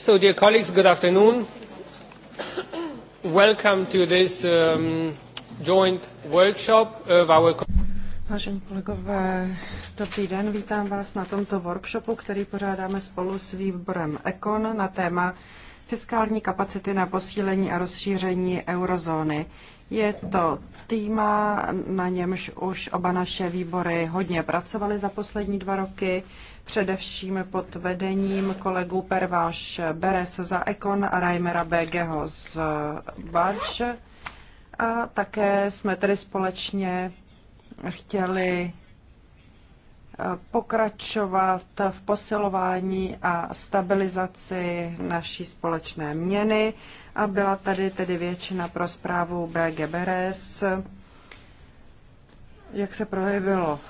So, dear colleagues, good afternoon. Welcome to this um, joint workshop of our... Vážení kolegové, dobrý den, vítám vás na tomto workshopu, který pořádáme spolu s výborem Econ na téma fiskální kapacity na posílení a rozšíření eurozóny. Je to téma, na němž už oba naše výbory hodně pracovaly za poslední dva roky především pod vedením kolegů Perváš Beres za Ekon a Reimera Bégeho z Barš. A také jsme tedy společně chtěli eh, pokračovat v posilování a stabilizaci naší společné měny a byla tady tedy většina pro zprávu BG Beres jak se projevilo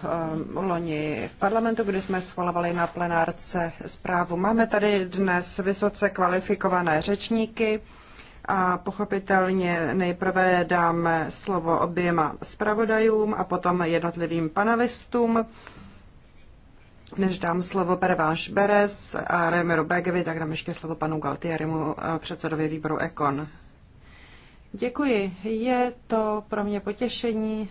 um, loni v parlamentu, kdy jsme schvalovali na plenárce zprávu. Máme tady dnes vysoce kvalifikované řečníky a pochopitelně nejprve dáme slovo oběma zpravodajům a potom jednotlivým panelistům. Než dám slovo Perváš Beres a Remiru Begevi, tak dám ještě slovo panu Galtierimu, eh, předsedovi výboru Ekon. Děkuji. Je to pro mě potěšení,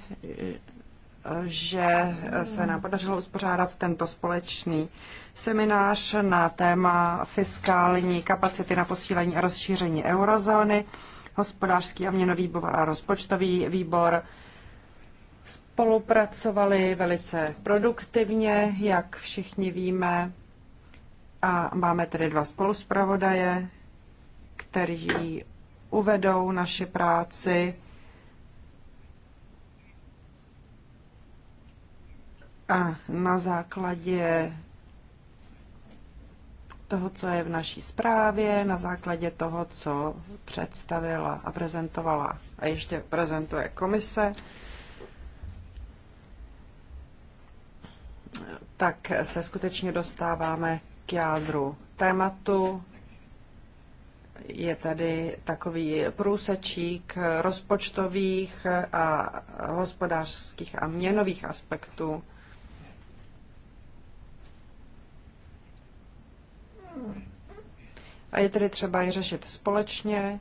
že se nám podařilo uspořádat tento společný seminář na téma fiskální kapacity na posílení a rozšíření eurozóny. Hospodářský a měnový výbor a rozpočtový výbor spolupracovali velice produktivně, jak všichni víme. A máme tedy dva spoluspravodaje, kteří uvedou naši práci A na základě toho, co je v naší zprávě, na základě toho, co představila a prezentovala a ještě prezentuje komise, tak se skutečně dostáváme k jádru tématu. Je tady takový průsečík rozpočtových a hospodářských a měnových aspektů A je tedy třeba je řešit společně.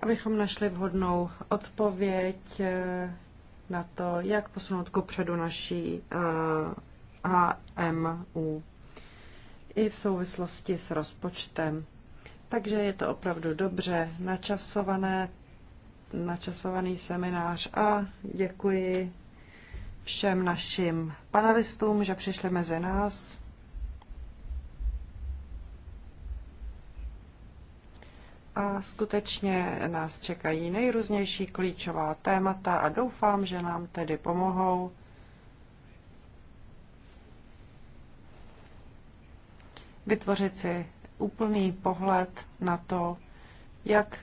Abychom našli vhodnou odpověď eh, na to, jak posunout kupředu naší HMU eh, i v souvislosti s rozpočtem. Takže je to opravdu dobře načasované, načasovaný seminář a děkuji všem našim panelistům, že přišli mezi nás. A skutečně nás čekají nejrůznější klíčová témata a doufám, že nám tedy pomohou vytvořit si úplný pohled na to, jak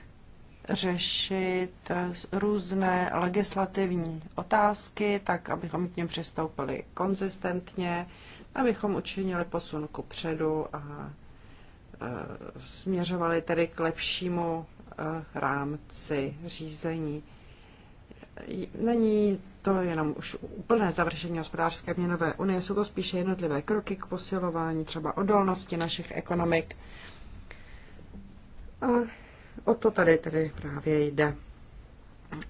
řešit eh, různé legislativní otázky, tak abychom k něm přistoupili konzistentně, abychom učinili posun ku předu a eh, směřovali tedy k lepšímu eh, rámci řízení. Není to jenom už úplné završení hospodářské měnové unie, jsou to spíše jednotlivé kroky k posilování třeba odolnosti našich ekonomik. A O to tady tedy právě jde.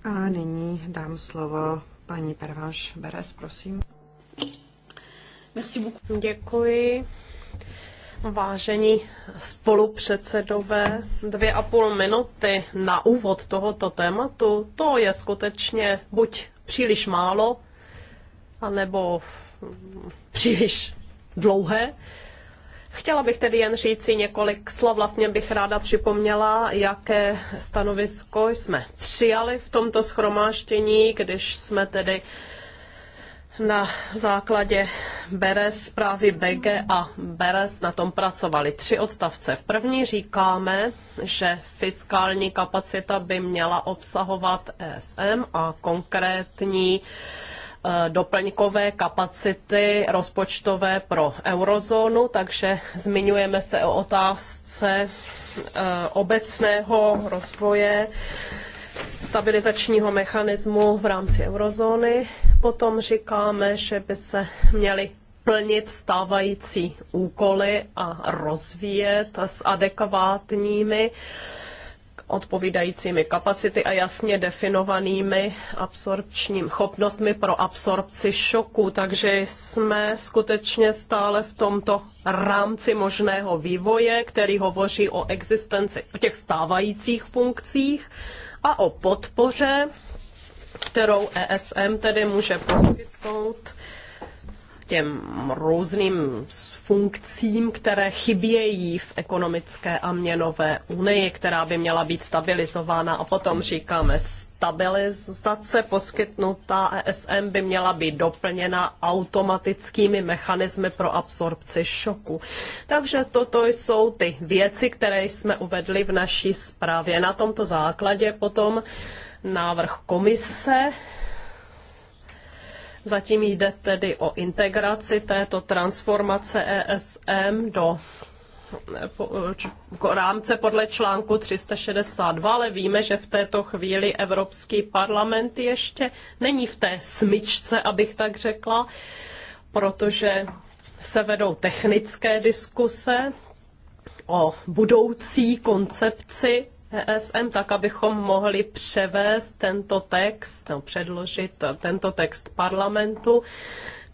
A nyní dám slovo paní Perváš Beres, prosím. Merci beaucoup. Děkuji. Vážení spolupředsedové, dvě a půl minuty na úvod tohoto tématu, to je skutečně buď příliš málo, anebo příliš dlouhé. Chtěla bych tedy jen říci několik slov. Vlastně bych ráda připomněla, jaké stanovisko jsme přijali v tomto schromáštění, když jsme tedy na základě Beres, zprávy BG a Beres na tom pracovali tři odstavce. V první říkáme, že fiskální kapacita by měla obsahovat ESM a konkrétní uh, Eh, doplňkové kapacity rozpočtové pro eurozónu, takže zmiňujeme se o otázce eh, obecného rozvoje stabilizačního mechanismu v rámci eurozóny. Potom říkáme, že by se měly plnit stávající úkoly a rozvíjet s adekvátními uh, odpovídajícími kapacity a jasně definovanými absorpčním schopnostmi pro absorpci šoku, takže jsme skutečně stále v tomto rámci možného vývoje, který hovoří o existenci o těch stávajících funkcích a o podpoře, kterou ESM tedy může poskytnout těm různým funkcím, které chybějí v ekonomické a měnové unii, která by měla být stabilizována a potom říkáme stabilizace poskytnutá ESM by měla být doplněna automatickými mechanismy pro absorpci šoku. Takže toto jsou ty věci, které jsme uvedli v naší zprávě. Na tomto základě potom návrh komise Zatím jde tedy o integraci této transformace ESM do rámce podle článku 362, ale víme, že v této chvíli Evropský parlament ještě není v té smyčce, abych tak řekla, protože se vedou technické diskuse o budoucí koncepci ESM, tak abychom mohli převést tento text, no, předložit tento text parlamentu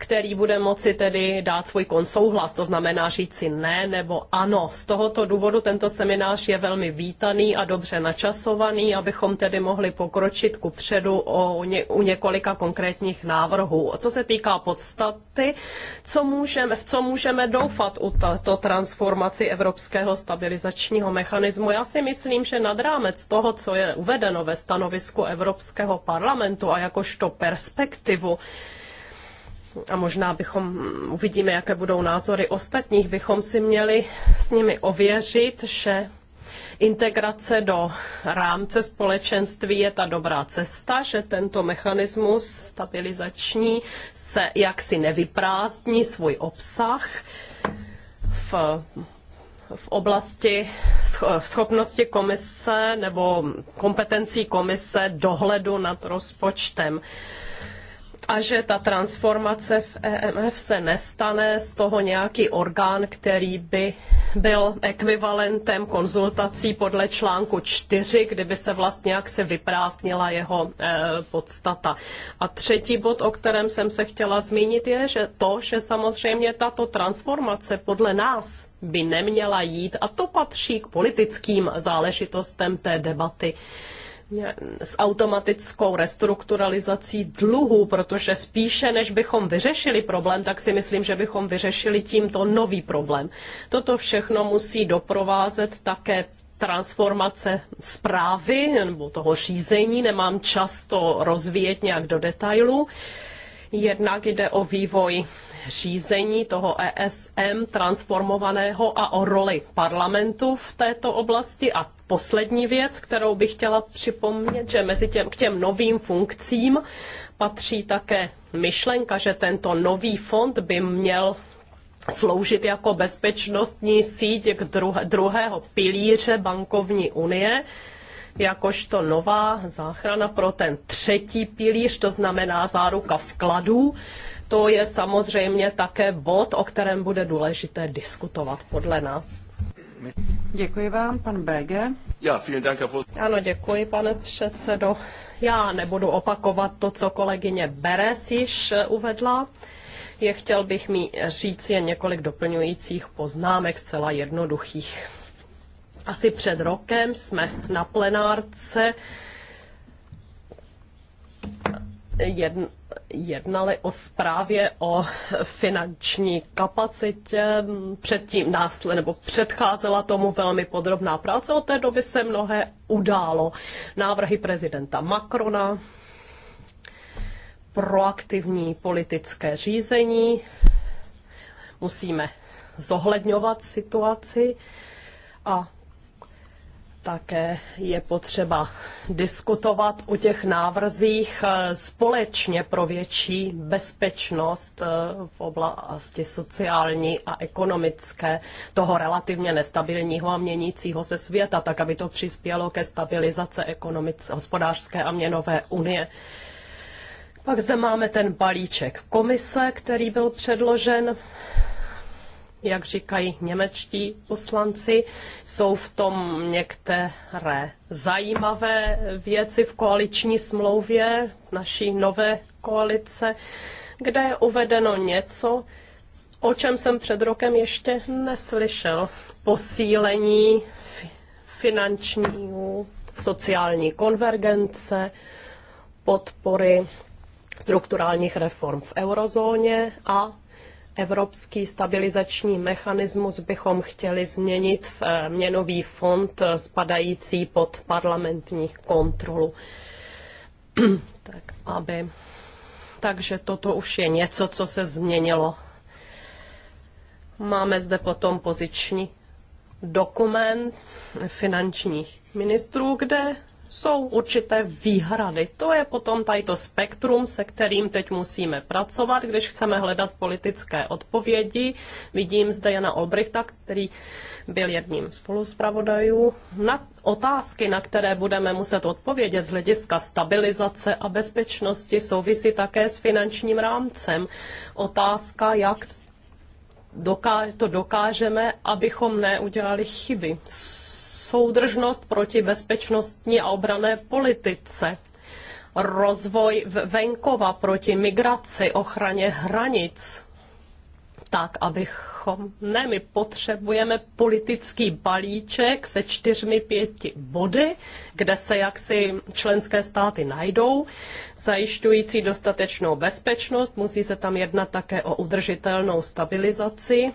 který bude moci tedy dát svůj konsouhlas, to znamená říct si ne nebo ano. Z tohoto důvodu tento seminář je velmi vítaný a dobře načasovaný, abychom tedy mohli pokročit ku předu o ně, u několika konkrétních návrhů. Co se týká podstaty, co můžeme, v co můžeme doufat u této transformaci Evropského stabilizačního mechanismu, já si myslím, že nad rámec toho, co je uvedeno ve stanovisku Evropského parlamentu a jakožto perspektivu, a možná bychom uvidíme, jaké budou názory ostatních, bychom si měli s nimi ověřit, že integrace do rámce společenství je ta dobrá cesta, že tento mechanismus stabilizační se jaksi nevyprázdní svůj obsah v v oblasti schopnosti komise nebo kompetencí komise dohledu nad rozpočtem. Uh, a že ta transformace v EMF se nestane z toho nějaký orgán, který by byl ekvivalentem konzultací podle článku 4, kdyby se vlastně jak se vyprázdnila jeho eh, podstata. A třetí bod, o kterém jsem se chtěla zmínit, je že to, že samozřejmě tato transformace podle nás by neměla jít a to patří k politickým záležitostem té debaty s automatickou restrukturalizací dluhu, protože spíše než bychom vyřešili problém, tak si myslím, že bychom vyřešili tímto nový problém. Toto všechno musí doprovázet také transformace zprávy nebo toho řízení, nemám často rozvíjet nějak do detailu. Jednak jde o vývoj řízení toho ESM transformovaného a o roli parlamentu v této oblasti. A poslední věc, kterou bych chtěla připomnět, že mezi těm, k těm novým funkcím patří také myšlenka, že tento nový fond by měl sloužit jako bezpečnostní síť k druhého pilíře bankovní unie jakožto nová záchrana pro ten třetí pilíř, to znamená záruka vkladů, to je samozřejmě také bod, o kterém bude důležité diskutovat podle nás. Děkuji vám, pan BG. Ja, vielen Dank, Ano, děkuji, pane předsedo. Já nebudu opakovat to, co kolegyně Beres již uvedla. Je chtěl bych mi říct jen několik doplňujících poznámek zcela jednoduchých. Asi před rokem jsme na plenárce jedn, jednali o zprávě o finanční kapacitě. Předtím následně nebo předcházela tomu velmi podrobná práce. Od té doby se mnohé událo. Návrhy prezidenta Macrona, proaktivní politické řízení. Musíme zohledňovat situaci a také je potřeba diskutovat o těch návrzích eh, společně pro větší bezpečnost eh, v oblasti sociální a ekonomické toho relativně nestabilního a měnícího se světa, tak aby to přispělo ke stabilizace ekonomické, hospodářské a měnové unie. Pak zde máme ten balíček komise, který byl předložen jak říkají němečtí poslanci, jsou v tom některé zajímavé věci v koaliční smlouvě naší nové koalice, kde je uvedeno něco, o čem jsem před rokem ještě neslyšel. Posílení finanční, sociální konvergence, podpory strukturálních reform v eurozóně a Evropský stabilizační mechanismus bychom chtěli změnit v eh, měnový fond eh, spadající pod parlamentní kontrolu. tak, aby... Takže toto už je něco, co se změnilo. Máme zde potom poziční dokument finančních ministrů, kde jsou určité výhrady. To je potom tady spektrum, se kterým teď musíme pracovat, když chceme hledat politické odpovědi. Vidím zde Jana Olbrichta, který byl jedním spoluzpravodajů. Na otázky, na které budeme muset odpovědět z hlediska stabilizace a bezpečnosti, souvisí také s finančním rámcem. Otázka, jak to dokážeme, abychom neudělali chyby soudržnost proti bezpečnostní a obrané politice, rozvoj venkova proti migraci, ochraně hranic, tak, abychom... Ne, my potřebujeme politický balíček se čtyřmi pěti body, kde se jaksi členské státy najdou, zajišťující dostatečnou bezpečnost, musí se tam jednat také o udržitelnou stabilizaci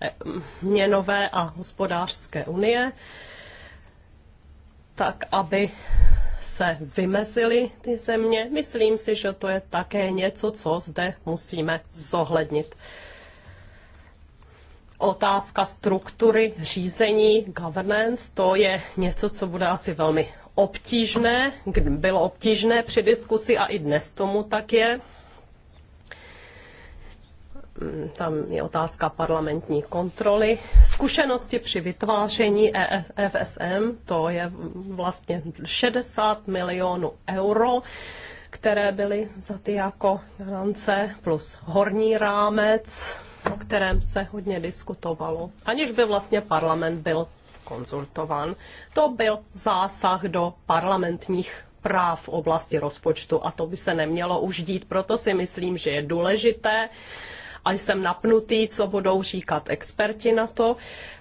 eh, měnové a hospodářské unie, tak aby se vymezily ty země. Myslím si, že to je také něco, co zde musíme zohlednit. Otázka struktury řízení, governance, to je něco, co bude asi velmi obtížné, bylo obtížné při diskusi a i dnes tomu tak je. Mm, tam je otázka parlamentní kontroly. Zkušenosti při vytváření EFSM, to je vlastně 60 milionů euro, které byly vzaty jako garance plus horní rámec, o kterém se hodně diskutovalo, aniž by vlastně parlament byl konzultován. To byl zásah do parlamentních práv v oblasti rozpočtu a to by se nemělo už dít. Proto si myslím, že je důležité, a jsem napnutý, co budou říkat experti na to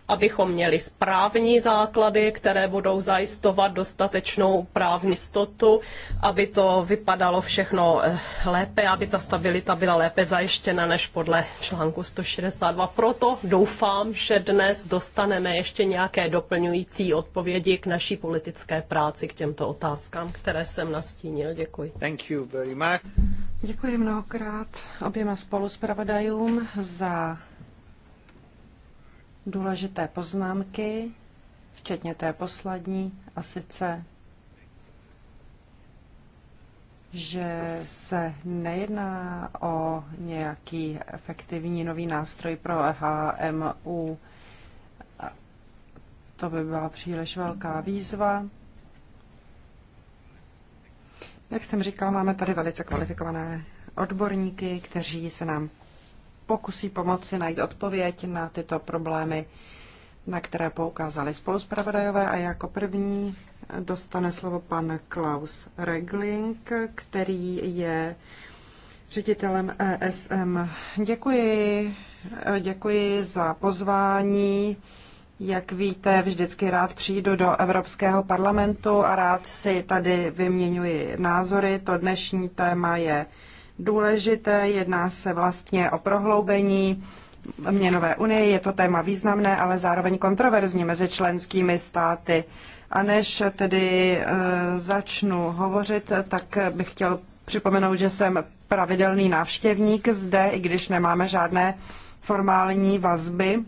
abychom měli správní základy, které budou zajistovat dostatečnou právní stotu, aby to vypadalo všechno eh, lépe, aby ta stabilita byla lépe zajištěna než podle článku 162. Proto doufám, že dnes dostaneme ještě nějaké doplňující odpovědi k naší politické práci k těmto otázkám, které jsem nastínil. Děkuji. Thank you very much. Děkuji mnohokrát oběma spoluspravodajům za důležité poznámky, včetně té poslední, a sice, že se nejedná o nějaký efektivní nový nástroj pro HMU. To by byla příliš velká výzva. Jak jsem říkal, máme tady velice kvalifikované odborníky, kteří se nám pokusí pomoci najít odpověď na tyto problémy, na které poukázali spoluspravodajové. A jako první dostane slovo pan Klaus Regling, který je ředitelem ESM. Děkuji, děkuji za pozvání. Jak víte, vždycky rád přijdu do Evropského parlamentu a rád si tady vyměňuji názory. To dnešní téma je důležité. Jedná se vlastně o prohloubení měnové unie. Je to téma významné, ale zároveň kontroverzní mezi členskými státy. A než tedy e, začnu hovořit, tak bych chtěl připomenout, že jsem pravidelný návštěvník zde, i když nemáme žádné formální vazby. E,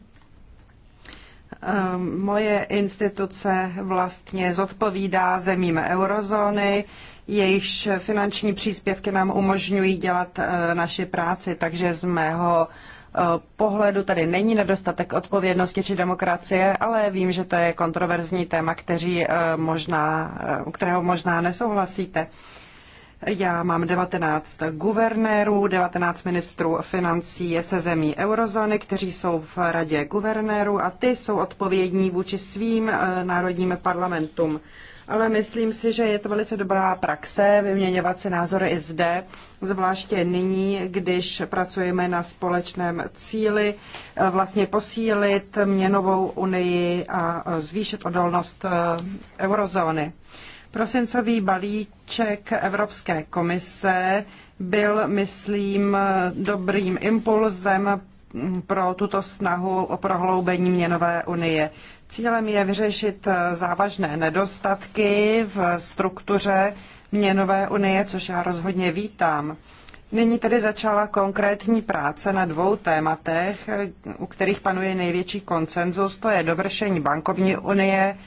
moje instituce vlastně zodpovídá zemím eurozóny, jejichž finanční příspěvky nám umožňují dělat eh, naši práci, takže z mého eh, pohledu tady není nedostatek odpovědnosti či demokracie, ale vím, že to je kontroverzní téma, kteří eh, možná, kterého možná nesouhlasíte. Já mám 19 guvernérů, 19 ministrů financí se zemí eurozóny, kteří jsou v radě guvernérů a ty jsou odpovědní vůči svým národním parlamentům ale myslím si, že je to velice dobrá praxe vyměňovat si názory i zde, zvláště nyní, když pracujeme na společném cíli eh, vlastně posílit měnovou unii a eh, zvýšit odolnost eh, eurozóny. Prosincový balíček Evropské komise byl, myslím, dobrým impulzem pro tuto snahu o prohloubení měnové unie. Cílem je vyřešit závažné nedostatky v struktuře měnové unie, což já rozhodně vítám. Nyní tedy začala konkrétní práce na dvou tématech, u kterých panuje největší konsenzus, to je dovršení bankovní unie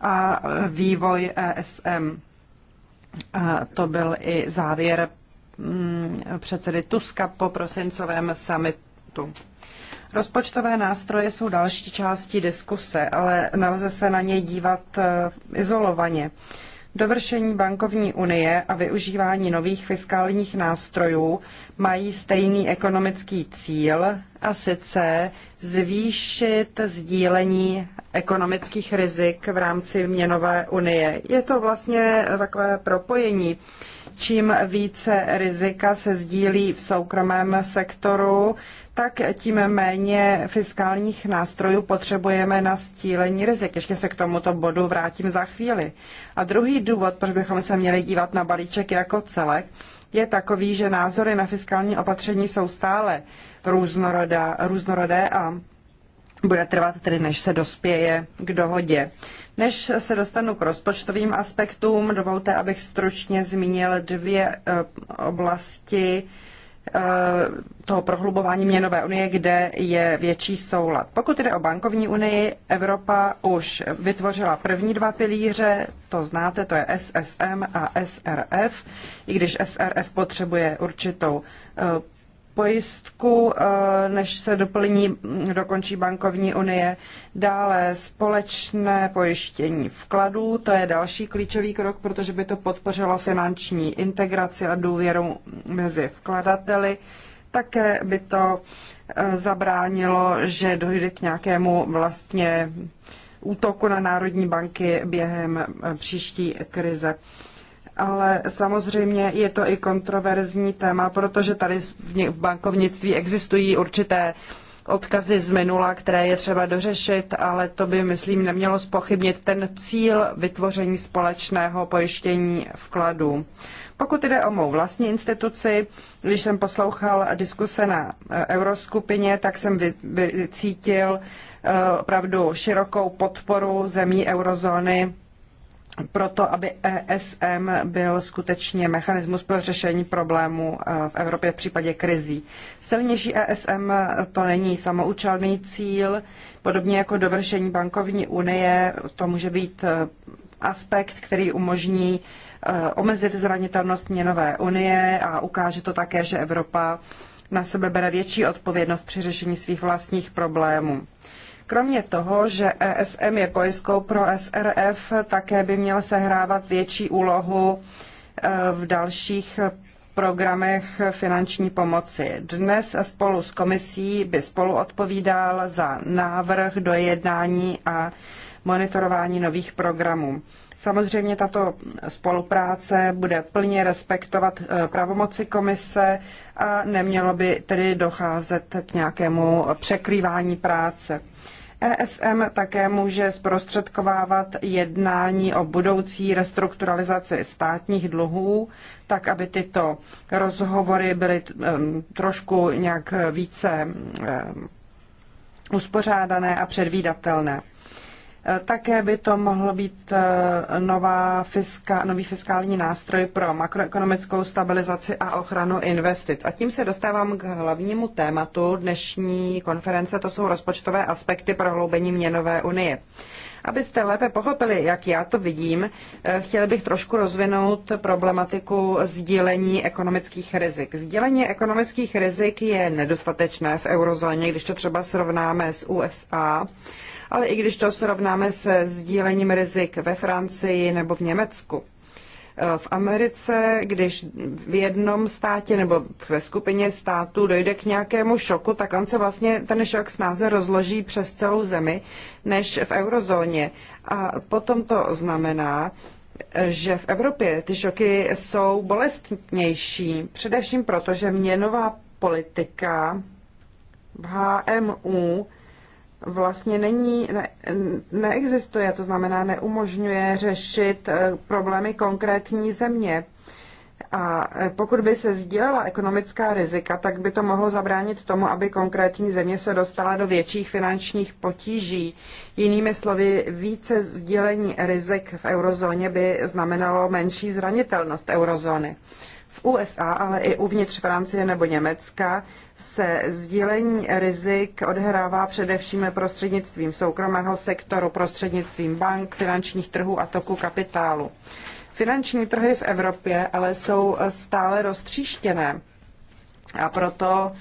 a vývoj ESM. A to byl i závěr mm, předsedy Tuska po prosincovém summitu parlamentu. Rozpočtové nástroje jsou další části diskuse, ale nelze se na ně dívat eh, izolovaně. Dovršení bankovní unie a využívání nových fiskálních nástrojů mají stejný ekonomický cíl, a sice zvýšit sdílení ekonomických rizik v rámci měnové unie. Je to vlastně takové propojení čím více rizika se sdílí v soukromém sektoru, tak tím méně fiskálních nástrojů potřebujeme na stílení rizik. Ještě se k tomuto bodu vrátím za chvíli. A druhý důvod, proč bychom se měli dívat na balíček jako celek, je takový, že názory na fiskální opatření jsou stále různorodé a bude trvat tedy, než se dospěje k dohodě. Než se dostanu k rozpočtovým aspektům, dovolte, abych stručně zmínil dvě eh, oblasti eh, toho prohlubování měnové unie, kde je větší soulad. Pokud jde o bankovní unii, Evropa už vytvořila první dva pilíře, to znáte, to je SSM a SRF, i když SRF potřebuje určitou eh, pojistku, eh, než se doplní, dokončí bankovní unie. Dále společné pojištění vkladů, to je další klíčový krok, protože by to podpořilo finanční integraci a důvěru mezi vkladateli. Také by to eh, zabránilo, že dojde k nějakému vlastně útoku na národní banky během eh, příští krize ale samozřejmě je to i kontroverzní téma, protože tady v bankovnictví existují určité odkazy z minula, které je třeba dořešit, ale to by, myslím, nemělo spochybnit ten cíl vytvoření společného pojištění vkladů. Pokud jde o mou vlastní instituci, když jsem poslouchal diskuse na e, euroskupině, tak jsem vycítil e, opravdu širokou podporu zemí eurozóny proto, aby ESM byl skutečně mechanismus pro řešení problémů eh, v Evropě v případě krizí. Silnější ESM to není samoučelný cíl, podobně jako dovršení bankovní unie, to může být eh, aspekt, který umožní eh, omezit zranitelnost měnové unie a ukáže to také, že Evropa na sebe bere větší odpovědnost při řešení svých vlastních problémů. Kromě toho, že ESM je pojistkou pro SRF, také by měl sehrávat větší úlohu eh, v dalších programech finanční pomoci. Dnes spolu s komisí by spolu odpovídal za návrh, dojednání a monitorování nových programů. Samozřejmě tato spolupráce bude plně respektovat eh, pravomoci komise a nemělo by tedy docházet k nějakému překrývání práce. ESM také může zprostředkovávat jednání o budoucí restrukturalizaci státních dluhů, tak aby tyto rozhovory byly eh, trošku nějak více eh, uspořádané a předvídatelné. Eh, také by to mohl být eh, nová fiska, nový fiskální nástroj pro makroekonomickou stabilizaci a ochranu investic. A tím se dostávám k hlavnímu tématu dnešní konference, to jsou rozpočtové aspekty pro hloubení měnové unie. Abyste lépe pochopili, jak já to vidím, eh, chtěl bych trošku rozvinout problematiku sdílení ekonomických rizik. Sdílení ekonomických rizik je nedostatečné v eurozóně, když to třeba srovnáme s USA ale i když to srovnáme se sdílením rizik ve Francii nebo v Německu. Eh, v Americe, když v jednom státě nebo ve skupině států dojde k nějakému šoku, tak on se vlastně ten šok snáze rozloží přes celou zemi než v eurozóně. A potom to znamená, že v Evropě ty šoky jsou bolestnější, především proto, že měnová politika v HMU vlastně není, ne, neexistuje, to znamená neumožňuje řešit eh, problémy konkrétní země. A eh, pokud by se sdílela ekonomická rizika, tak by to mohlo zabránit tomu, aby konkrétní země se dostala do větších finančních potíží. Jinými slovy, více sdílení rizik v eurozóně by znamenalo menší zranitelnost eurozóny. Uh, v USA, ale i uvnitř Francie nebo Německa se sdílení rizik odhrává především prostřednictvím soukromého sektoru, prostřednictvím bank, finančních trhů a toku kapitálu. Finanční trhy v Evropě ale jsou stále roztříštěné a proto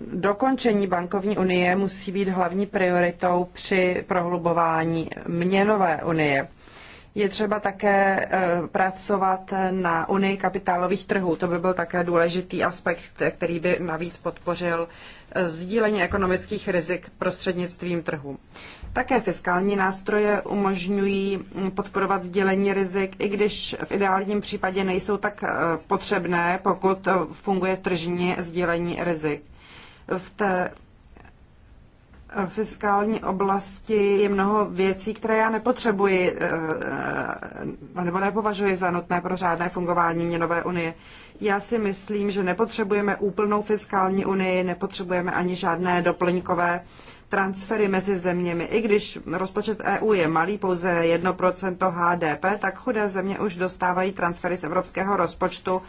dokončení bankovní unie musí být hlavní prioritou při prohlubování měnové unie. Je třeba také eh, pracovat na unii kapitálových trhů. To by byl také důležitý aspekt, který by navíc podpořil eh, sdílení ekonomických rizik prostřednictvím trhu. Také fiskální nástroje umožňují hm, podporovat sdílení rizik, i když v ideálním případě nejsou tak eh, potřebné, pokud funguje tržní sdílení rizik. V té fiskální oblasti je mnoho věcí, které já nepotřebuji eh, eh, nebo nepovažuji za nutné pro řádné fungování měnové unie. Já si myslím, že nepotřebujeme úplnou fiskální unii, nepotřebujeme ani žádné doplňkové uh, transfery mezi zeměmi. I když rozpočet EU je malý, pouze 1% HDP, tak chudé země už dostávají transfery z evropského rozpočtu,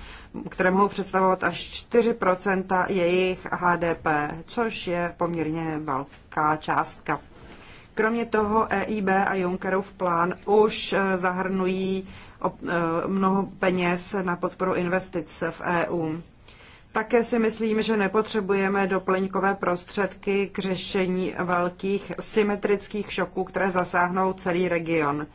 které mohou představovat až 4% jejich HDP, což je poměrně velká částka. Kromě toho EIB a Junckerův plán už eh, zahrnují eh, mnoho peněz na podporu investic v EU. Také si myslím, že nepotřebujeme doplňkové prostředky k řešení velkých symetrických šoků, které zasáhnou celý region.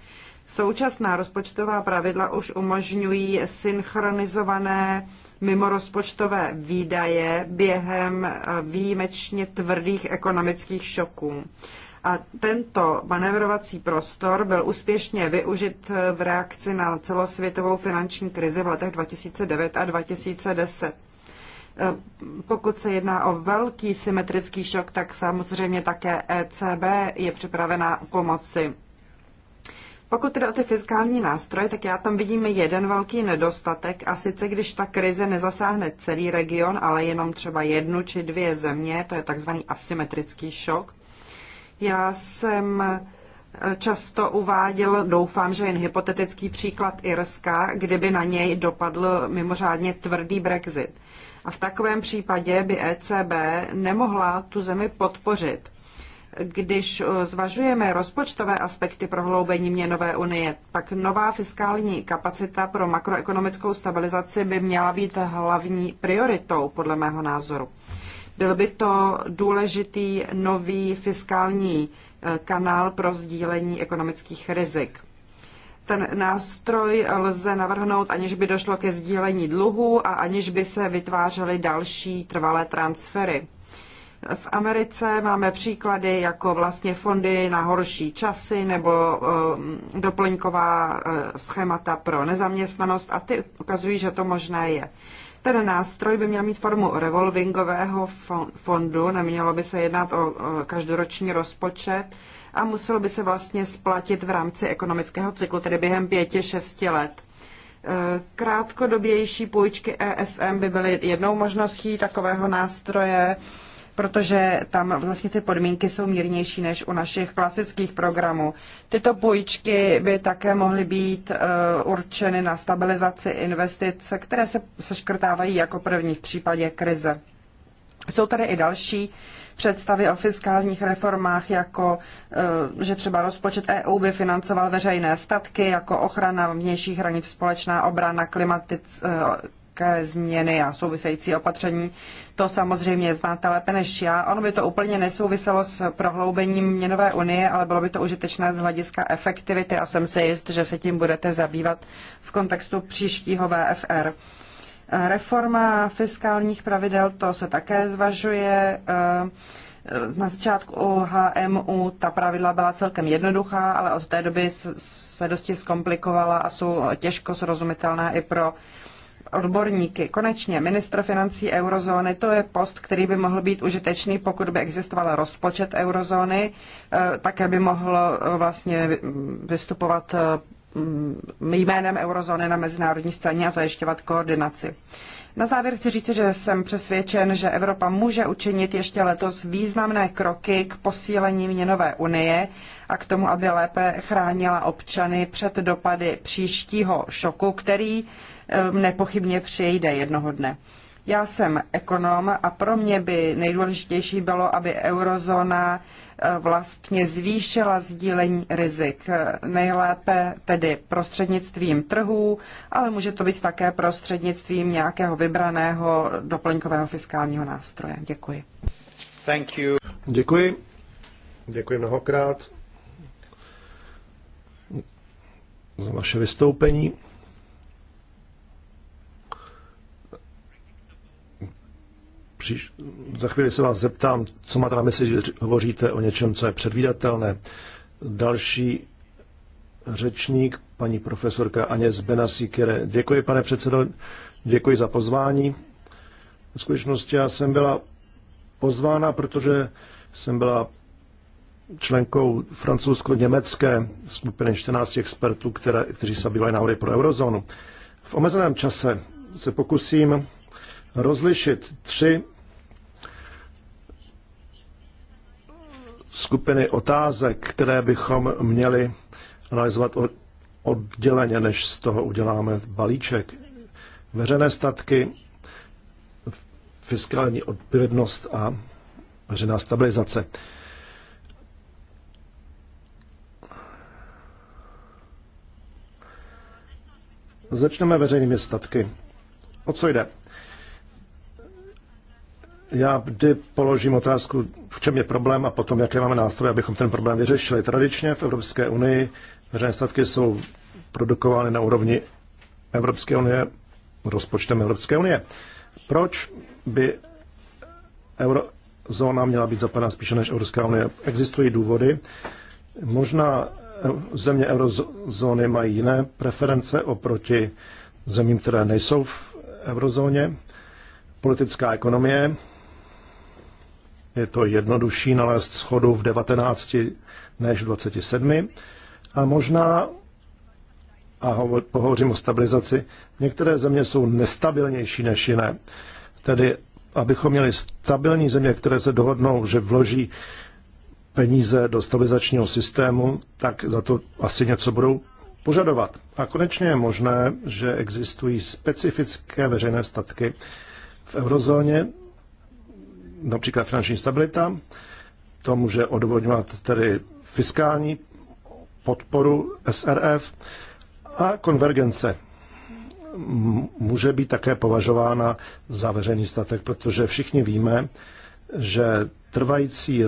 Současná rozpočtová pravidla už umožňují synchronizované mimorozpočtové výdaje během výjimečně tvrdých ekonomických šoků. A tento manevrovací prostor byl úspěšně využit v reakci na celosvětovou finanční krizi v letech 2009 a 2010. Eh, pokud se jedná o velký symetrický šok, tak samozřejmě také ECB je připravena pomoci. Pokud jde o ty fiskální nástroje, tak já tam vidím jeden velký nedostatek a sice když ta krize nezasáhne celý region, ale jenom třeba jednu či dvě země, to je takzvaný asymetrický šok. Já jsem eh, často uváděl, doufám, že jen hypotetický příklad Irska, kdyby na něj dopadl mimořádně tvrdý Brexit. A v takovém případě by ECB nemohla tu zemi podpořit. Když eh, zvažujeme rozpočtové aspekty prohloubení měnové unie, pak nová fiskální kapacita pro makroekonomickou stabilizaci by měla být hlavní prioritou, podle mého názoru. Byl by to důležitý nový fiskální eh, kanál pro sdílení ekonomických rizik ten nástroj lze navrhnout, aniž by došlo ke sdílení dluhu a aniž by se vytvářely další trvalé transfery. V Americe máme příklady jako vlastně fondy na horší časy nebo um, doplňková uh, schémata pro nezaměstnanost a ty ukazují, že to možné je. Ten nástroj by měl mít formu revolvingového fondu, nemělo by se jednat o každoroční rozpočet, a musel by se vlastně splatit v rámci ekonomického cyklu, tedy během pěti, šesti let. E, krátkodobější půjčky ESM by byly jednou možností takového nástroje, protože tam vlastně ty podmínky jsou mírnější než u našich klasických programů. Tyto půjčky by také mohly být e, určeny na stabilizaci investic, které se seškrtávají jako první v případě krize. Jsou tady i další představy o fiskálních reformách, jako eh, že třeba rozpočet EU by financoval veřejné statky, jako ochrana vnějších hranic, společná obrana, klimatické změny a související opatření. To samozřejmě znáte lépe než já. Ono by to úplně nesouviselo s prohloubením měnové unie, ale bylo by to užitečné z hlediska efektivity a jsem si jist, že se tím budete zabývat v kontextu příštího VFR. Reforma fiskálních pravidel, to se také zvažuje. Eh, na začátku HMU ta pravidla byla celkem jednoduchá, ale od té doby se dosti zkomplikovala a jsou těžko srozumitelná i pro odborníky. Konečně ministr financí eurozóny, to je post, který by mohl být užitečný, pokud by existoval rozpočet eurozóny, eh, také by mohl eh, vlastně vystupovat Mm, jménem eurozóny na mezinárodní scéně a zajišťovat koordinaci. Na závěr chci říct, že jsem přesvědčen, že Evropa může učinit ještě letos významné kroky k posílení měnové unie a k tomu, aby lépe chránila občany před dopady příštího šoku, který nepochybně přijde jednoho dne. Já jsem ekonom a pro mě by nejdůležitější bylo, aby eurozóna vlastně zvýšila sdílení rizik. Nejlépe tedy prostřednictvím trhů, ale může to být také prostřednictvím nějakého vybraného doplňkového fiskálního nástroje. Děkuji. Thank you. Děkuji. Děkuji mnohokrát za vaše vystoupení. Příš... Za chvíli se vás zeptám, co máte na mysli, že hovoříte o něčem, co je předvídatelné. Další řečník, paní profesorka Aněz Benasíkere. Děkuji, pane předsedo, děkuji za pozvání. V skutečnosti já jsem byla pozvána, protože jsem byla členkou francouzsko-německé skupiny 14 expertů, které, kteří se bývají návody pro eurozónu. V omezeném čase se pokusím rozlišit tři skupiny otázek, které bychom měli analyzovat odděleně, než z toho uděláme balíček. Veřejné statky, fiskální odpovědnost a veřejná stabilizace. Začneme veřejnými statky. O co jde? Já vždy položím otázku, v čem je problém a potom, jaké máme nástroje, abychom ten problém vyřešili. Tradičně v Evropské unii veřejné statky jsou produkovány na úrovni Evropské unie rozpočtem Evropské unie. Proč by eurozóna měla být zapadná spíše než Evropská unie? Existují důvody. Možná země eurozóny mají jiné preference oproti zemím, které nejsou v eurozóně. Politická ekonomie je to jednodušší nalézt schodu v 19 než v 27. A možná, a pohovořím o stabilizaci, některé země jsou nestabilnější než jiné. Tedy, abychom měli stabilní země, které se dohodnou, že vloží peníze do stabilizačního systému, tak za to asi něco budou požadovat. A konečně je možné, že existují specifické veřejné statky v eurozóně, například finanční stabilita, to může odvodňovat tedy fiskální podporu SRF a konvergence může být také považována za veřejný statek, protože všichni víme, že trvající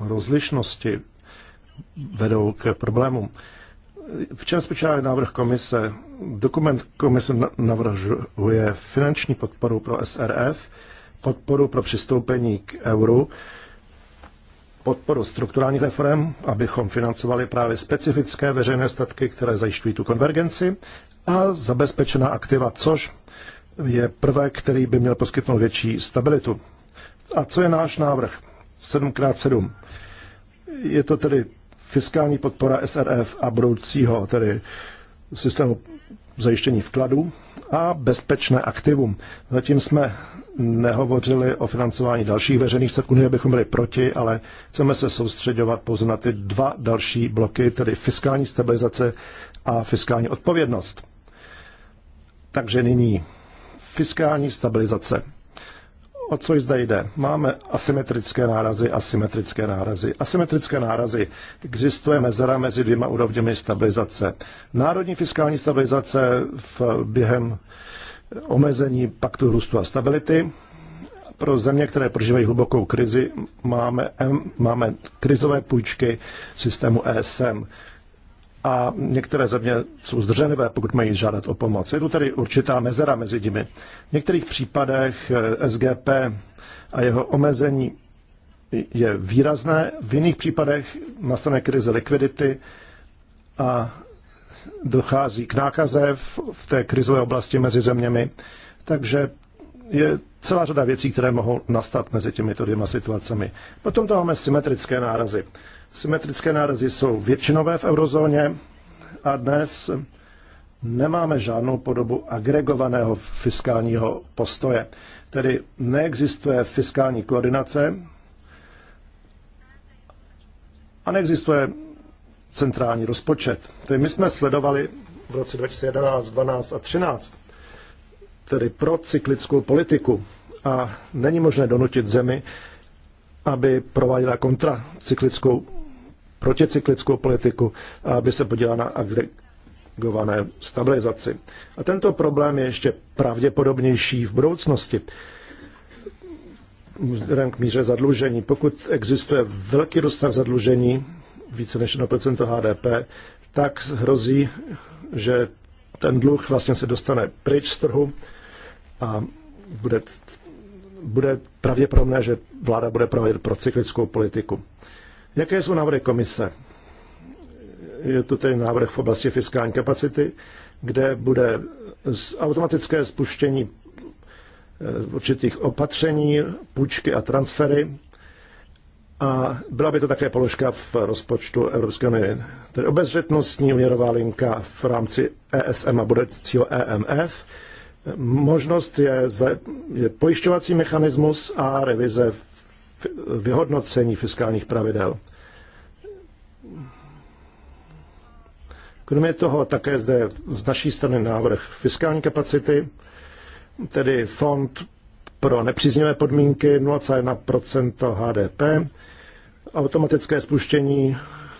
rozlišnosti vedou k problémům. V čem spočívá návrh komise? Dokument komise navrhuje finanční podporu pro SRF podporu pro přistoupení k euru, podporu strukturálních reform, abychom financovali právě specifické veřejné statky, které zajišťují tu konvergenci a zabezpečená aktiva, což je prvek, který by měl poskytnout větší stabilitu. A co je náš návrh? 7x7. Je to tedy fiskální podpora SRF a budoucího, tedy systému zajištění vkladů a bezpečné aktivum. Zatím jsme nehovořili o financování dalších veřejných statků, ne abychom byli proti, ale chceme se soustředovat pouze na ty dva další bloky, tedy fiskální stabilizace a fiskální odpovědnost. Takže nyní fiskální stabilizace. O co zde jde? Máme asymetrické nárazy, asymetrické nárazy. Asymetrické nárazy. Existuje mezera mezi dvěma úrovněmi stabilizace. Národní fiskální stabilizace v, během omezení paktu růstu a stability. Pro země, které prožívají hlubokou krizi, máme, máme krizové půjčky systému ESM. A některé země jsou zdrženlivé, pokud mají žádat o pomoc. Je tu tedy určitá mezera mezi nimi. V některých případech eh, SGP a jeho omezení je výrazné, v jiných případech nastane krize likvidity a dochází k nákaze v, v té krizové oblasti mezi zeměmi. Takže je celá řada věcí, které mohou nastat mezi těmito dvěma situacemi. Potom to máme symetrické nárazy. Symetrické nárazy jsou většinové v eurozóně a dnes nemáme žádnou podobu agregovaného fiskálního postoje. Tedy neexistuje fiskální koordinace a neexistuje centrální rozpočet. Tedy my jsme sledovali v roce 2011, 12 a 13, tedy pro cyklickou politiku. A není možné donutit zemi, aby prováděla kontracyklickou, proticyklickou politiku a aby se podělala na agregované stabilizaci. A tento problém je ještě pravděpodobnější v budoucnosti vzhledem k míře zadlužení. Pokud existuje velký rozsah zadlužení, více než 1% HDP, tak hrozí, že ten dluh vlastně se dostane pryč z trhu a bude, bude pravděpodobné, že vláda bude provádět pro cyklickou politiku. Jaké jsou návrhy komise? Je tu tedy návrh v oblasti fiskální kapacity, kde bude automatické spuštění eh, určitých opatření, půjčky a transfery a byla by to také položka v rozpočtu Evropské unie. Tedy obezřetnostní uměrová linka v rámci ESM a budoucího EMF. Možnost je, za, je pojišťovací mechanismus a revize vyhodnocení fiskálních pravidel. Kromě toho také zde z naší strany návrh fiskální kapacity, tedy fond pro nepříznivé podmínky 0,1 HDP automatické spuštění,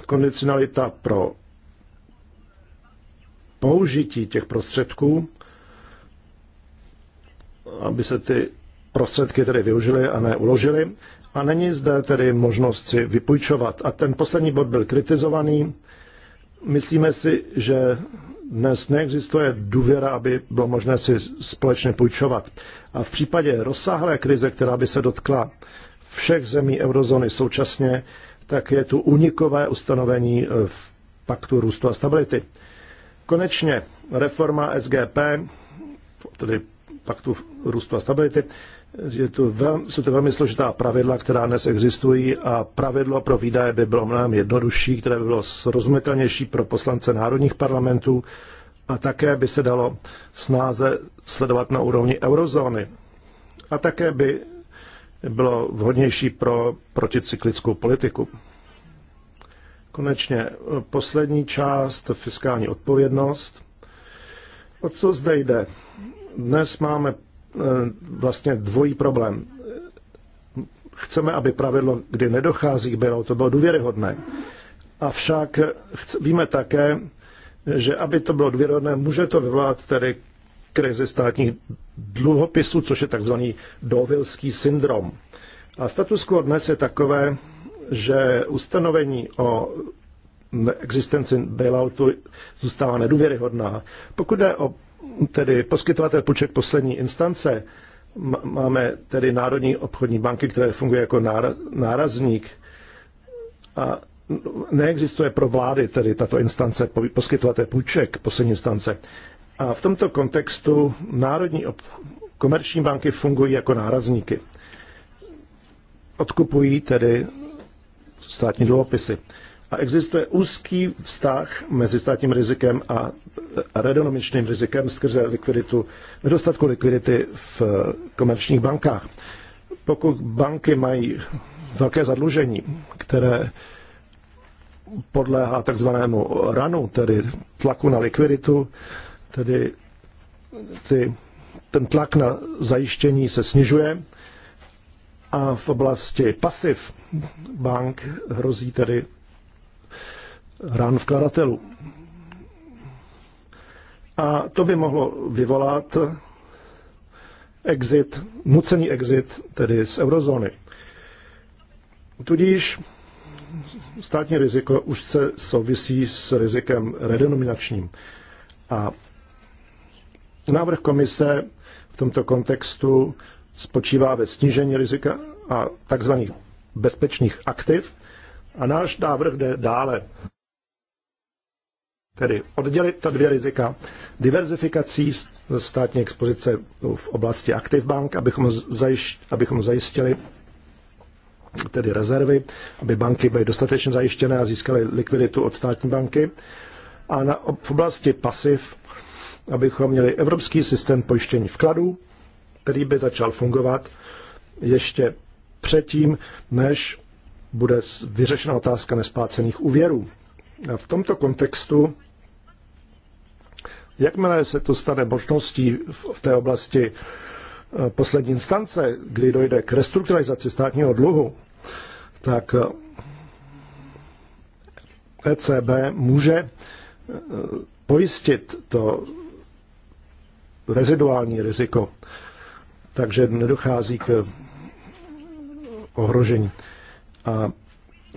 kondicionalita pro použití těch prostředků, aby se ty prostředky tedy využily a ne uložily. A není zde tedy možnost si vypůjčovat. A ten poslední bod byl kritizovaný. Myslíme si, že dnes neexistuje důvěra, aby bylo možné si společně půjčovat. A v případě rozsáhlé krize, která by se dotkla všech zemí eurozóny současně, tak je tu unikové ustanovení eh, v paktu růstu a stability. Konečně reforma SGP, tedy paktu růstu a stability, je tu velmi, jsou to velmi složitá pravidla, která dnes existují a pravidlo pro výdaje by bylo mnohem jednodušší, které by bylo srozumitelnější pro poslance národních parlamentů a také by se dalo snáze sledovat na úrovni eurozóny. A také by bylo vhodnější pro proticyklickou politiku. Konečně poslední část, fiskální odpovědnost. O co zde jde? Dnes máme eh, vlastně dvojí problém. Chceme, aby pravidlo, kdy nedochází k to bylo důvěryhodné. Avšak víme také, že aby to bylo důvěryhodné, může to vyvolat tedy krize státních dluhopisů, což je takzvaný dovilský syndrom. A status quo dnes je takové, že ustanovení o existenci bailoutu zůstává nedůvěryhodná. Pokud jde o tedy poskytovatel půjček poslední instance, máme tedy Národní obchodní banky, které funguje jako nárazník a neexistuje pro vlády tedy tato instance poskytovatel půjček poslední instance. A v tomto kontextu národní komerční banky fungují jako nárazníky. Odkupují tedy státní dluhopisy. A existuje úzký vztah mezi státním rizikem a redonomičným rizikem skrze likviditu, nedostatku likvidity v komerčních bankách. Pokud banky mají velké zadlužení, které podléhá takzvanému ranu, tedy tlaku na likviditu, tedy ty, ten tlak na zajištění se snižuje a v oblasti pasiv bank hrozí tedy rán vkladatelů. A to by mohlo vyvolat exit, nucený exit, tedy z eurozóny. Tudíž státní riziko už se souvisí s rizikem redenominačním. A Návrh komise v tomto kontextu spočívá ve snížení rizika a tzv. bezpečných aktiv a náš návrh jde dále. Tedy oddělit ta dvě rizika diverzifikací státní expozice v oblasti aktiv bank, abychom, zajiš, abychom zajistili tedy rezervy, aby banky byly dostatečně zajištěné a získaly likviditu od státní banky. A na, v oblasti pasiv abychom měli evropský systém pojištění vkladů, který by začal fungovat ještě předtím, než bude vyřešena otázka nesplácených úvěrů. A v tomto kontextu, jakmile se to stane možností v té oblasti eh, poslední instance, kdy dojde k restrukturalizaci státního dluhu, tak ECB eh, e může eh, pojistit to reziduální riziko, takže nedochází k ohrožení. A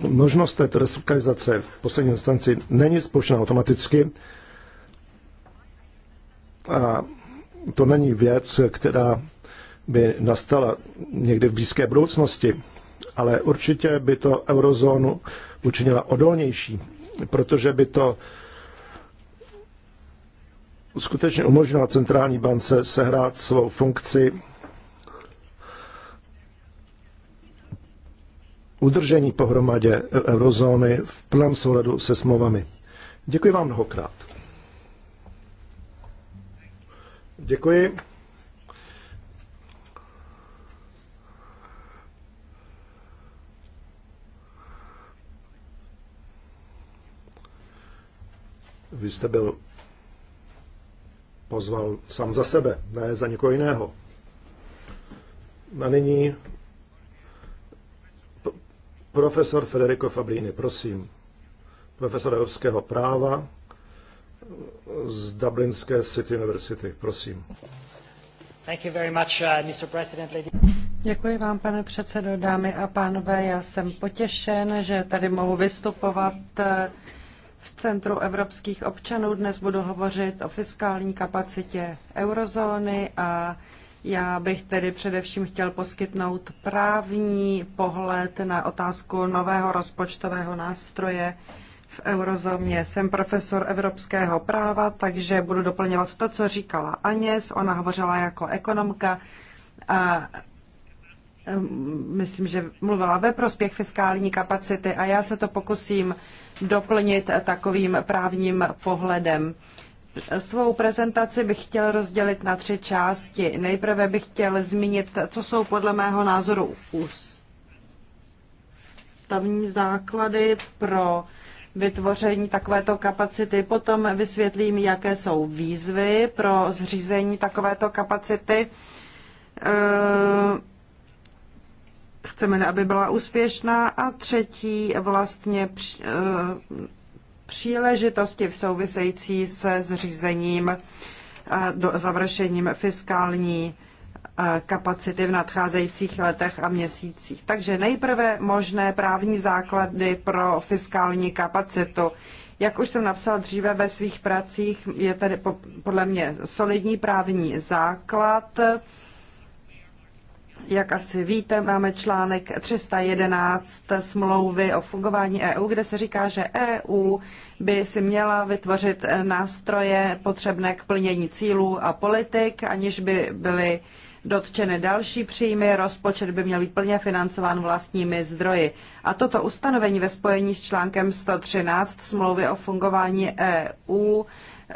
možnost této restrukturalizace v poslední instanci není spouštěna automaticky a to není věc, která by nastala někdy v blízké budoucnosti, ale určitě by to eurozónu učinila odolnější, protože by to skutečně umožnila centrální bance sehrát svou funkci udržení pohromadě eurozóny v plném souladu se smlouvami. Děkuji vám mnohokrát. Děkuji. Vy jste byl pozval sám za sebe, ne za někoho jiného. A nyní profesor Federico Fabrini, prosím, profesor evropského práva z Dublinské City University, prosím. Thank you very much, uh, Mr. President, lady. Děkuji vám, pane předsedo, dámy a pánové. Já jsem potěšen, že tady mohu vystupovat uh, v Centru evropských občanů dnes budu hovořit o fiskální kapacitě eurozóny a já bych tedy především chtěl poskytnout právní pohled na otázku nového rozpočtového nástroje v eurozóně. Jsem profesor evropského práva, takže budu doplňovat to, co říkala Aněs. Ona hovořila jako ekonomka a mm, myslím, že mluvila ve prospěch fiskální kapacity a já se to pokusím doplnit takovým právním pohledem. Svou prezentaci bych chtěl rozdělit na tři části. Nejprve bych chtěl zmínit, co jsou podle mého názoru ústavní základy pro vytvoření takovéto kapacity. Potom vysvětlím, jaké jsou výzvy pro zřízení takovéto kapacity. Ehm, chceme, aby byla úspěšná. A třetí vlastně eh, příležitosti v související se zřízením a do, završením fiskální eh, kapacity v nadcházejících letech a měsících. Takže nejprve možné právní základy pro fiskální kapacitu. Jak už jsem napsal dříve ve svých pracích, je tady podle mě solidní právní základ, jak asi víte, máme článek 311 smlouvy o fungování EU, kde se říká, že EU by si měla vytvořit nástroje potřebné k plnění cílů a politik, aniž by byly dotčeny další příjmy, rozpočet by měl být plně financován vlastními zdroji. A toto ustanovení ve spojení s článkem 113 smlouvy o fungování EU eh,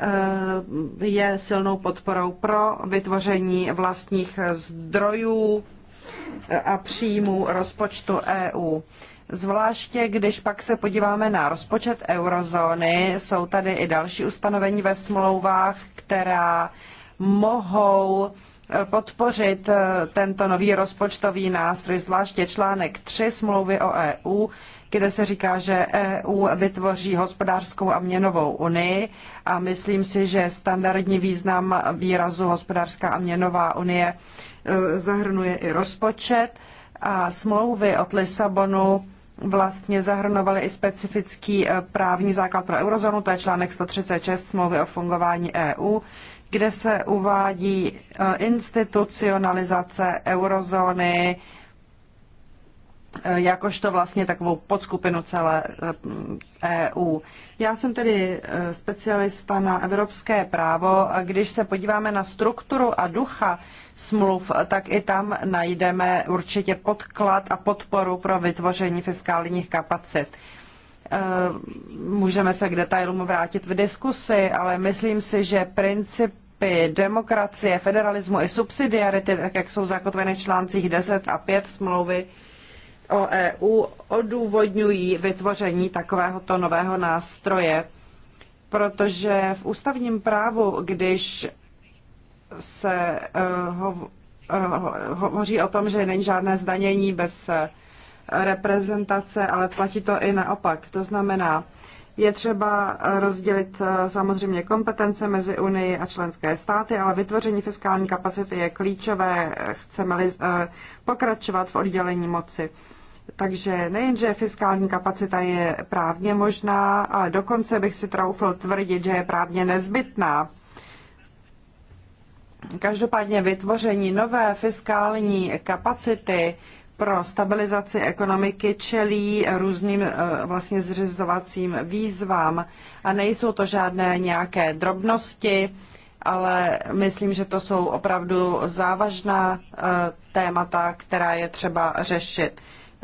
je silnou podporou pro vytvoření vlastních zdrojů a příjmů rozpočtu EU. Zvláště když pak se podíváme na rozpočet eurozóny, jsou tady i další ustanovení ve smlouvách, která mohou eh, podpořit eh, tento nový rozpočtový nástroj, zvláště článek 3 smlouvy o EU, kde se říká, že EU vytvoří hospodářskou a měnovou unii a myslím si, že standardní význam výrazu hospodářská a měnová unie e, zahrnuje i rozpočet a smlouvy od Lisabonu vlastně zahrnovaly i specifický e, právní základ pro eurozónu, to je článek 136 smlouvy o fungování EU, kde se uvádí e, institucionalizace eurozóny Eh, jakožto vlastně takovou podskupinu celé EU. Eh, e Já jsem tedy eh, specialista na evropské právo a když se podíváme na strukturu a ducha smluv, tak i tam najdeme určitě podklad a podporu pro vytvoření fiskálních kapacit. Můžeme se k detailům vrátit v diskusi, ale myslím si, že princip principy demokracie, federalismu i subsidiarity, tak jak jsou zakotveny v článcích 10 a 5 smlouvy, o EU odůvodňují vytvoření takovéhoto nového nástroje, protože v ústavním právu, když se eh, eh, ho, hovoří o tom, že není žádné zdanění bez eh, reprezentace, ale platí to i naopak. To znamená, je třeba rozdělit samozřejmě kompetence mezi Unii a členské státy, ale vytvoření fiskální kapacity je klíčové, chceme-li pokračovat v oddělení moci. Takže nejenže fiskální kapacita je právně možná, ale dokonce bych si troufl tvrdit, že je právně nezbytná. Každopádně vytvoření nové fiskální kapacity pro stabilizaci ekonomiky čelí různým eh, vlastně zřizovacím výzvám a nejsou to žádné nějaké drobnosti, ale myslím, že to jsou opravdu závažná eh, témata, která je třeba řešit.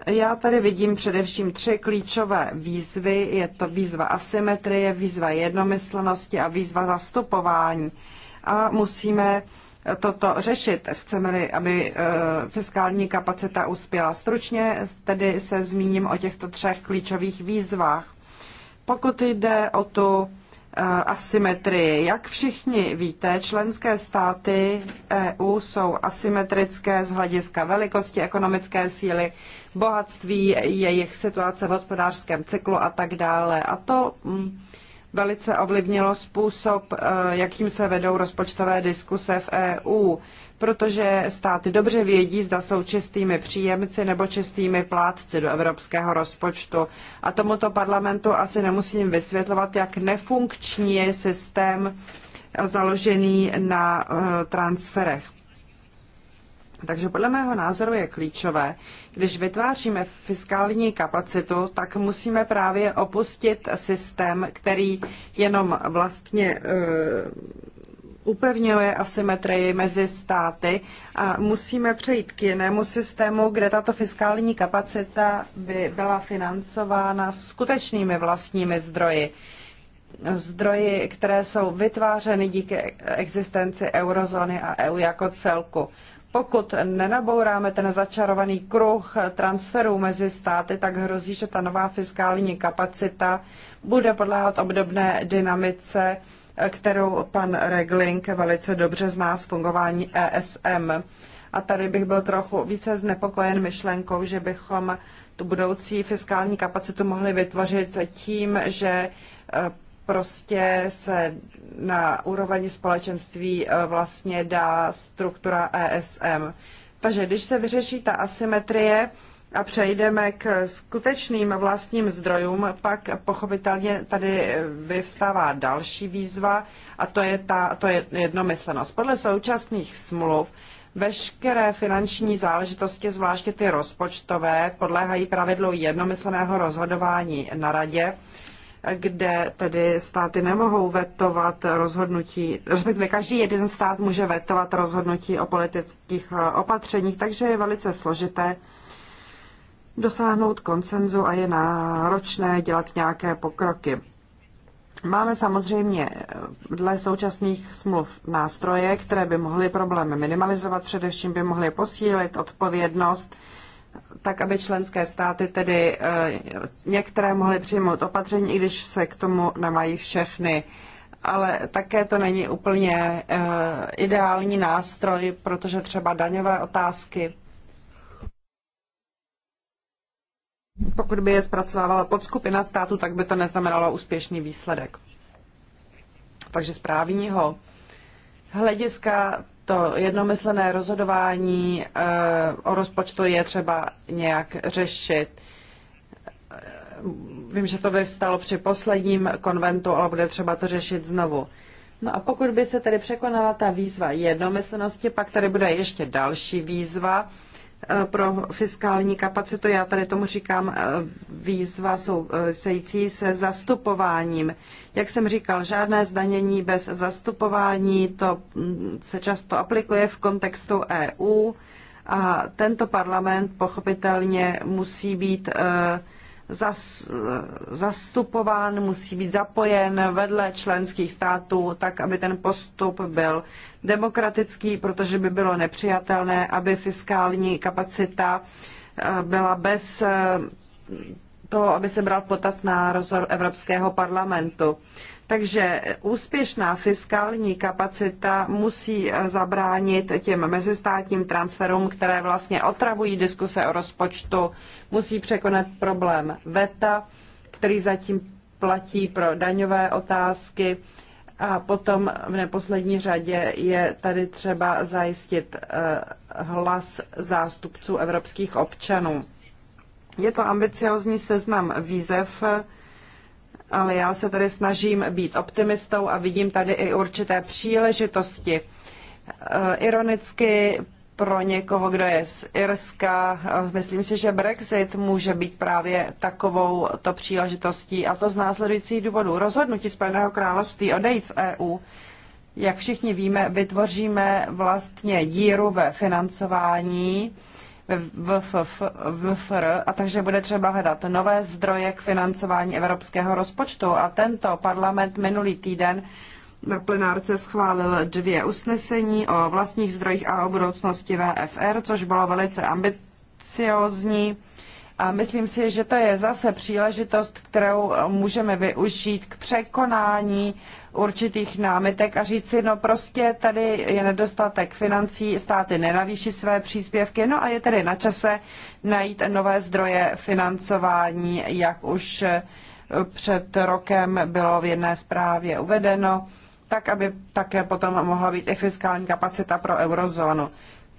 Já tady vidím především tři klíčové výzvy. Je to výzva asymetrie, výzva jednomyslnosti a výzva zastupování. A musíme toto řešit. Chceme-li, aby e, fiskální kapacita uspěla stručně, tedy se zmíním o těchto třech klíčových výzvách. Pokud jde o tu Eh, asymetrii. Jak všichni víte, členské státy EU jsou asymetrické z hlediska velikosti ekonomické síly, bohatství, jejich situace v hospodářském cyklu a tak dále. A to mm, velice ovlivnilo způsob, eh, jakým se vedou rozpočtové diskuse v EU protože státy dobře vědí, zda jsou čistými příjemci nebo čistými plátci do evropského rozpočtu. A tomuto parlamentu asi nemusím vysvětlovat, jak nefunkční je systém založený na eh, transferech. Takže podle mého názoru je klíčové, když vytváříme fiskální kapacitu, tak musíme právě opustit systém, který jenom vlastně eh, upevňuje asymetrii mezi státy a musíme přejít k jinému systému, kde tato fiskální kapacita by byla financována skutečnými vlastními zdroji. Zdroji, které jsou vytvářeny díky existenci eurozóny a EU jako celku. Pokud nenabouráme ten začarovaný kruh transferů mezi státy, tak hrozí, že ta nová fiskální kapacita bude podléhat obdobné dynamice kterou pan Regling velice dobře zná z fungování ESM. A tady bych byl trochu více znepokojen myšlenkou, že bychom tu budoucí fiskální kapacitu mohli vytvořit tím, že eh, prostě se na úroveň společenství eh, vlastně dá struktura ESM. Takže když se vyřeší ta asymetrie, a přejdeme k skutečným vlastním zdrojům, pak pochopitelně tady vyvstává další výzva a to je, ta, to je jednomyslenost. Podle současných smluv veškeré finanční záležitosti, zvláště ty rozpočtové, podléhají pravidlu jednomyslného rozhodování na radě kde tedy státy nemohou vetovat rozhodnutí, respektive každý jeden stát může vetovat rozhodnutí o politických eh, opatřeních, takže je velice složité dosáhnout konsenzu a je náročné dělat nějaké pokroky. Máme samozřejmě dle současných smluv nástroje, které by mohly problémy minimalizovat, především by mohly posílit odpovědnost, tak aby členské státy tedy eh, některé mohly přijmout opatření, i když se k tomu nemají všechny. Ale také to není úplně eh, ideální nástroj, protože třeba daňové otázky pokud by je zpracovávala podskupina státu, tak by to neznamenalo úspěšný výsledek. Takže z právního hlediska to jednomyslené rozhodování eh, o rozpočtu je třeba nějak řešit. Eh, vím, že to vyvstalo při posledním konventu, ale bude třeba to řešit znovu. No a pokud by se tedy překonala ta výzva jednomyslnosti, pak tady bude ještě další výzva, Eh, pro fiskální kapacitu. Já tady tomu říkám eh, výzva související se zastupováním. Jak jsem říkal, žádné zdanění bez zastupování, to mm, se často aplikuje v kontextu EU a tento parlament pochopitelně musí být uh, zas, zastupován, musí být zapojen vedle členských států, tak aby ten postup byl demokratický, protože by bylo nepřijatelné, aby fiskální kapacita eh, byla bez eh, toho, aby se bral potaz na Evropského parlamentu. Takže úspěšná fiskální kapacita musí eh, zabránit těm mezistátním transferům, které vlastně otravují diskuse o rozpočtu, musí překonat problém VETA, který zatím platí pro daňové otázky. A potom v neposlední řadě je tady třeba zajistit eh, hlas zástupců evropských občanů. Je to ambiciozní seznam výzev, ale já se tady snažím být optimistou a vidím tady i určité příležitosti. Eh, ironicky pro někoho, kdo je z Irska, eh, myslím si, že Brexit může být právě takovou to příležitostí a to z následujících důvodů. Rozhodnutí Spojeného království odejít z EU jak všichni víme, vytvoříme vlastně díru ve financování VFR, a takže bude třeba hledat nové zdroje k financování evropského rozpočtu. A tento parlament minulý týden na plenárce schválil dvě usnesení o vlastních zdrojích a o budoucnosti VFR, což bylo velice ambiciozní a myslím si, že to je zase příležitost, kterou můžeme využít k překonání určitých námitek a říci, no prostě tady je nedostatek financí, státy nenavýší své příspěvky, no a je tedy na čase najít nové zdroje financování, jak už před rokem bylo v jedné zprávě uvedeno, tak aby také potom mohla být i fiskální kapacita pro eurozónu.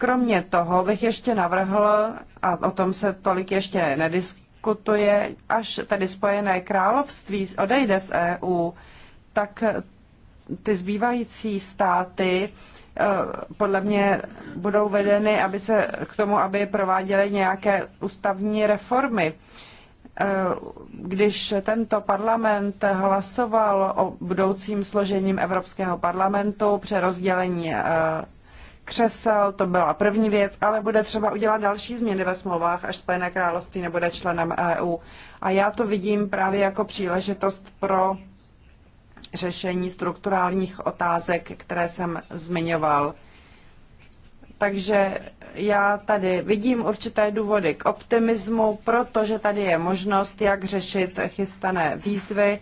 Kromě toho bych ještě navrhl, a o tom se tolik ještě nediskutuje, až tedy Spojené království odejde z EU, tak ty zbývající státy eh, podle mě budou vedeny aby se, k tomu, aby prováděly nějaké ústavní reformy. Eh, když tento parlament hlasoval o budoucím složením Evropského parlamentu, přerozdělení eh, křesel, to byla první věc, ale bude třeba udělat další změny ve smlouvách, až Spojené království nebude členem EU. A já to vidím právě jako příležitost pro řešení strukturálních otázek, které jsem zmiňoval. Takže já tady vidím určité důvody k optimismu, protože tady je možnost, jak řešit chystané výzvy,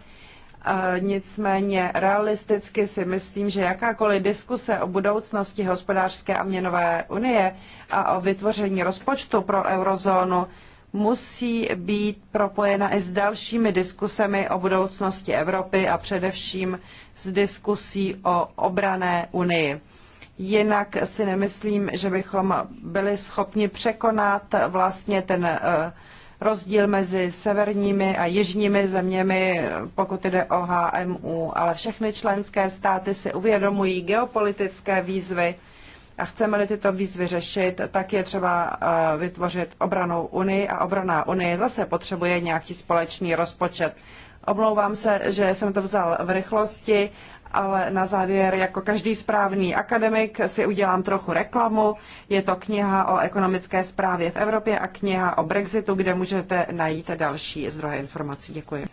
Nicméně realisticky si myslím, že jakákoliv diskuse o budoucnosti hospodářské a měnové unie a o vytvoření rozpočtu pro eurozónu musí být propojena i s dalšími diskusemi o budoucnosti Evropy a především s diskusí o obrané unii. Jinak si nemyslím, že bychom byli schopni překonat vlastně ten uh, rozdíl mezi severními a jižními zeměmi, pokud jde o HMU, ale všechny členské státy si uvědomují geopolitické výzvy a chceme-li tyto výzvy řešit, tak je třeba eh, vytvořit obranou unii a obraná unie zase potřebuje nějaký společný rozpočet. Omlouvám se, že jsem to vzal v rychlosti, ale na závěr, jako každý správný akademik, si udělám trochu reklamu. Je to kniha o ekonomické správě v Evropě a kniha o Brexitu, kde můžete najít další zdroje informací. Děkuji.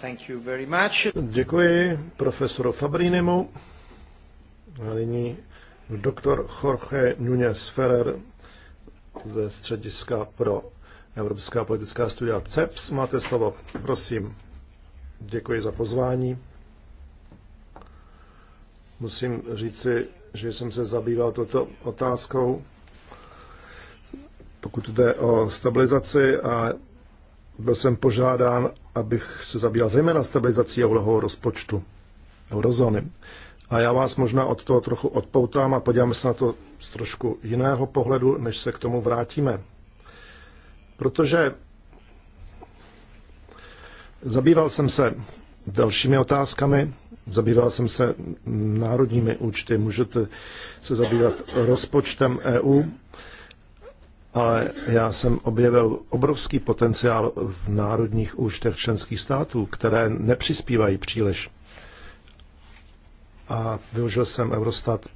Thank you very much. Děkuji profesoru Fabrinemu. A nyní doktor Jorge Núñez Ferrer ze Střediska pro Evropská politická studia CEPS. Máte slovo, prosím. Děkuji za pozvání. Musím říci, že jsem se zabýval toto otázkou, pokud jde o stabilizaci a byl jsem požádán, abych se zabýval zejména stabilizací a úlohou rozpočtu eurozóny. A já vás možná od toho trochu odpoutám a podíváme se na to z trošku jiného pohledu, než se k tomu vrátíme. Protože zabýval jsem se dalšími otázkami, Zabýval jsem se národními účty, můžete se zabývat rozpočtem EU, ale já jsem objevil obrovský potenciál v národních účtech členských států, které nepřispívají příliš. A využil jsem Eurostat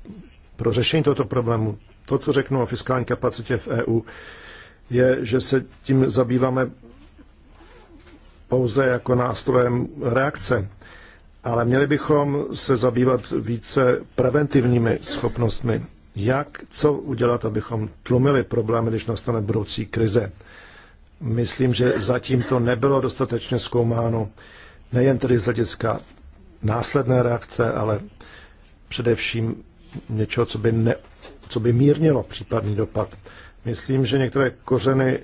pro řešení tohoto problému. To, co řeknu o fiskální kapacitě v EU, je, že se tím zabýváme pouze jako nástrojem reakce ale měli bychom se zabývat více preventivními schopnostmi. Jak, co udělat, abychom tlumili problémy, když nastane budoucí krize. Myslím, že zatím to nebylo dostatečně zkoumáno, nejen tedy z hlediska následné reakce, ale především něčeho, co by, ne, co by mírnilo případný dopad. Myslím, že některé kořeny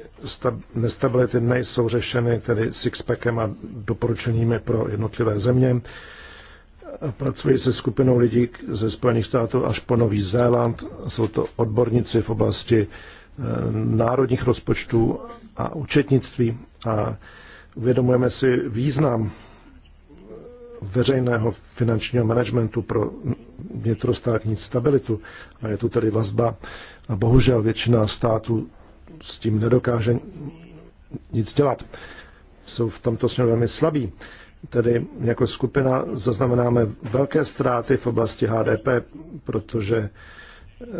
nestability nejsou řešeny tedy sixpackem a doporučeními pro jednotlivé země. Pracuji se skupinou lidí ze Spojených států až po Nový Zéland. Jsou to odborníci v oblasti eh, národních rozpočtů a účetnictví a uvědomujeme si význam eh, veřejného finančního managementu pro vnitrostátní stabilitu. A je tu tedy vazba a bohužel většina států s tím nedokáže nic dělat. Jsou v tomto směru velmi slabí. Tedy jako skupina zaznamenáme velké ztráty v oblasti HDP, protože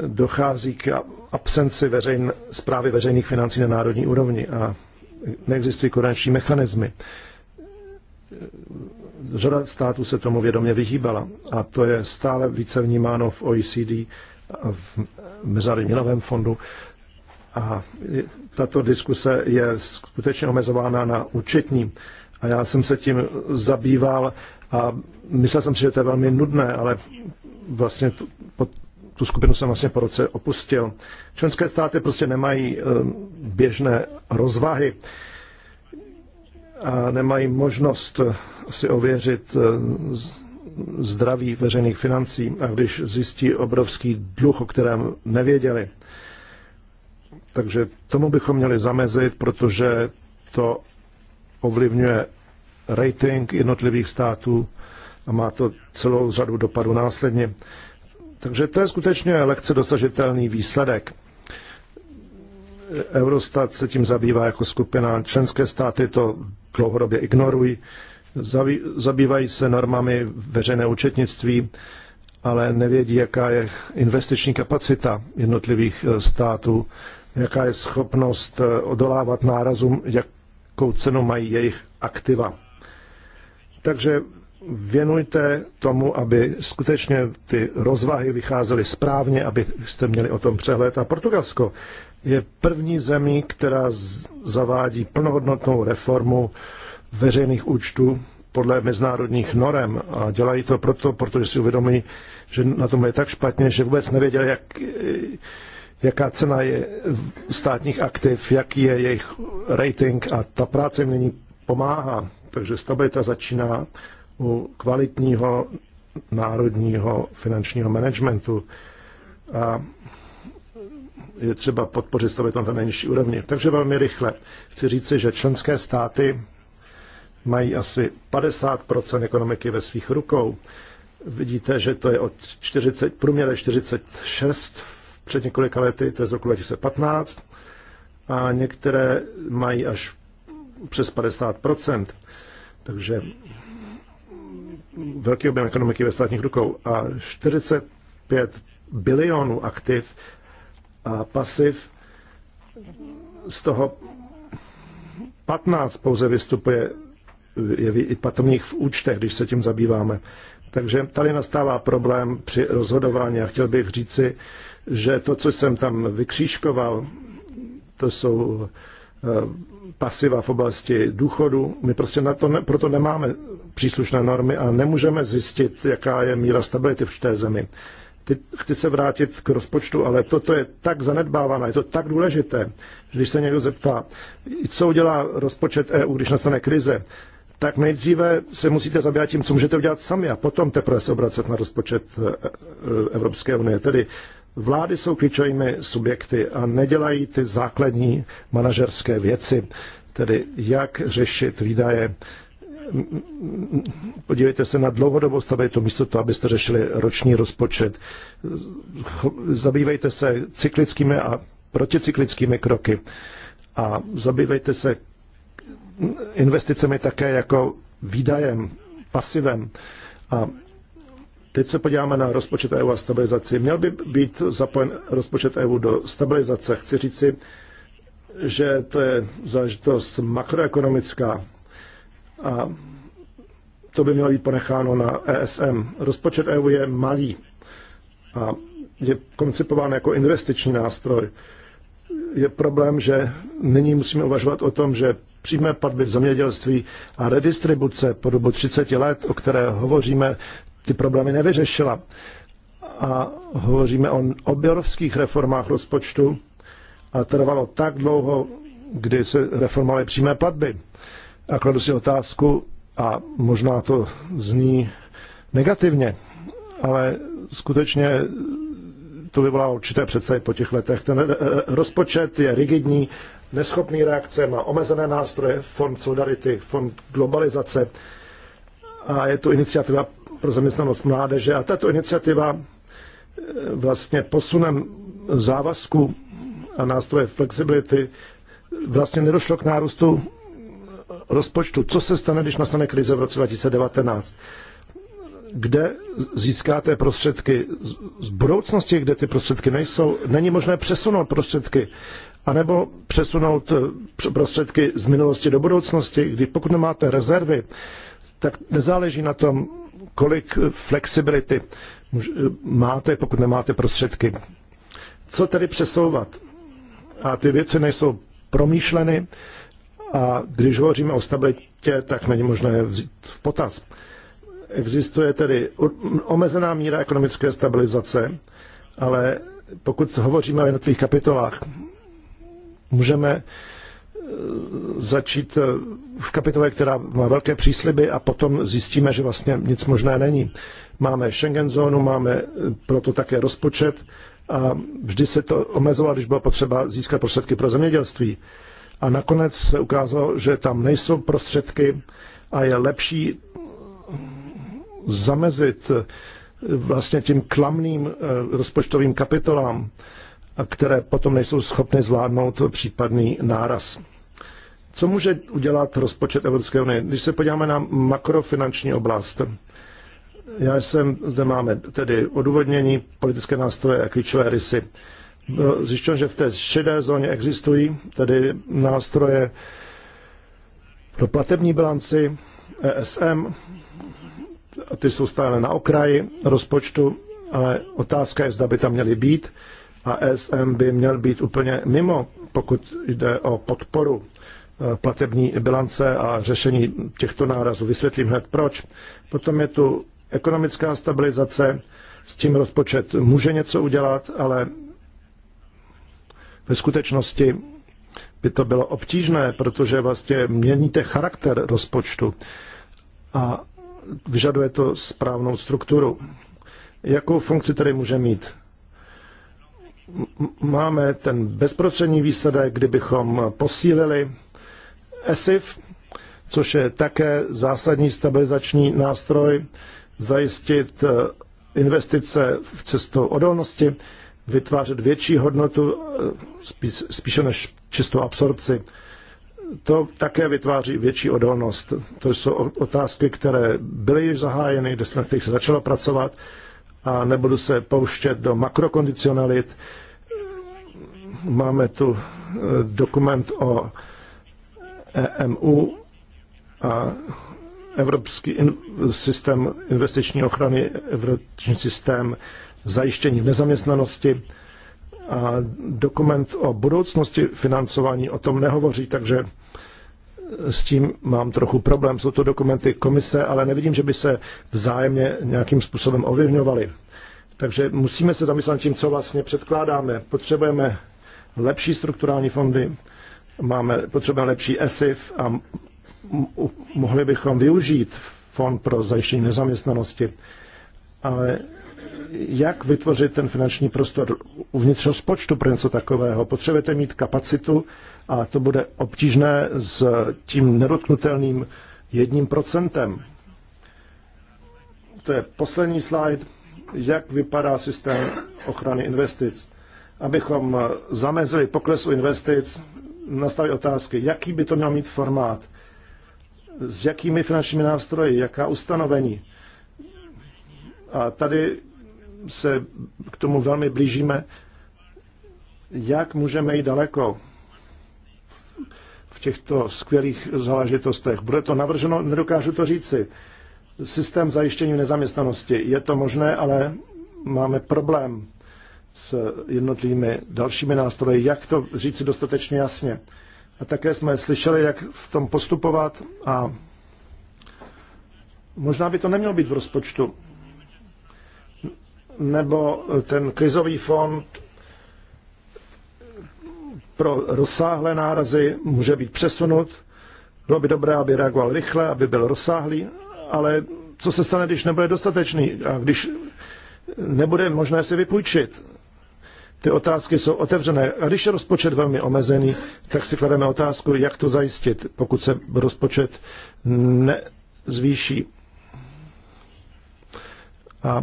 dochází k absenci veřejn, zprávy veřejných financí na národní úrovni a neexistují koordinační mechanismy. Řada států se tomu vědomě vyhýbala a to je stále více vnímáno v OECD v Mezinárodním fondu. A tato diskuse je skutečně omezována na účetní. A já jsem se tím zabýval a myslel jsem si, že to je velmi nudné, ale vlastně tu, po, tu skupinu jsem vlastně po roce opustil. Členské státy prostě nemají eh, běžné rozvahy a nemají možnost si ověřit eh, zdraví veřejných financí a když zjistí obrovský dluh, o kterém nevěděli. Takže tomu bychom měli zamezit, protože to ovlivňuje rating jednotlivých států a má to celou řadu dopadů následně. Takže to je skutečně lehce dosažitelný výsledek. Eurostat se tím zabývá jako skupina. Členské státy to dlouhodobě ignorují zabývají se normami veřejné účetnictví, ale nevědí, jaká je investiční kapacita jednotlivých eh, států, jaká je schopnost eh, odolávat nárazům, jakou cenu mají jejich aktiva. Takže věnujte tomu, aby skutečně ty rozvahy vycházely správně, abyste měli o tom přehled. A Portugalsko je první zemí, která zavádí plnohodnotnou reformu veřejných účtů podle mezinárodních norem a dělají to proto, protože si uvědomují, že na tom je tak špatně, že vůbec nevěděli, jak, jaká cena je státních aktiv, jaký je jejich rating a ta práce jim nyní pomáhá. Takže stabilita začíná u kvalitního národního finančního managementu a je třeba podpořit stabilitu na nejnižší úrovni. Takže velmi rychle chci říci, že členské státy mají asi 50 ekonomiky ve svých rukou. Vidíte, že to je od 40, průměre 46 před několika lety, to je z roku 2015, a některé mají až přes 50 Takže velký objem ekonomiky ve státních rukou a 45 bilionů aktiv a pasiv, z toho 15 pouze vystupuje je i patrných v účtech, když se tím zabýváme. Takže tady nastává problém při rozhodování a chtěl bych říci, že to, co jsem tam vykřížkoval, to jsou eh, pasiva v oblasti důchodu. My prostě na to ne, proto nemáme příslušné normy a nemůžeme zjistit, jaká je míra stability v té zemi. Teď chci se vrátit k rozpočtu, ale toto je tak zanedbávané, je to tak důležité, že když se někdo zeptá, co udělá rozpočet EU, když nastane krize, tak nejdříve se musíte zabývat tím, co můžete udělat sami a potom teprve se obracet na rozpočet eh, eh, Evropské unie. Tedy vlády jsou klíčovými subjekty a nedělají ty základní manažerské věci, tedy jak řešit výdaje. Podívejte se na dlouhodobou stabilitu, místo toho, abyste řešili roční rozpočet. Zabývejte se cyklickými a proticyklickými kroky a zabývejte se investicemi také jako výdajem, pasivem. A teď se podíváme na rozpočet EU a stabilizaci. Měl by být zapojen rozpočet EU do stabilizace. Chci říci, že to je záležitost makroekonomická a to by mělo být ponecháno na ESM. Rozpočet EU je malý a je koncipován jako investiční nástroj. Je problém, že nyní musíme uvažovat o tom, že přímé platby v zemědělství a redistribuce po dobu 30 let, o které hovoříme, ty problémy nevyřešila. A hovoříme o obrovských reformách rozpočtu a trvalo tak dlouho, kdy se reformovaly přímé platby. A kladu si otázku, a možná to zní negativně, ale skutečně to vyvolá určité představy po těch letech. Ten eh, eh, rozpočet je rigidní neschopný reakce, má omezené nástroje, fond Solidarity, fond globalizace a je tu iniciativa pro zaměstnanost mládeže. A tato iniciativa eh, vlastně posunem závazku a nástroje flexibility vlastně nedošlo k nárůstu rozpočtu. Co se stane, když nastane krize v roce 2019? Kde získáte prostředky z budoucnosti, kde ty prostředky nejsou? Není možné přesunout prostředky anebo přesunout eh, prostředky z minulosti do budoucnosti, kdy pokud nemáte rezervy, tak nezáleží na tom, kolik eh, flexibility eh, máte, pokud nemáte prostředky. Co tedy přesouvat? A ty věci nejsou promýšleny a když hovoříme o stabilitě, tak není možné vzít v potaz. Existuje tedy omezená míra ekonomické stabilizace, ale pokud hovoříme o jednotlivých kapitolách, můžeme eh, začít eh, v kapitole, která má velké přísliby a potom zjistíme, že vlastně nic možné není. Máme Schengen zónu, máme eh, proto také rozpočet a vždy se to omezovalo, když bylo potřeba získat prostředky pro zemědělství. A nakonec se ukázalo, že tam nejsou prostředky a je lepší zamezit vlastně tím klamným rozpočtovým kapitolám které potom nejsou schopny zvládnout případný náraz. Co může udělat rozpočet Evropské unie? Když se podíváme na makrofinanční oblast, já jsem, zde máme tedy odůvodnění, politické nástroje a klíčové rysy. Zjišťujeme, že v té šedé zóně existují tedy nástroje pro platební bilanci, ESM, ty jsou stále na okraji rozpočtu, ale otázka je, zda by tam měly být a SM by měl být úplně mimo, pokud jde o podporu eh, platební bilance a řešení těchto nárazů. Vysvětlím hned proč. Potom je tu ekonomická stabilizace, s tím rozpočet může něco udělat, ale ve skutečnosti by to bylo obtížné, protože vlastně měníte charakter rozpočtu a vyžaduje to správnou strukturu. Jakou funkci tedy může mít máme ten bezprostřední výsledek, kdybychom posílili ESIF, což je také zásadní stabilizační nástroj, zajistit eh, investice v cestou odolnosti, vytvářet větší hodnotu eh, spíše než čistou absorpci. To také vytváří větší odolnost. To jsou otázky, které byly již zahájeny, kde se na kterých se začalo pracovat a nebudu se pouštět do makrokondicionalit, Máme tu eh, dokument o EMU a Evropský in, systém investiční ochrany, Evropský systém zajištění v nezaměstnanosti a dokument o budoucnosti financování o tom nehovoří, takže s tím mám trochu problém. Jsou to dokumenty komise, ale nevidím, že by se vzájemně nějakým způsobem ovlivňovaly. Takže musíme se zamyslet tím, co vlastně předkládáme. Potřebujeme lepší strukturální fondy, máme, potřebujeme lepší ESIF a mohli bychom využít fond pro zajištění nezaměstnanosti. Ale jak vytvořit ten finanční prostor uvnitř rozpočtu pro něco takového? Potřebujete mít kapacitu a to bude obtížné s tím nedotknutelným jedním procentem. To je poslední slide. Jak vypadá systém ochrany investic? abychom eh, zamezili poklesu investic, nastaví otázky, jaký by to měl mít formát, s jakými finančními nástroji, jaká ustanovení. A tady se k tomu velmi blížíme, jak můžeme jít daleko v těchto skvělých záležitostech. Bude to navrženo, nedokážu to říci. Systém zajištění nezaměstnanosti. Je to možné, ale máme problém s jednotlivými dalšími nástroji, jak to říci dostatečně jasně. A také jsme slyšeli, jak v tom postupovat a možná by to nemělo být v rozpočtu. Nebo ten krizový fond pro rozsáhlé nárazy může být přesunut. Bylo by dobré, aby reagoval rychle, aby byl rozsáhlý, ale co se stane, když nebude dostatečný a když nebude možné si vypůjčit? Ty otázky jsou otevřené. A když je rozpočet velmi omezený, tak si klademe otázku, jak to zajistit, pokud se rozpočet nezvýší. A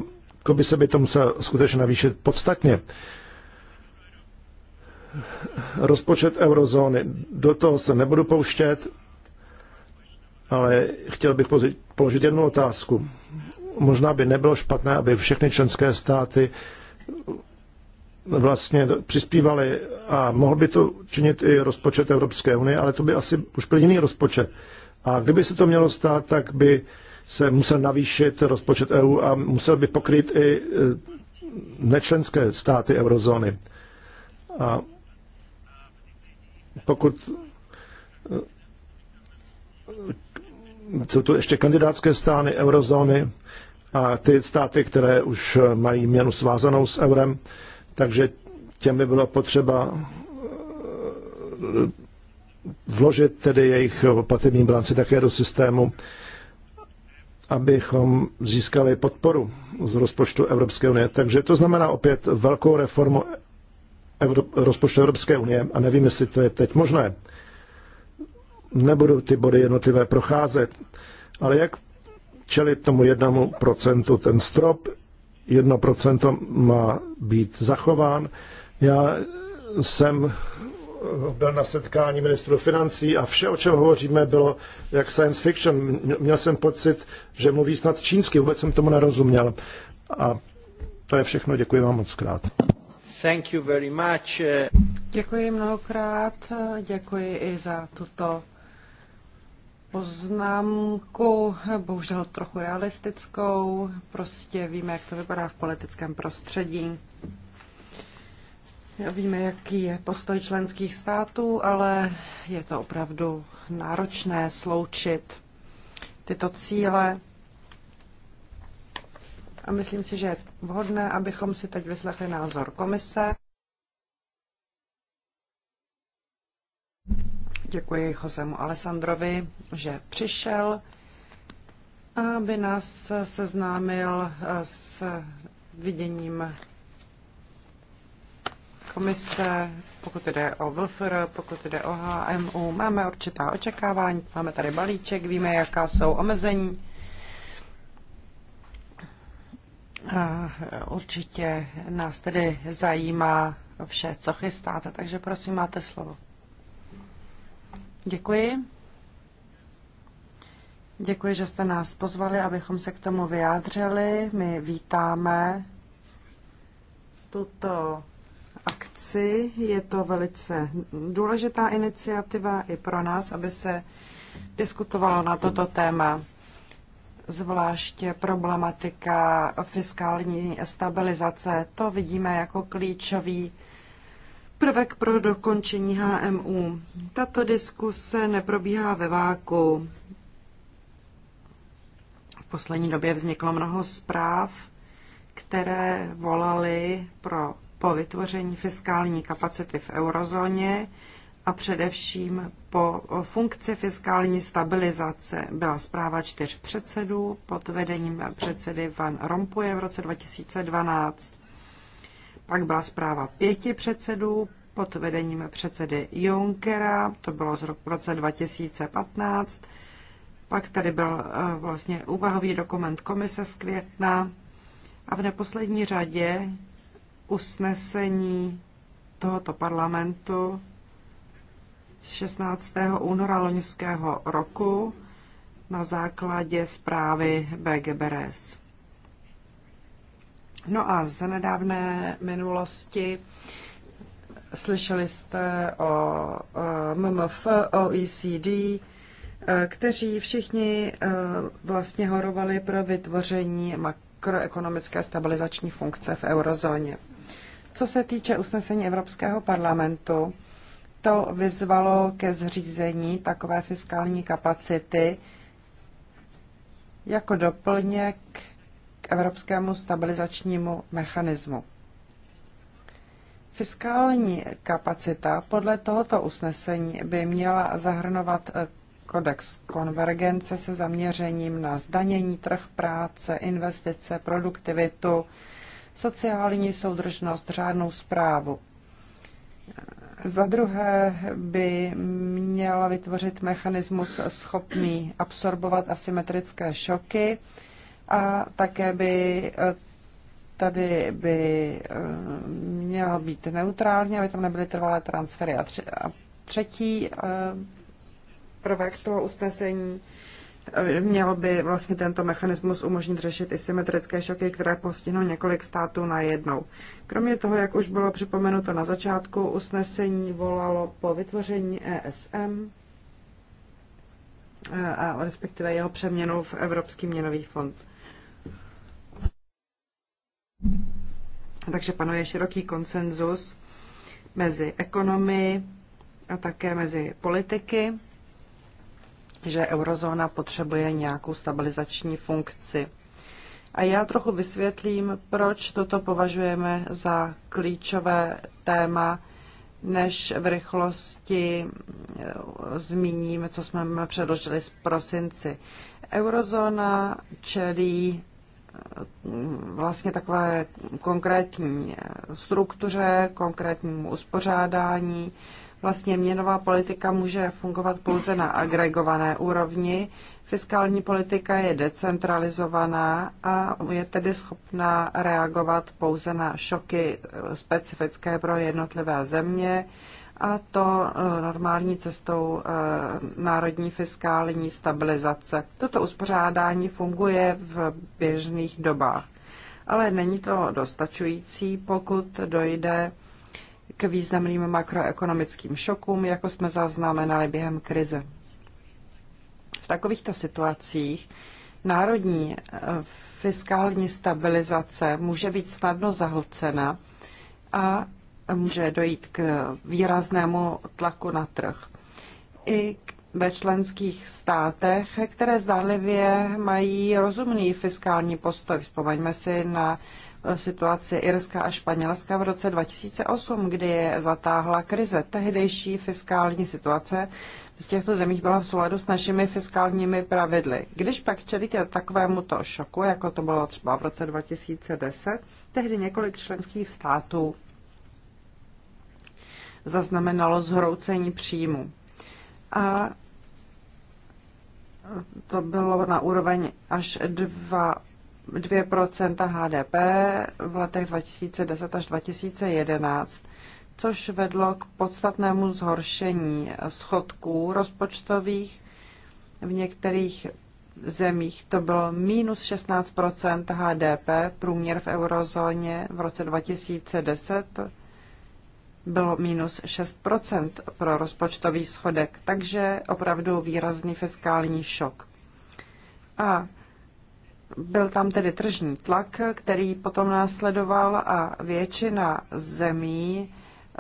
by se by to musel skutečně navýšit podstatně. Rozpočet eurozóny. Do toho se nebudu pouštět, ale chtěl bych položit jednu otázku. Možná by nebylo špatné, aby všechny členské státy vlastně přispívali a mohl by to činit i rozpočet Evropské unie, ale to by asi už byl jiný rozpočet. A kdyby se to mělo stát, tak by se musel navýšit rozpočet EU a musel by pokryt i e, nečlenské státy eurozóny. A pokud e, jsou tu ještě kandidátské stány eurozóny a ty státy, které už mají měnu svázanou s eurem, takže těm by bylo potřeba eh, vložit tedy jejich platební bilanci také do systému, abychom získali podporu z rozpočtu Evropské unie. Takže to znamená opět velkou reformu Evro- rozpočtu Evropské unie a nevím, jestli to je teď možné. Nebudu ty body jednotlivé procházet, ale jak čelit tomu jednomu procentu ten strop 1% má být zachován. Já jsem eh, byl na setkání ministru financí a vše, o čem hovoříme, bylo jak science fiction. Měl jsem pocit, že mluví snad čínsky, vůbec jsem tomu nerozuměl. A to je všechno, děkuji vám moc krát. Thank you very much. Děkuji mnohokrát, děkuji i za tuto poznámku, bohužel trochu realistickou. Prostě víme, jak to vypadá v politickém prostředí. Víme, jaký je postoj členských států, ale je to opravdu náročné sloučit tyto cíle. A myslím si, že je vhodné, abychom si teď vyslechli názor komise. Děkuji Josemu Alessandrovi, že přišel, aby nás seznámil eh, s viděním komise, pokud jde o VFR, pokud jde o HMU. Máme určitá očekávání, máme tady balíček, víme, jaká jsou omezení. A určitě nás tedy zajímá vše, co chystáte, takže prosím, máte slovo. Děkuji. Děkuji, že jste nás pozvali, abychom se k tomu vyjádřili. My vítáme tuto akci. Je to velice důležitá iniciativa i pro nás, aby se diskutovalo na toto téma zvláště problematika fiskální stabilizace. To vidíme jako klíčový Prvek pro dokončení HMU. Tato diskuse neprobíhá ve váku. V poslední době vzniklo mnoho zpráv, které volaly pro, po vytvoření fiskální kapacity v eurozóně a především po funkci fiskální stabilizace. Byla zpráva čtyř předsedů pod vedením předsedy Van Rompuje v roce 2012 pak byla zpráva pěti předsedů pod vedením předsedy Junckera, to bylo z roku, 2015. Pak tady byl eh, vlastně úvahový dokument komise z května a v neposlední řadě usnesení tohoto parlamentu z 16. února loňského roku na základě zprávy BGBRS. No a za nedávné minulosti slyšeli jste o MMF, OECD, kteří všichni e, vlastně horovali pro vytvoření makroekonomické stabilizační funkce v eurozóně. Co se týče usnesení Evropského parlamentu, to vyzvalo ke zřízení takové fiskální kapacity jako doplněk evropskému stabilizačnímu mechanismu. Fiskální kapacita podle tohoto usnesení by měla zahrnovat eh, kodex konvergence se zaměřením na zdanění trh práce, investice, produktivitu, sociální soudržnost, řádnou zprávu. Eh, za druhé by měla vytvořit mechanismus schopný absorbovat asymetrické šoky, a také by e, tady by e, mělo být neutrální, aby tam nebyly trvalé transfery. A, a třetí e, prvek toho usnesení měl by vlastně tento mechanismus umožnit řešit i symetrické šoky, které postihnou několik států na najednou. Kromě toho, jak už bylo připomenuto na začátku, usnesení volalo po vytvoření ESM, a respektive jeho přeměnu v Evropský měnový fond. Takže panuje široký konsenzus mezi ekonomy a také mezi politiky, že eurozóna potřebuje nějakou stabilizační funkci. A já trochu vysvětlím, proč toto považujeme za klíčové téma, než v rychlosti eh, zmíním, co jsme předložili z prosinci. Eurozóna čelí vlastně takové konkrétní struktuře, konkrétnímu uspořádání. Vlastně měnová politika může fungovat pouze na agregované úrovni. Fiskální politika je decentralizovaná a je tedy schopná reagovat pouze na šoky specifické pro jednotlivé země a to eh, normální cestou eh, národní fiskální stabilizace. Toto uspořádání funguje v běžných dobách, ale není to dostačující, pokud dojde k významným makroekonomickým šokům, jako jsme zaznamenali během krize. V takovýchto situacích národní eh, fiskální stabilizace může být snadno zahlcena a může dojít k výraznému tlaku na trh. I ve členských státech, které zdálivě mají rozumný fiskální postoj. Vzpomeňme si na eh, situaci Irska a Španělska v roce 2008, kdy je zatáhla krize. Tehdejší fiskální situace z těchto zemích byla v souladu s našimi fiskálními pravidly. Když pak čelíte takovémuto šoku, jako to bylo třeba v roce 2010, tehdy několik členských států zaznamenalo zhroucení příjmu. A to bylo na úroveň až 2, 2% HDP v letech 2010 až 2011, což vedlo k podstatnému zhoršení schodků rozpočtových. V některých zemích to bylo minus 16 HDP, průměr v eurozóně v roce 2010 bylo minus 6 pro rozpočtový schodek, takže opravdu výrazný fiskální šok. A byl tam tedy tržní tlak, který potom následoval a většina zemí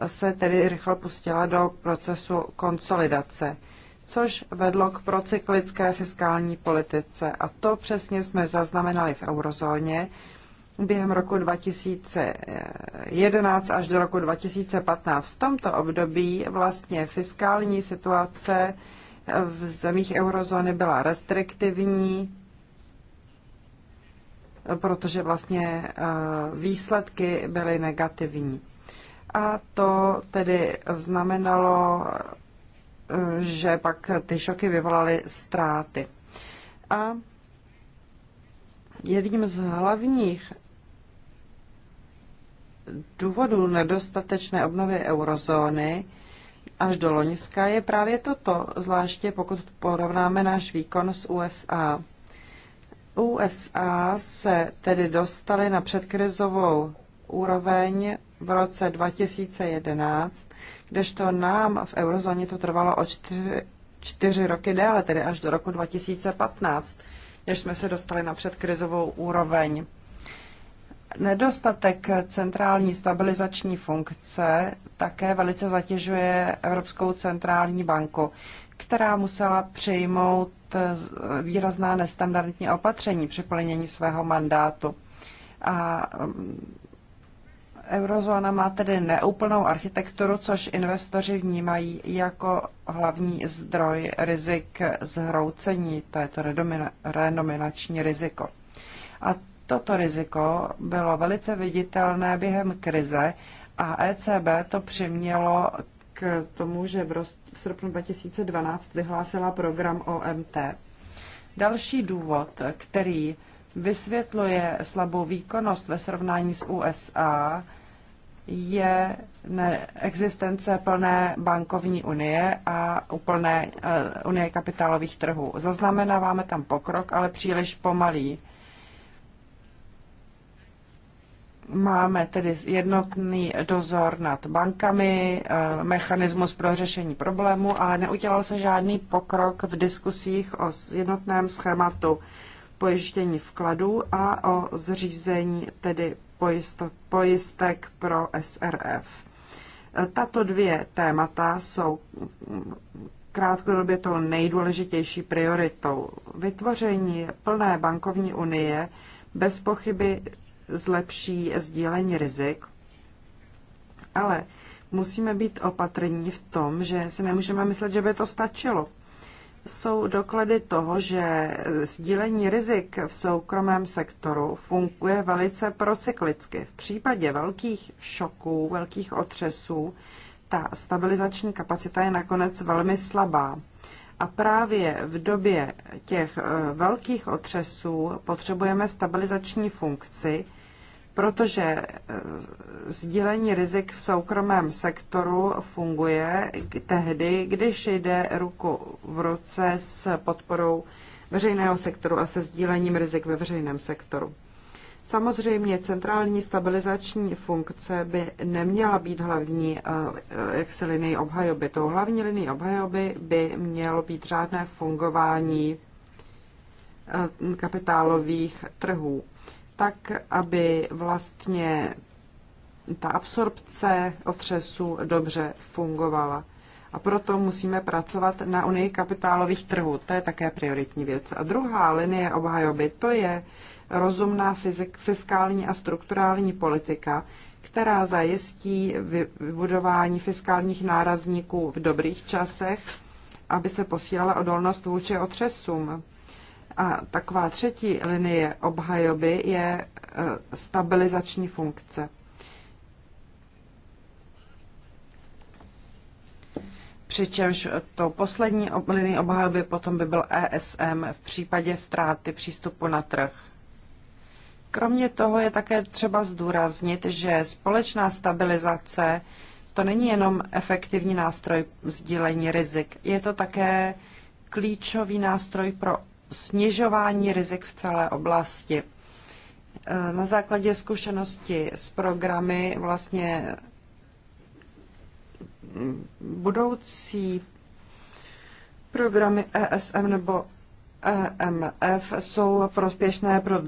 se tedy rychle pustila do procesu konsolidace, což vedlo k procyklické fiskální politice. A to přesně jsme zaznamenali v eurozóně, během roku 2011 až do roku 2015. V tomto období vlastně fiskální situace v zemích eurozóny byla restriktivní, protože vlastně eh, výsledky byly negativní. A to tedy znamenalo, eh, že pak ty šoky vyvolaly ztráty. A jedním z hlavních důvodů nedostatečné obnovy eurozóny až do Loňska je právě toto, zvláště pokud porovnáme náš výkon s USA. USA se tedy dostaly na předkrizovou úroveň v roce 2011, kdežto nám v eurozóně to trvalo o čtyři, čtyři roky déle, tedy až do roku 2015, než jsme se dostali na předkrizovou úroveň. Nedostatek centrální stabilizační funkce také velice zatěžuje Evropskou centrální banku, která musela přijmout eh, výrazná nestandardní opatření při plnění svého mandátu. A mm, eurozóna má tedy neúplnou architekturu, což investoři vnímají jako hlavní zdroj rizik zhroucení, to je to renominační riziko. A Toto riziko bylo velice viditelné během krize a ECB to přimělo k tomu, že v, roz, v srpnu 2012 vyhlásila program OMT. Další důvod, který vysvětluje slabou výkonnost ve srovnání s USA, je existence plné bankovní unie a úplné eh, unie kapitálových trhů. Zaznamenáváme tam pokrok, ale příliš pomalý. Máme tedy jednotný dozor nad bankami, eh, mechanismus pro řešení problému, ale neudělal se žádný pokrok v diskusích o jednotném schématu pojištění vkladů a o zřízení tedy pojistek pro SRF. Eh, tato dvě témata jsou krátkodobě tou nejdůležitější prioritou. Vytvoření plné bankovní unie bez pochyby zlepší sdílení rizik, ale musíme být opatrní v tom, že si nemůžeme myslet, že by to stačilo. Jsou doklady toho, že sdílení rizik v soukromém sektoru funguje velice procyklicky. V případě velkých šoků, velkých otřesů, ta stabilizační kapacita je nakonec velmi slabá. A právě v době těch eh, velkých otřesů potřebujeme stabilizační funkci, protože eh, sdílení rizik v soukromém sektoru funguje tehdy, když jde ruku v ruce s podporou veřejného sektoru a se sdílením rizik ve veřejném sektoru. Samozřejmě centrální stabilizační funkce by neměla být hlavní eh, eh, jaksi linii obhajoby. Tou hlavní linii obhajoby by mělo být řádné fungování kapitálových trhů tak, aby vlastně ta absorpce otřesu dobře fungovala. A proto musíme pracovat na unii kapitálových trhů. To je také prioritní věc. A druhá linie obhajoby, to je rozumná fyzik, fiskální a strukturální politika, která zajistí vybudování fiskálních nárazníků v dobrých časech, aby se posílala odolnost vůči otřesům. A taková třetí linie obhajoby je e, stabilizační funkce. Přičemž to poslední linie obhajoby potom by byl ESM v případě ztráty přístupu na trh. Kromě toho je také třeba zdůraznit, že společná stabilizace to není jenom efektivní nástroj sdílení rizik, je to také klíčový nástroj pro snižování rizik v celé oblasti. E, na základě zkušenosti s programy vlastně budoucí programy ESM nebo EMF jsou prospěšné pro e,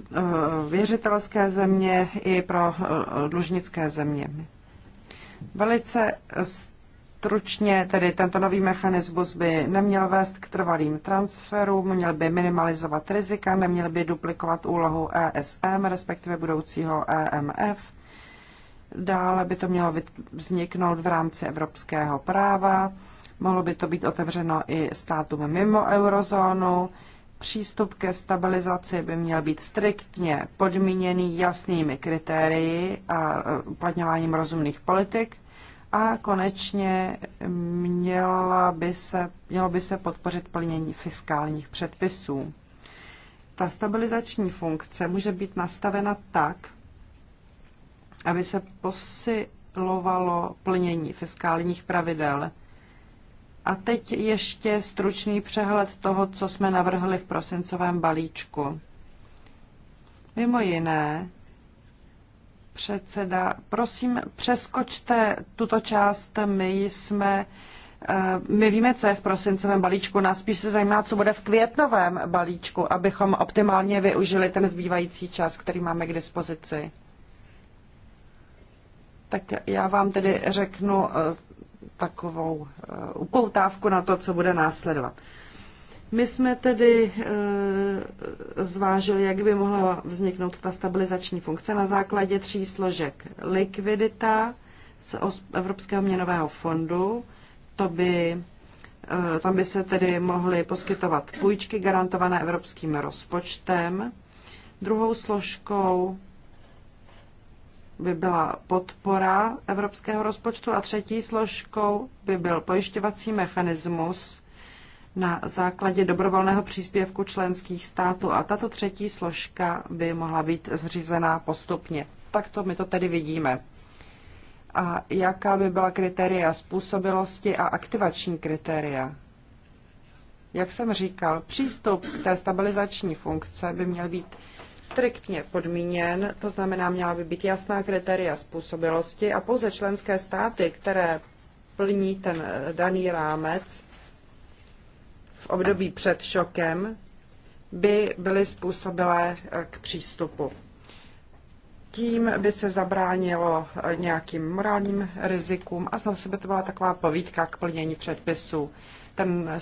věřitelské země i pro e, dlužnické země. Velice Stručně tedy tento nový mechanismus by neměl vést k trvalým transferům, měl by minimalizovat rizika, neměl by duplikovat úlohu ESM, respektive budoucího EMF. Dále by to mělo vzniknout v rámci evropského práva, mohlo by to být otevřeno i státům mimo eurozónu. Přístup ke stabilizaci by měl být striktně podmíněný jasnými kritérii a e, uplatňováním rozumných politik – a konečně měla by se, mělo by se podpořit plnění fiskálních předpisů. Ta stabilizační funkce může být nastavena tak, aby se posilovalo plnění fiskálních pravidel. A teď ještě stručný přehled toho, co jsme navrhli v prosincovém balíčku. Mimo jiné, Předseda, prosím, přeskočte tuto část. My jsme eh, my víme, co je v prosincovém balíčku, nás spíš se zajímá, co bude v květnovém balíčku, abychom optimálně využili ten zbývající čas, který máme k dispozici. Tak já vám tedy řeknu eh, takovou eh, upoutávku na to, co bude následovat. My jsme tedy eh, zvážili, jak by mohla vzniknout ta stabilizační funkce na základě tří složek. Likvidita z Evropského měnového fondu, to by, eh, tam by se tedy mohly poskytovat půjčky garantované evropským rozpočtem. Druhou složkou by byla podpora evropského rozpočtu a třetí složkou by byl pojišťovací mechanismus, na základě dobrovolného příspěvku členských států a tato třetí složka by mohla být zřízená postupně. Takto my to tedy vidíme. A jaká by byla kritéria způsobilosti a aktivační kritéria? Jak jsem říkal, přístup k té stabilizační funkce by měl být striktně podmíněn, to znamená, měla by být jasná kritéria způsobilosti a pouze členské státy, které plní ten daný rámec, v období před šokem by byly způsobilé eh, k přístupu. Tím by se zabránilo eh, nějakým morálním rizikům a zase sebe to byla taková povídka k plnění předpisů. Ten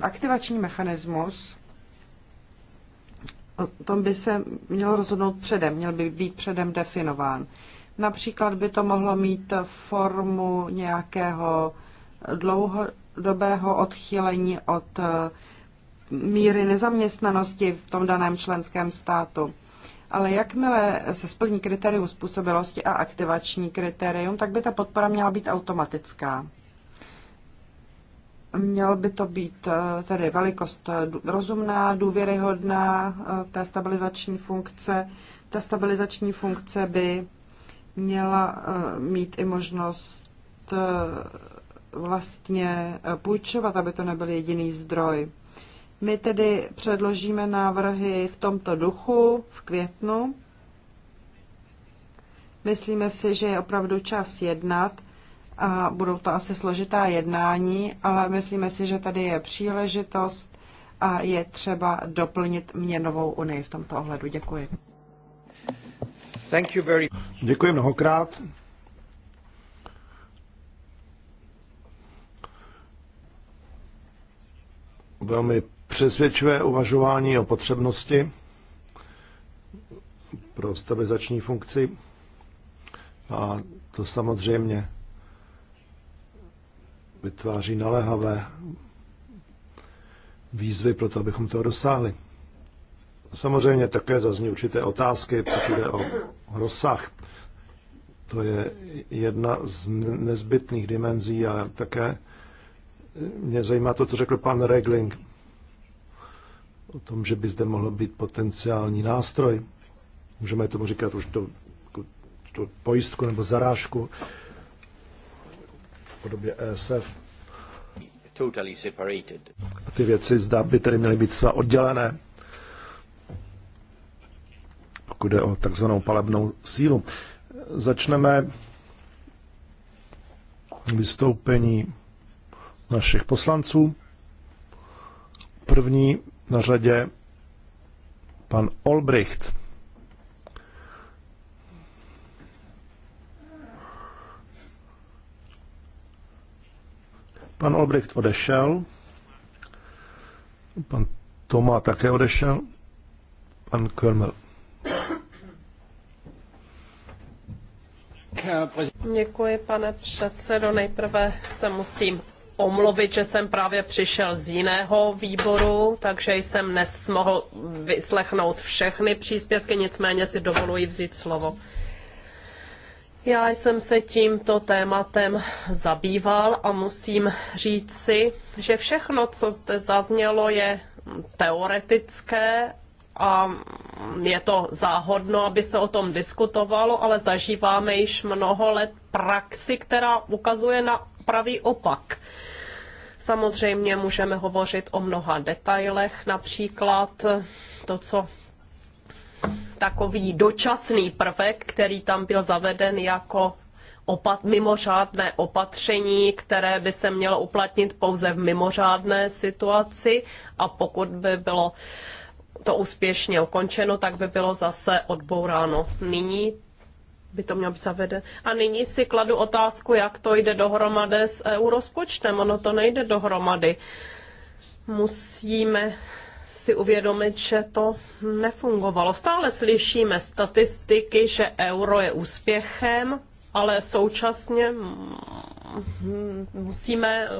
aktivační mechanismus, o tom by se měl rozhodnout předem, měl by být předem definován. Například by to mohlo mít formu nějakého dlouho, dlouhodobého odchylení od eh, míry nezaměstnanosti v tom daném členském státu. Ale jakmile se splní kritérium způsobilosti a aktivační kritérium, tak by ta podpora měla být automatická. Měl by to být eh, tedy velikost eh, rozumná, důvěryhodná, té stabilizační funkce. Ta stabilizační funkce by měla mít i možnost vlastně eh, půjčovat, aby to nebyl jediný zdroj. My tedy předložíme návrhy v tomto duchu v květnu. Myslíme si, že je opravdu čas jednat a budou to asi složitá jednání, ale myslíme si, že tady je příležitost a je třeba doplnit měnovou unii v tomto ohledu. Děkuji. Děkuji mnohokrát. velmi přesvědčivé uvažování o potřebnosti pro stabilizační funkci. A to samozřejmě vytváří naléhavé výzvy pro to, abychom toho dosáhli. Samozřejmě také zazní určité otázky, pokud jde o rozsah. To je jedna z nezbytných dimenzí a také mě zajímá to, co řekl pan Regling o tom, že by zde mohl být potenciální nástroj. Můžeme tomu říkat už to, to jako, pojistku nebo zarážku v podobě ESF. A ty věci zdá by tedy měly být sva oddělené, pokud jde o takzvanou palebnou sílu. Začneme vystoupení našich poslanců. První na řadě pan Olbricht. Pan Olbricht odešel. Pan Toma také odešel. Pan Körmel. Děkuji, pane předsedo. Nejprve se musím omluvit, že jsem právě přišel z jiného výboru, takže jsem nesmohl vyslechnout všechny příspěvky, nicméně si dovoluji vzít slovo. Já jsem se tímto tématem zabýval a musím říci, že všechno, co zde zaznělo, je teoretické a je to záhodno, aby se o tom diskutovalo, ale zažíváme již mnoho let praxi, která ukazuje na pravý opak. Samozřejmě můžeme hovořit o mnoha detailech, například to, co takový dočasný prvek, který tam byl zaveden jako opat, mimořádné opatření, které by se mělo uplatnit pouze v mimořádné situaci a pokud by bylo uh, to úspěšně ukončeno, tak by bylo zase odbouráno. Nyní by to mělo být zaveden. A nyní si kladu otázku, jak to jde dohromady s EU rozpočtem. Ono to nejde dohromady. Musíme si uvědomit, že to nefungovalo. Stále slyšíme statistiky, že euro je úspěchem, ale současně musíme eh,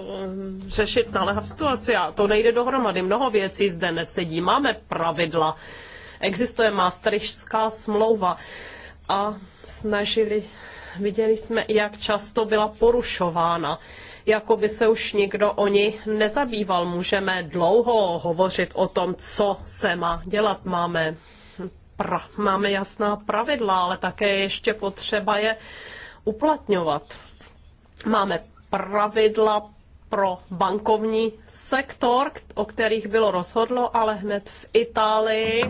řešit naléhavou situaci a to nejde dohromady. Mnoho věcí zde nesedí. Máme pravidla, existuje Maastrichtská smlouva a snažili, viděli jsme, jak často byla porušována jako by se už nikdo o ní nezabýval. Můžeme dlouho hovořit o tom, co se má dělat. Máme, pra, máme jasná pravidla, ale také ještě potřeba je uplatňovat. Máme pravidla pro bankovní sektor, o kterých bylo rozhodlo, ale hned v Itálii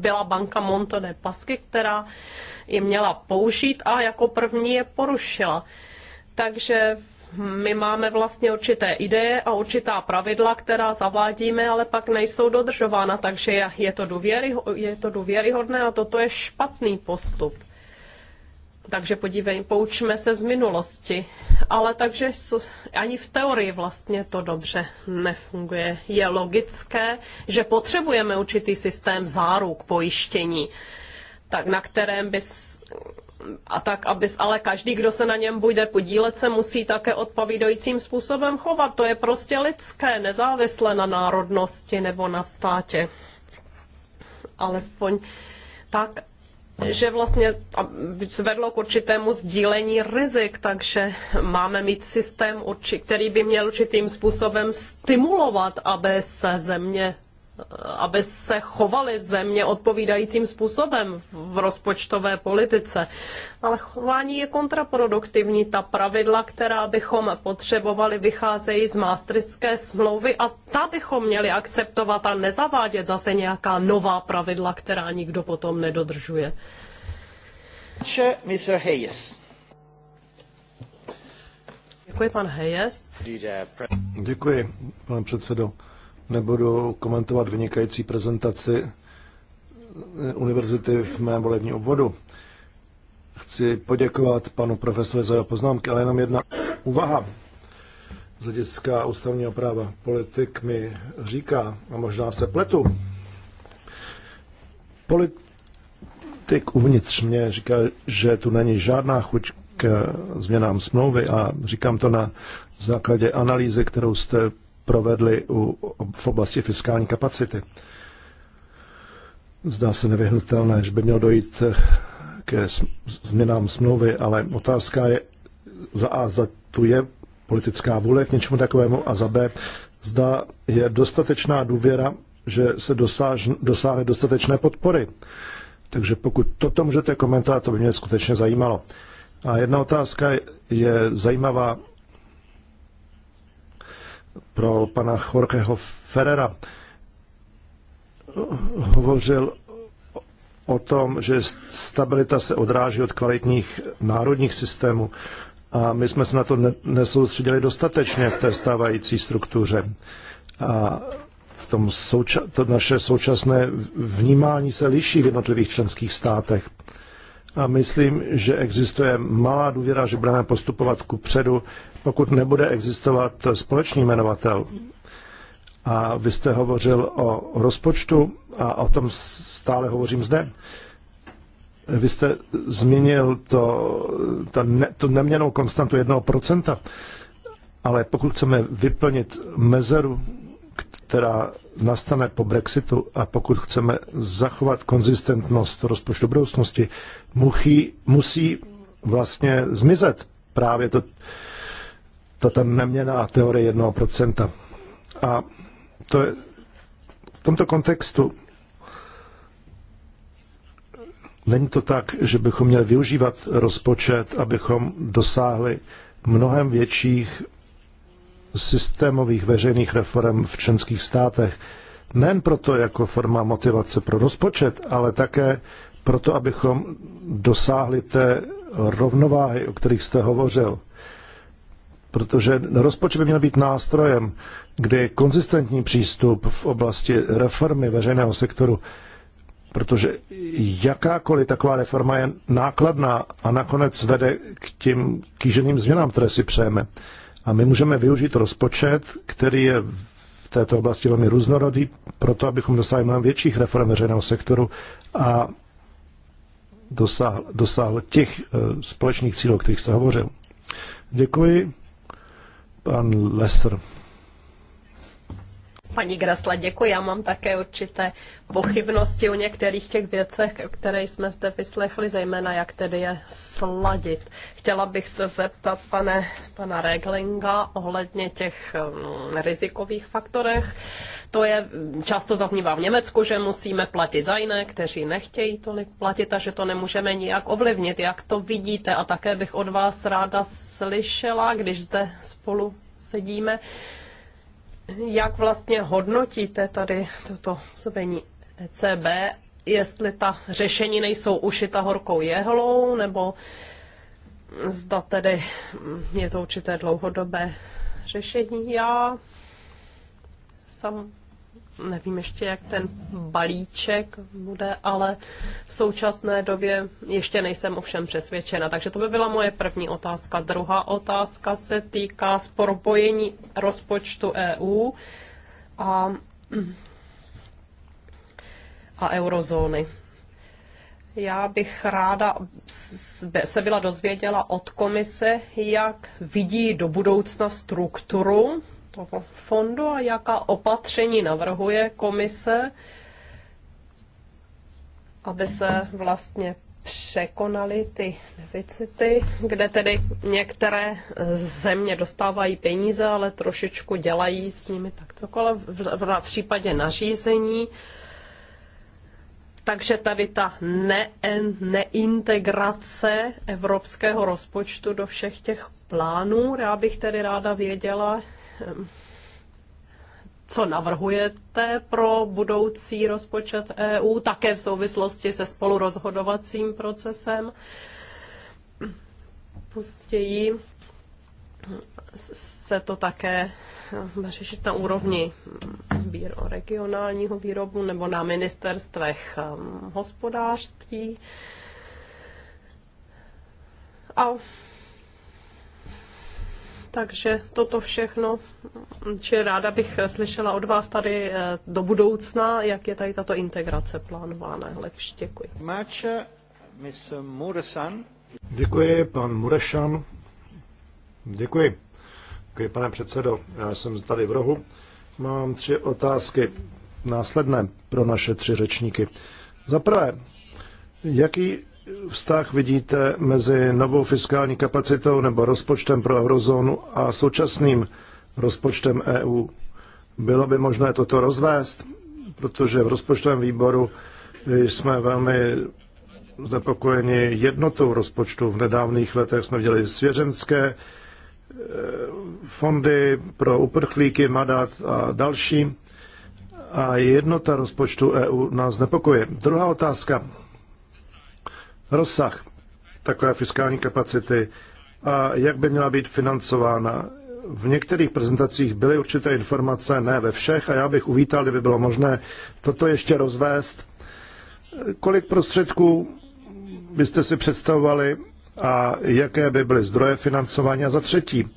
byla banka Montone Pasky, která je měla použít a jako první je porušila. Takže my máme vlastně určité ideje a určitá pravidla, která zavádíme, ale pak nejsou dodržována, takže je to, je to důvěryhodné a toto je špatný postup takže podívej, poučme se z minulosti. Ale takže ani v teorii vlastně to dobře nefunguje. Je logické, že potřebujeme určitý systém záruk pojištění, tak na kterém bys a tak, aby, ale každý, kdo se na něm bude podílet, se musí také odpovídajícím způsobem chovat. To je prostě lidské, nezávisle na národnosti nebo na státě. Alespoň tak, že vlastně vedlo k určitému sdílení rizik, takže máme mít systém, který by měl určitým způsobem stimulovat, aby se země aby se chovaly země odpovídajícím způsobem v rozpočtové politice. Ale chování je kontraproduktivní. Ta pravidla, která bychom potřebovali, vycházejí z mástrické smlouvy a ta bychom měli akceptovat a nezavádět zase nějaká nová pravidla, která nikdo potom nedodržuje. Mr. Hayes. Děkuji, pan Hayes. Děkuji, pane předsedo nebudu komentovat vynikající prezentaci eh, univerzity v mém volebním obvodu. Chci poděkovat panu profesoru za jeho poznámky, ale jenom jedna úvaha z hlediska ústavního práva. Politik mi říká, a možná se pletu, politik uvnitř mě říká, že tu není žádná chuť k změnám smlouvy a říkám to na základě analýzy, kterou jste provedli u, v oblasti fiskální kapacity. Zdá se nevyhnutelné, že by mělo dojít eh, ke změnám smlouvy, ale otázka je za A, za tu je politická vůle k něčemu takovému a za B, zda je dostatečná důvěra, že se dosáž, dosáhne dostatečné podpory. Takže pokud toto můžete komentovat, to by mě skutečně zajímalo. A jedna otázka je zajímavá pro pana Jorgeho Ferrera hovořil o tom, že stabilita se odráží od kvalitních národních systémů a my jsme se na to nesoustředili dostatečně v té stávající struktuře. A v tom souča- to naše současné vnímání se liší v jednotlivých členských státech. A myslím, že existuje malá důvěra, že budeme postupovat ku předu pokud nebude existovat společný jmenovatel. A vy jste hovořil o rozpočtu a o tom stále hovořím zde. Vy jste zmínil to, to, ne, to neměnou konstantu 1%, ale pokud chceme vyplnit mezeru, která nastane po Brexitu a pokud chceme zachovat konzistentnost rozpočtu budoucnosti, muchí, musí vlastně zmizet právě to, ta, ta neměná teorie 1%. A to je v tomto kontextu Není to tak, že bychom měli využívat rozpočet, abychom dosáhli mnohem větších systémových veřejných reform v členských státech. Nejen proto jako forma motivace pro rozpočet, ale také proto, abychom dosáhli té rovnováhy, o kterých jste hovořil protože rozpočet by měl být nástrojem, kdy konzistentní přístup v oblasti reformy veřejného sektoru, protože jakákoliv taková reforma je nákladná a nakonec vede k těm kýženým změnám, které si přejeme. A my můžeme využít rozpočet, který je v této oblasti velmi různorodý, proto abychom dosáhli mnohem větších reform veřejného sektoru a dosáhl, dosáhl těch eh, společných cílů, o kterých se hovořil. Děkuji. Pan Lester. Paní Grasla, děkuji. Já mám také určité pochybnosti o některých těch věcech, které jsme zde vyslechli, zejména jak tedy je sladit. Chtěla bych se zeptat pane, pana Reglinga ohledně těch um, rizikových faktorech. To je, často zaznívá v Německu, že musíme platit za jiné, kteří nechtějí tolik platit a že to nemůžeme nijak ovlivnit. Jak to vidíte? A také bych od vás ráda slyšela, když zde spolu sedíme, jak vlastně hodnotíte tady toto působení ECB, jestli ta řešení nejsou ušita horkou jehlou, nebo zda tedy je to určité dlouhodobé řešení. Já sam Nevím ještě, jak ten balíček bude, ale v současné době ještě nejsem ovšem přesvědčena. Takže to by byla moje první otázka. Druhá otázka se týká propojení rozpočtu EU a, a eurozóny. Já bych ráda se byla dozvěděla od komise, jak vidí do budoucna strukturu toho fondu a jaká opatření navrhuje komise, aby se vlastně překonaly ty deficity, kde tedy některé eh, země dostávají peníze, ale trošičku dělají s nimi tak cokoliv v, případě nařízení. Takže tady ta ne, neintegrace evropského rozpočtu do všech těch plánů, já bych tedy ráda věděla, co navrhujete pro budoucí rozpočet EU, také v souvislosti se spolurozhodovacím procesem. Později se to také řešit na úrovni regionálního výrobu nebo na ministerstvech um, hospodářství. A takže toto všechno, či ráda bych slyšela od vás tady eh, do budoucna, jak je tady tato integrace plánována lepší. Děkuji. Děkuji, pan Murešan. Děkuji. Děkuji, pane předsedo. Já jsem tady v rohu. Mám tři otázky následné pro naše tři řečníky. Za prvé, jaký vztah vidíte mezi novou fiskální kapacitou nebo rozpočtem pro eurozónu a současným rozpočtem EU? Bylo by možné toto rozvést, protože v rozpočtovém výboru jsme velmi znepokojeni jednotou rozpočtu. V nedávných letech jsme viděli svěřenské eh, fondy pro uprchlíky, Madat a další. A jednota rozpočtu EU nás znepokoje. Druhá otázka rozsah takové fiskální kapacity a jak by měla být financována. V některých prezentacích byly určité informace, ne ve všech, a já bych uvítal, kdyby bylo možné toto ještě rozvést. Kolik prostředků byste si představovali a jaké by byly zdroje financování? A za třetí,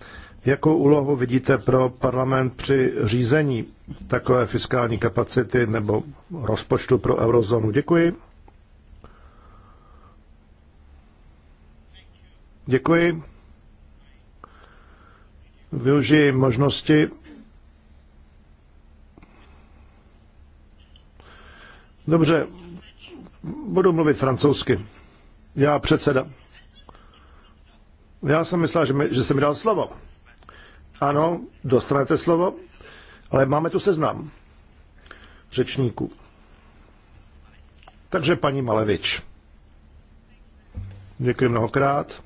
jakou úlohu vidíte pro parlament při řízení takové fiskální kapacity nebo rozpočtu pro eurozónu? Děkuji. Děkuji. Využiji možnosti. Dobře, budu mluvit francouzsky. Já předseda. Já jsem myslel, že, mi, že jsem mi dal slovo. Ano, dostanete slovo, ale máme tu seznam řečníků. Takže paní Malevič. Děkuji mnohokrát.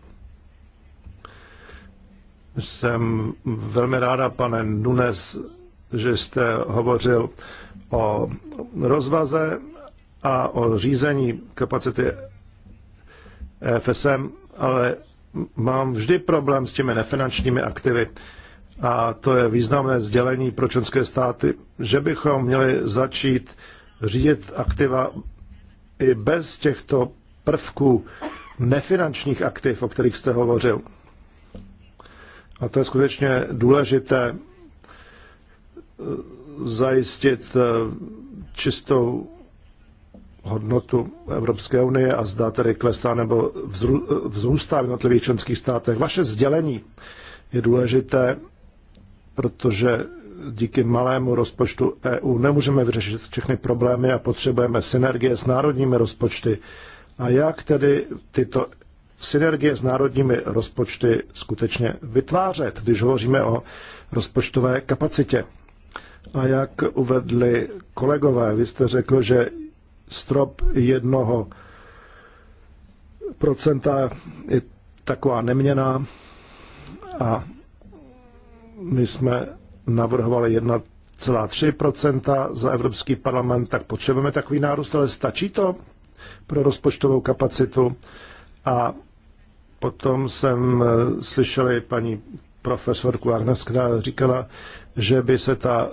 Jsem velmi ráda, pane Nunes, že jste hovořil o rozvaze a o řízení kapacity FSM, ale mám vždy problém s těmi nefinančními aktivy. A to je významné sdělení pro členské státy, že bychom měli začít řídit aktiva i bez těchto prvků nefinančních aktiv, o kterých jste hovořil a to je skutečně důležité, eh, zajistit eh, čistou hodnotu Evropské unie a zda tedy klesá nebo eh, vzrůstá v jednotlivých členských státech. Vaše sdělení je důležité, protože díky malému rozpočtu EU nemůžeme vyřešit všechny problémy a potřebujeme synergie s národními rozpočty. A jak tedy tyto synergie s národními rozpočty skutečně vytvářet, když hovoříme o rozpočtové kapacitě. A jak uvedli kolegové, vy jste řekl, že strop jednoho procenta je taková neměná a my jsme navrhovali 1,3% za Evropský parlament, tak potřebujeme takový nárůst, ale stačí to pro rozpočtovou kapacitu a Potom jsem eh, slyšel paní profesorku Arnes, která říkala, že by se ta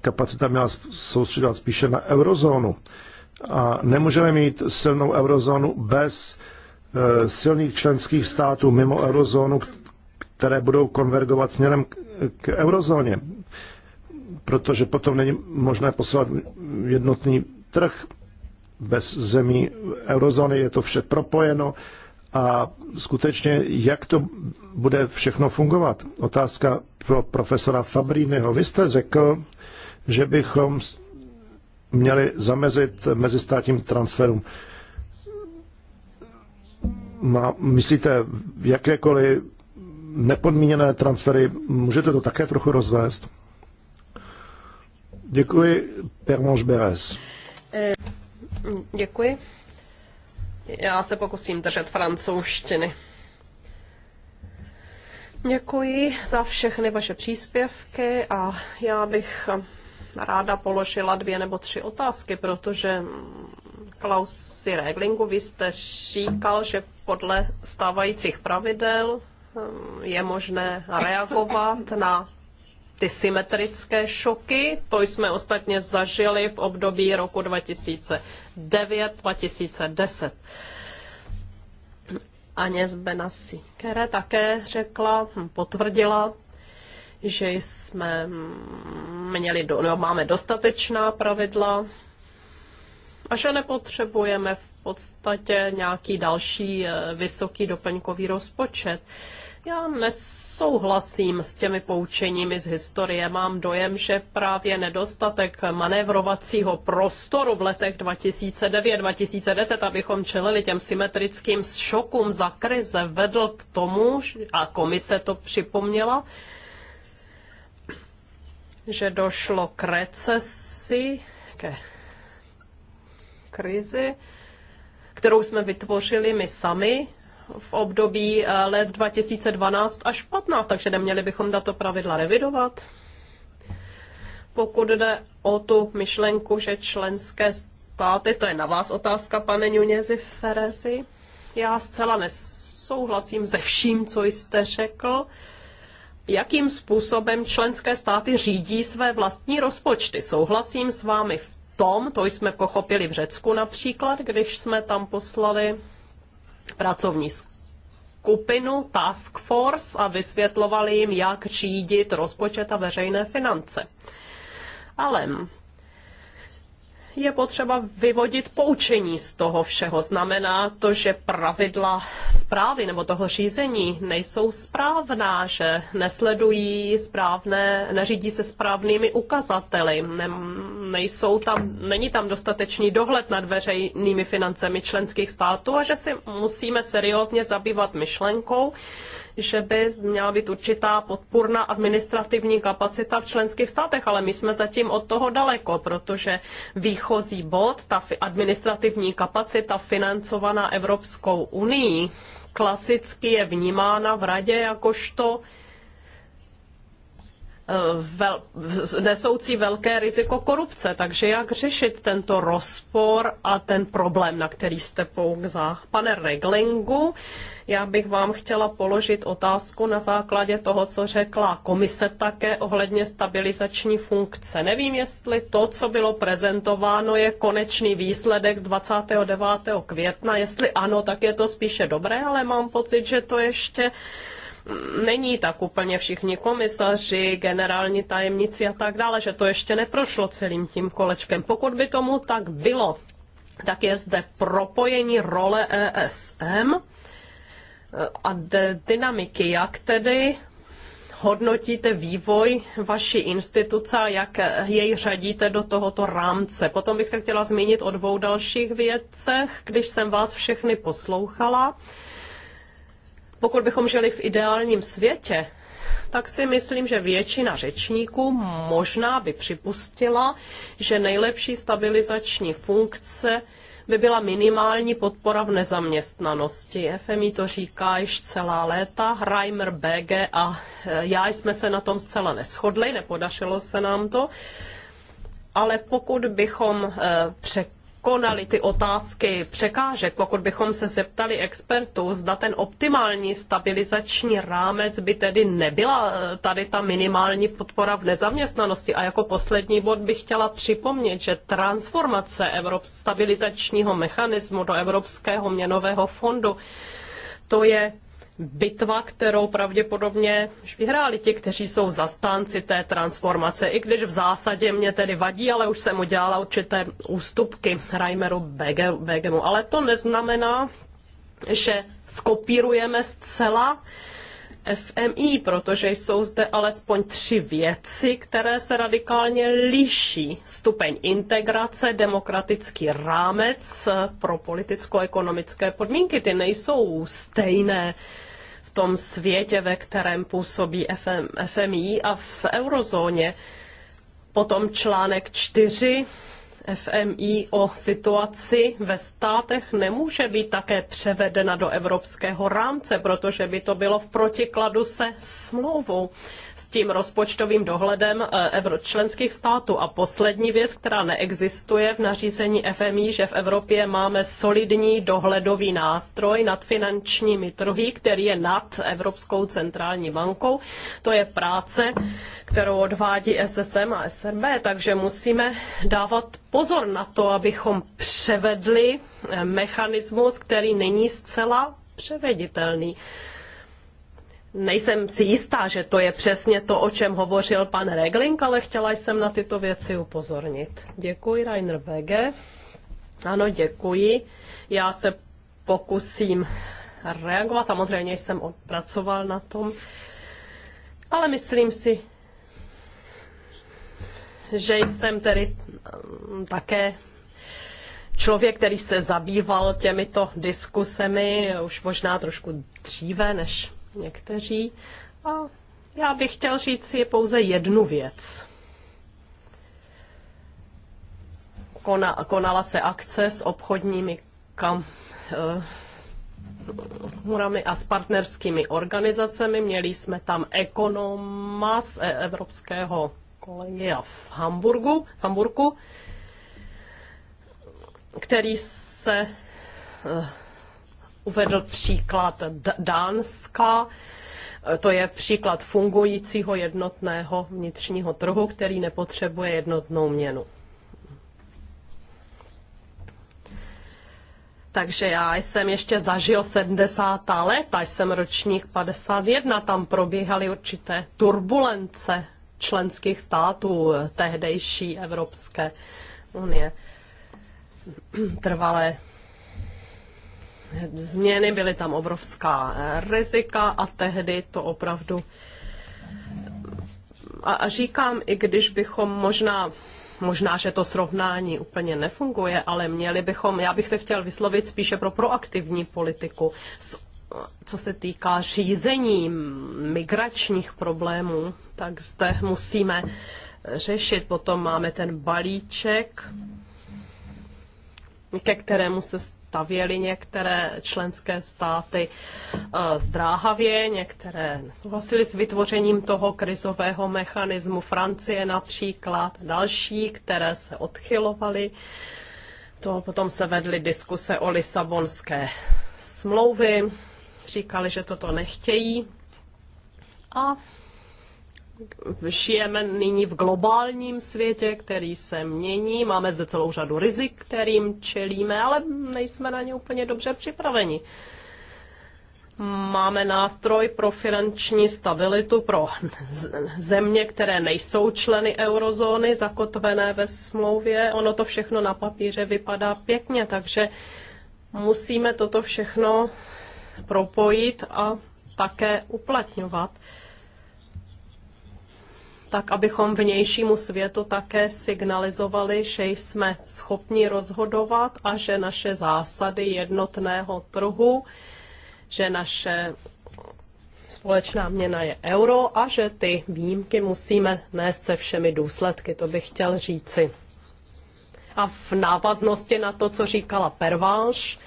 kapacita měla soustředovat spíše na eurozónu. A nemůžeme mít silnou eurozónu bez eh, silných členských států mimo eurozónu, které budou konvergovat směrem k eurozóně. Protože potom není možné poslat jednotný trh bez zemí eurozóny, je to vše propojeno a skutečně, jak to bude všechno fungovat. Otázka pro profesora Fabrínyho. Vy jste řekl, že bychom měli zamezit mezistátním transferům. Má, myslíte, jakékoliv nepodmíněné transfery, můžete to také trochu rozvést? Děkuji, Permož Beres. Děkuji. Já se pokusím držet francouzštiny. Děkuji za všechny vaše příspěvky a já bych ráda položila dvě nebo tři otázky, protože Klausi Reglingu, vy jste říkal, že podle stávajících pravidel ehm, je možné reagovat na ty symetrické šoky. To jsme ostatně zažili v období roku 2009-2010. Aněz Benasi, které také řekla, hm, potvrdila, že jsme hm, měli, no, máme dostatečná pravidla a že nepotřebujeme v podstatě nějaký další eh, vysoký doplňkový rozpočet. Já nesouhlasím s těmi poučeními z historie. Mám dojem, že právě nedostatek manévrovacího prostoru v letech 2009-2010, abychom čelili těm symetrickým šokům za krize, vedl k tomu, a komise to připomněla, že došlo k recesi, ke krizi, kterou jsme vytvořili my sami v období eh, let 2012 až 2015, takže neměli bychom tato pravidla revidovat. Pokud jde o tu myšlenku, že členské státy, to je na vás otázka, pane Nunezi Ferezi, já zcela nesouhlasím se vším, co jste řekl jakým způsobem členské státy řídí své vlastní rozpočty. Souhlasím s vámi v tom, to jsme pochopili v Řecku například, když jsme tam poslali pracovní skupinu Task Force a vysvětlovali jim, jak řídit rozpočet a veřejné finance. Ale je potřeba vyvodit poučení z toho všeho. Znamená to, že pravidla zprávy nebo toho řízení nejsou správná, že nesledují správné, neřídí se správnými ukazateli, ne, nejsou tam, není tam dostatečný dohled nad veřejnými financemi členských států a že si musíme seriózně zabývat myšlenkou, že by měla být určitá podpůrná administrativní kapacita v členských státech, ale my jsme zatím od toho daleko, protože výchozí bod, ta administrativní kapacita financovaná Evropskou unii, klasicky je vnímána v radě jakožto eh, vel, nesoucí velké riziko korupce. Takže jak řešit tento rozpor a ten problém, na který jste poukázal? Pane Reglingu, já bych vám chtěla položit otázku na základě toho, co řekla komise také ohledně stabilizační funkce. Nevím, jestli to, co bylo prezentováno, je konečný výsledek z 29. května. Jestli ano, tak je to spíše dobré, ale mám pocit, že to ještě mm, není tak úplně všichni komisaři, generální tajemníci a tak dále, že to ještě neprošlo celým tím kolečkem. Pokud by tomu tak bylo, tak je zde propojení role ESM a dynamiky, jak tedy hodnotíte vývoj vaší instituce a jak jej řadíte do tohoto rámce. Potom bych se chtěla zmínit o dvou dalších věcech, když jsem vás všechny poslouchala. Pokud bychom žili v ideálním světě, tak si myslím, že většina řečníků možná by připustila, že nejlepší stabilizační funkce by byla minimální podpora v nezaměstnanosti. FMI to říká již celá léta, Reimer, BG a e, já jsme se na tom zcela neschodli, nepodařilo se nám to. Ale pokud bychom e, překvapili, konaly ty otázky překážek, pokud bychom se zeptali expertů, zda ten optimální stabilizační rámec by tedy nebyla eh, tady ta minimální podpora v nezaměstnanosti. A jako poslední bod bych chtěla připomnět, že transformace Evrop stabilizačního mechanismu do Evropského měnového fondu to je bitva, kterou pravděpodobně už vyhráli ti, kteří jsou zastánci té transformace, i když v zásadě mě tedy vadí, ale už jsem udělala určité ústupky Reimeru Begemu. Ale to neznamená, že skopírujeme zcela FMI, protože jsou zde alespoň tři věci, které se radikálně liší. Stupeň integrace, demokratický rámec pro politicko-ekonomické podmínky, ty nejsou stejné v tom světě, ve kterém působí FM, FMI a v eurozóně. Potom článek 4 FMI o situaci ve státech nemůže být také převedena do evropského rámce, protože by to bylo v protikladu se smlouvou s tím rozpočtovým dohledem členských eh, států. A poslední věc, která neexistuje v nařízení FMI, že v Evropě máme solidní dohledový nástroj nad finančními trhy, který je nad Evropskou centrální bankou. To je práce, kterou odvádí SSM a SRB, takže musíme dávat pozor na to, abychom převedli eh, mechanismus, který není zcela převeditelný. Nejsem si jistá, že to je přesně to, o čem hovořil pan Regling, ale chtěla jsem na tyto věci upozornit. Děkuji, Rainer Bege. Ano, děkuji. Já se pokusím reagovat. Samozřejmě jsem pracoval na tom, ale myslím si, že jsem tedy mm, také člověk, který se zabýval těmito diskusemi už možná trošku dříve než někteří. A já bych chtěl říct si pouze jednu věc. Kona, konala se akce s obchodními kam, komorami eh, a s partnerskými organizacemi. Měli jsme tam ekonoma z e- Evropského kolegia v Hamburgu, v Hamburgu který se eh, uvedl příklad Dánska. E, to je příklad fungujícího jednotného vnitřního trhu, který nepotřebuje jednotnou měnu. Takže já jsem ještě zažil 70. let, až jsem ročník 51, tam probíhaly určité turbulence členských států e, tehdejší Evropské unie. Trvalé změny, byly tam obrovská eh, rizika a tehdy to opravdu. A říkám, i když bychom možná možná, že to srovnání úplně nefunguje, ale měli bychom, já bych se chtěl vyslovit spíše pro proaktivní politiku, co se týká řízení migračních problémů, tak zde musíme řešit. Potom máme ten balíček, ke kterému se stavěly některé členské státy eh, zdráhavě, některé souhlasily s vytvořením toho krizového mechanismu Francie například, další, které se odchylovaly. To potom se vedly diskuse o Lisabonské smlouvy, říkali, že toto nechtějí. A žijeme nyní v globálním světě, který se mění, máme zde celou řadu rizik, kterým čelíme, ale nejsme na ně úplně dobře připraveni. Máme nástroj pro finanční stabilitu pro země, které nejsou členy eurozóny, zakotvené ve smlouvě. Ono to všechno na papíře vypadá pěkně, takže musíme toto všechno propojit a také uplatňovat tak abychom vnějšímu světu také signalizovali, že jsme schopni rozhodovat a že naše zásady jednotného trhu, že naše společná měna je euro a že ty výjimky musíme nést se všemi důsledky, to bych chtěl říci. A v návaznosti na to, co říkala Perváš,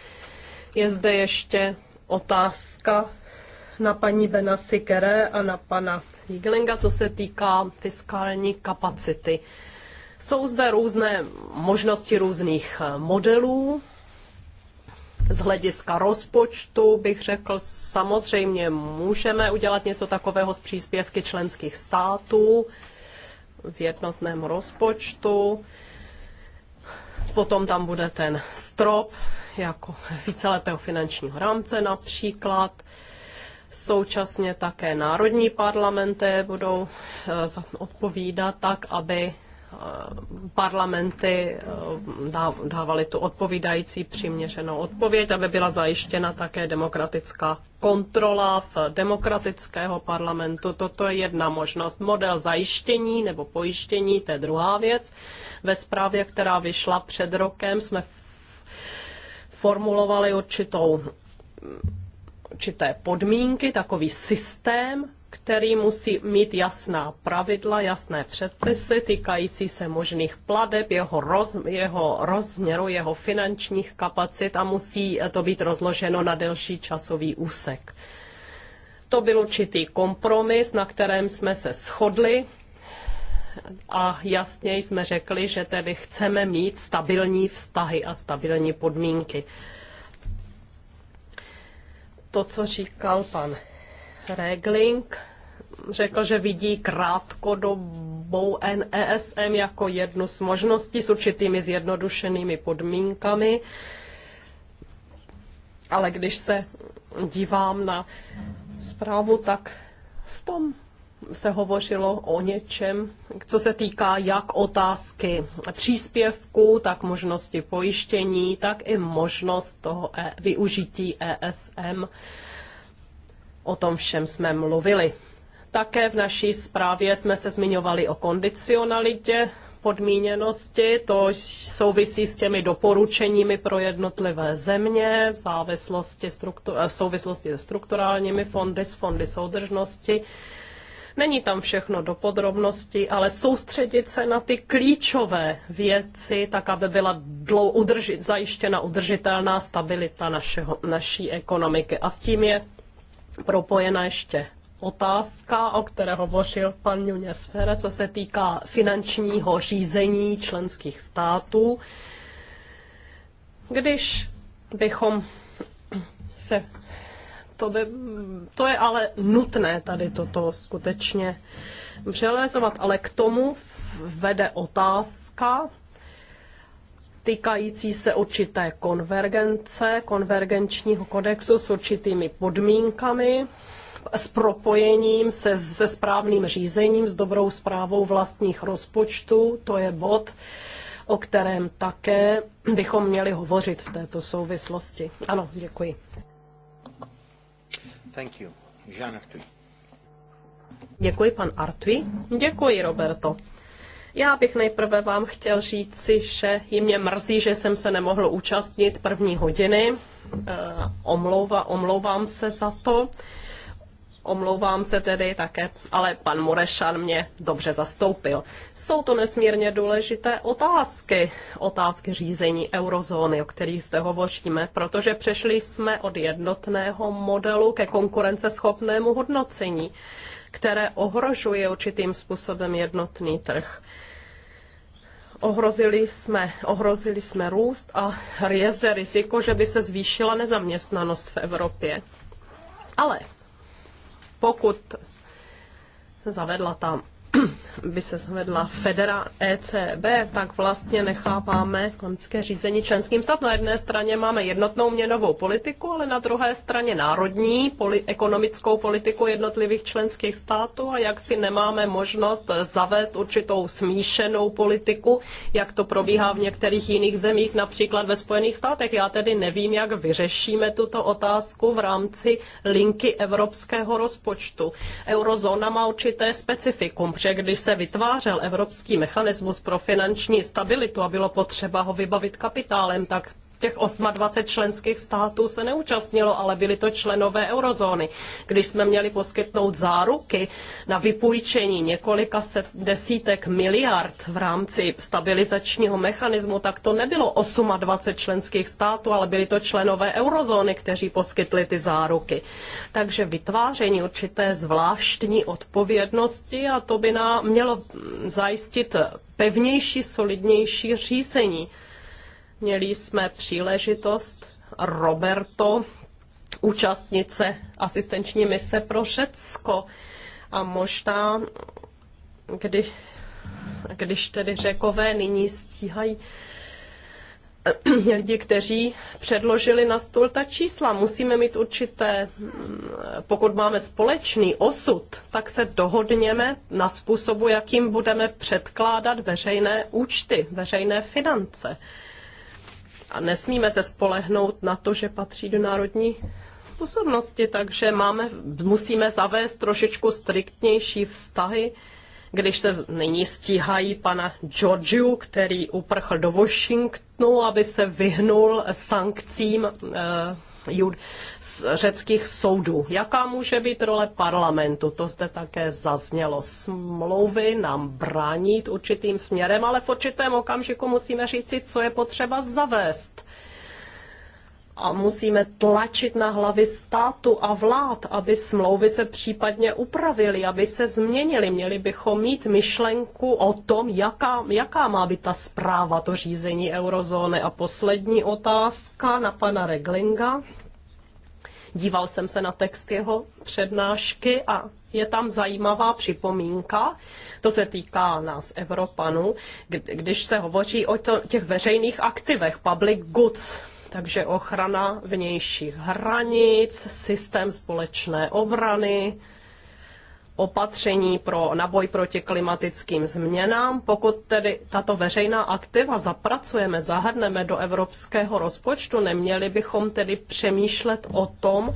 je zde ještě otázka na paní Benasi Kere a na pana Jiglinga, co se týká fiskální kapacity. Jsou zde různé možnosti různých eh, modelů. Z hlediska rozpočtu bych řekl, samozřejmě můžeme udělat něco takového z příspěvky členských států v jednotném rozpočtu. Potom tam bude ten strop jako víceletého finančního rámce například. Současně také národní parlamenty budou eh, odpovídat tak, aby eh, parlamenty eh, dávaly tu odpovídající přiměřenou odpověď, aby byla zajištěna také demokratická kontrola v demokratického parlamentu. Toto je jedna možnost. Model zajištění nebo pojištění, to je druhá věc. Ve zprávě, která vyšla před rokem, jsme formulovali určitou určité podmínky, takový systém, který musí mít jasná pravidla, jasné předpisy týkající se možných pladeb, jeho, roz, jeho rozměru, jeho finančních kapacit a musí to být rozloženo na delší časový úsek. To byl určitý kompromis, na kterém jsme se shodli a jasně jsme řekli, že tedy chceme mít stabilní vztahy a stabilní podmínky to, co říkal pan Regling, řekl, že vidí krátkodobou NESM jako jednu z možností s určitými zjednodušenými podmínkami. Ale když se dívám na zprávu, tak v tom se hovořilo o něčem, co se týká jak otázky příspěvku, tak možnosti pojištění, tak i možnost toho e- využití ESM. O tom všem jsme mluvili. Také v naší zprávě jsme se zmiňovali o kondicionalitě podmíněnosti. To souvisí s těmi doporučeními pro jednotlivé země v, závislosti struktu- v souvislosti se strukturálními fondy, s fondy soudržnosti. Není tam všechno do podrobností, ale soustředit se na ty klíčové věci, tak aby byla dlou udrži, zajištěna udržitelná stabilita našeho, naší ekonomiky. A s tím je propojena ještě otázka, o které hovořil pan Nunes Fere, co se týká finančního řízení členských států. Když bychom se to, by, to je ale nutné tady toto skutečně přelézovat. Ale k tomu vede otázka týkající se určité konvergence, konvergenčního kodexu s určitými podmínkami, s propojením, se, se správným řízením, s dobrou zprávou vlastních rozpočtů. To je bod, o kterém také bychom měli hovořit v této souvislosti. Ano, děkuji. Thank you. Jean Děkuji, pan Artui. Děkuji, Roberto. Já bych nejprve vám chtěl říci, že je mě mrzí, že jsem se nemohl účastnit první hodiny. Eh, omlouva, omlouvám se za to. Omlouvám se tedy také, ale pan Murešan mě dobře zastoupil. Jsou to nesmírně důležité otázky, otázky řízení eurozóny, o kterých zde hovoříme, protože přešli jsme od jednotného modelu ke konkurenceschopnému hodnocení, které ohrožuje určitým způsobem jednotný trh ohrozili jsme, ohrozili jsme růst a je zde riziko, že by se zvýšila nezaměstnanost v Evropě. Ale pokud zavedla ta by se zvedla Federa ECB, tak vlastně nechápáme ekonomické řízení členským stát. Na jedné straně máme jednotnou měnovou politiku, ale na druhé straně národní poli- ekonomickou politiku jednotlivých členských států a jak si nemáme možnost zavést určitou smíšenou politiku, jak to probíhá v některých jiných zemích, například ve Spojených státech. Já tedy nevím, jak vyřešíme tuto otázku v rámci linky evropského rozpočtu. Eurozóna má určité specifikum že když se vytvářel evropský mechanismus pro finanční stabilitu a bylo potřeba ho vybavit kapitálem, tak těch 28 členských států se neúčastnilo, ale byli to členové eurozóny. Když jsme měli poskytnout záruky na vypůjčení několika set, desítek miliard v rámci stabilizačního mechanismu, tak to nebylo 28 členských států, ale byli to členové eurozóny, kteří poskytli ty záruky. Takže vytváření určité zvláštní odpovědnosti a to by nám mělo zajistit pevnější, solidnější řízení. Měli jsme příležitost Roberto účastnit se asistenční mise pro Řecko. A možná, kdy, když tedy Řekové nyní stíhají eh, lidi, kteří předložili na stůl ta čísla. Musíme mít určité, mm, pokud máme společný osud, tak se dohodněme na způsobu, jakým budeme předkládat veřejné účty, veřejné finance a nesmíme se spolehnout na to, že patří do národní působnosti, takže máme, musíme zavést trošičku striktnější vztahy, když se nyní stíhají pana Georgiu, který uprchl do Washingtonu, aby se vyhnul sankcím eh, z řeckých soudů. Jaká může být role parlamentu? To zde také zaznělo. Smlouvy nám bránit určitým směrem, ale v určitém okamžiku musíme říci, co je potřeba zavést a musíme tlačit na hlavy státu a vlád, aby smlouvy se případně upravily, aby se změnily. Měli bychom mít myšlenku o tom, jaká, jaká má být ta zpráva, to řízení eurozóny. A poslední otázka na pana Reglinga. Díval jsem se na text jeho přednášky a je tam zajímavá připomínka, to se týká nás Evropanů, když se hovoří o těch veřejných aktivech, public goods, takže ochrana vnějších hranic, systém společné obrany, opatření pro naboj proti klimatickým změnám. Pokud tedy tato veřejná aktiva zapracujeme, zahrneme do evropského rozpočtu, neměli bychom tedy přemýšlet o tom,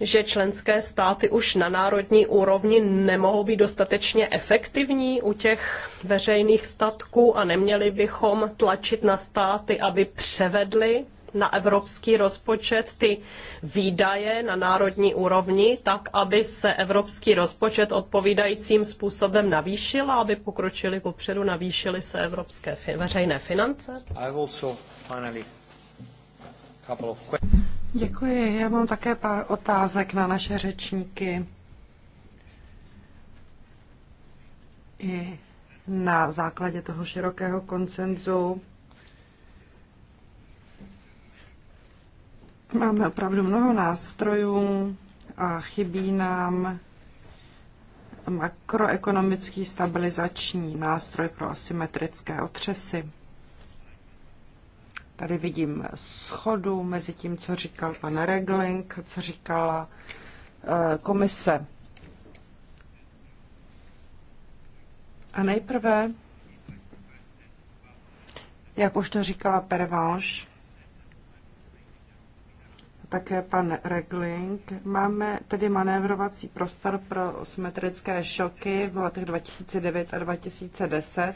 že členské státy už na národní úrovni nemohou být dostatečně efektivní u těch veřejných statků a neměli bychom tlačit na státy, aby převedly na evropský rozpočet ty výdaje na národní úrovni, tak aby se evropský rozpočet odpovídajícím způsobem navýšil a aby pokročili popředu, navýšily se evropské veřejné finance? Děkuji. Já mám také pár otázek na naše řečníky. I na základě toho širokého koncenzu Máme opravdu mnoho nástrojů a chybí nám makroekonomický stabilizační nástroj pro asymetrické otřesy. Tady vidím schodu mezi tím, co říkal pan Regling, co říkala eh, komise. A nejprve, jak už to říkala Pervanche, také pan Regling. Máme tedy manévrovací prostor pro symetrické šoky v letech 2009 a 2010.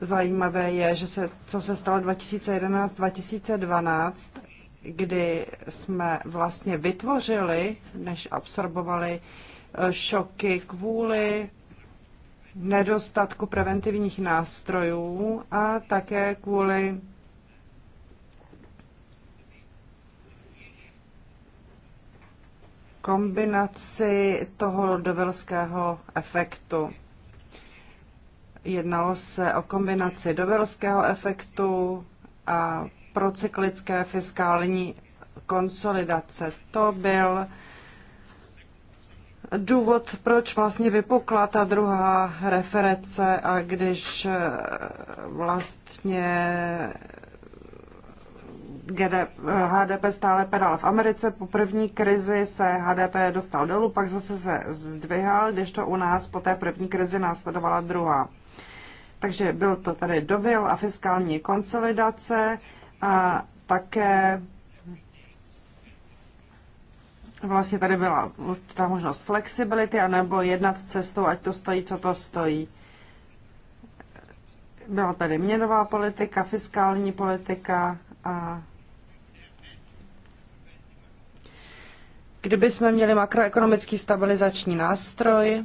Zajímavé je, že se, co se stalo 2011-2012, kdy jsme vlastně vytvořili, než absorbovali eh, šoky kvůli nedostatku preventivních nástrojů a také kvůli kombinaci toho dovelského efektu. Jednalo se o kombinaci dovelského efektu a procyklické fiskální konsolidace. To byl důvod, proč vlastně vypukla ta druhá reference a když vlastně HDP eh, stále padal v Americe. Po první krizi se HDP dostal dolů, pak zase se zdvihal, to u nás po té první krizi následovala druhá. Takže byl to tady dovil a fiskální konsolidace a také vlastně tady byla ta možnost flexibility, anebo jednat cestou, ať to stojí, co to stojí. Byla tady měnová politika, fiskální politika a Kdyby jsme měli makroekonomický stabilizační nástroj,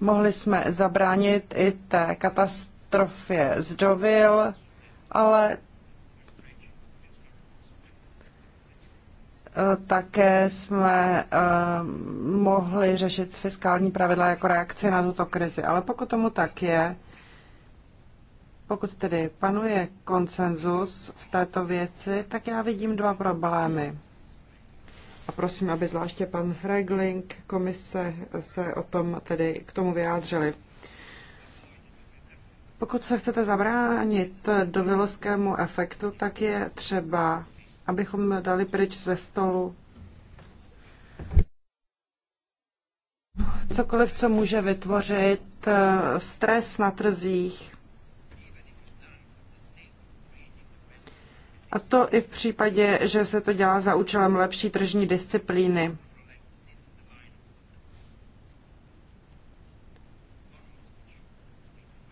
mohli jsme zabránit i té katastrofě z Dovil, ale eh, také jsme eh, mohli řešit fiskální pravidla jako reakci na tuto krizi. Ale pokud tomu tak je, pokud tedy panuje konsenzus v této věci, tak já vidím dva problémy a prosím, aby zvláště pan Regling komise se o tom tedy k tomu vyjádřili. Pokud se chcete zabránit dovilovskému efektu, tak je třeba, abychom dali pryč ze stolu cokoliv, co může vytvořit eh, stres na trzích, A to i v případě, že se to dělá za účelem lepší tržní disciplíny.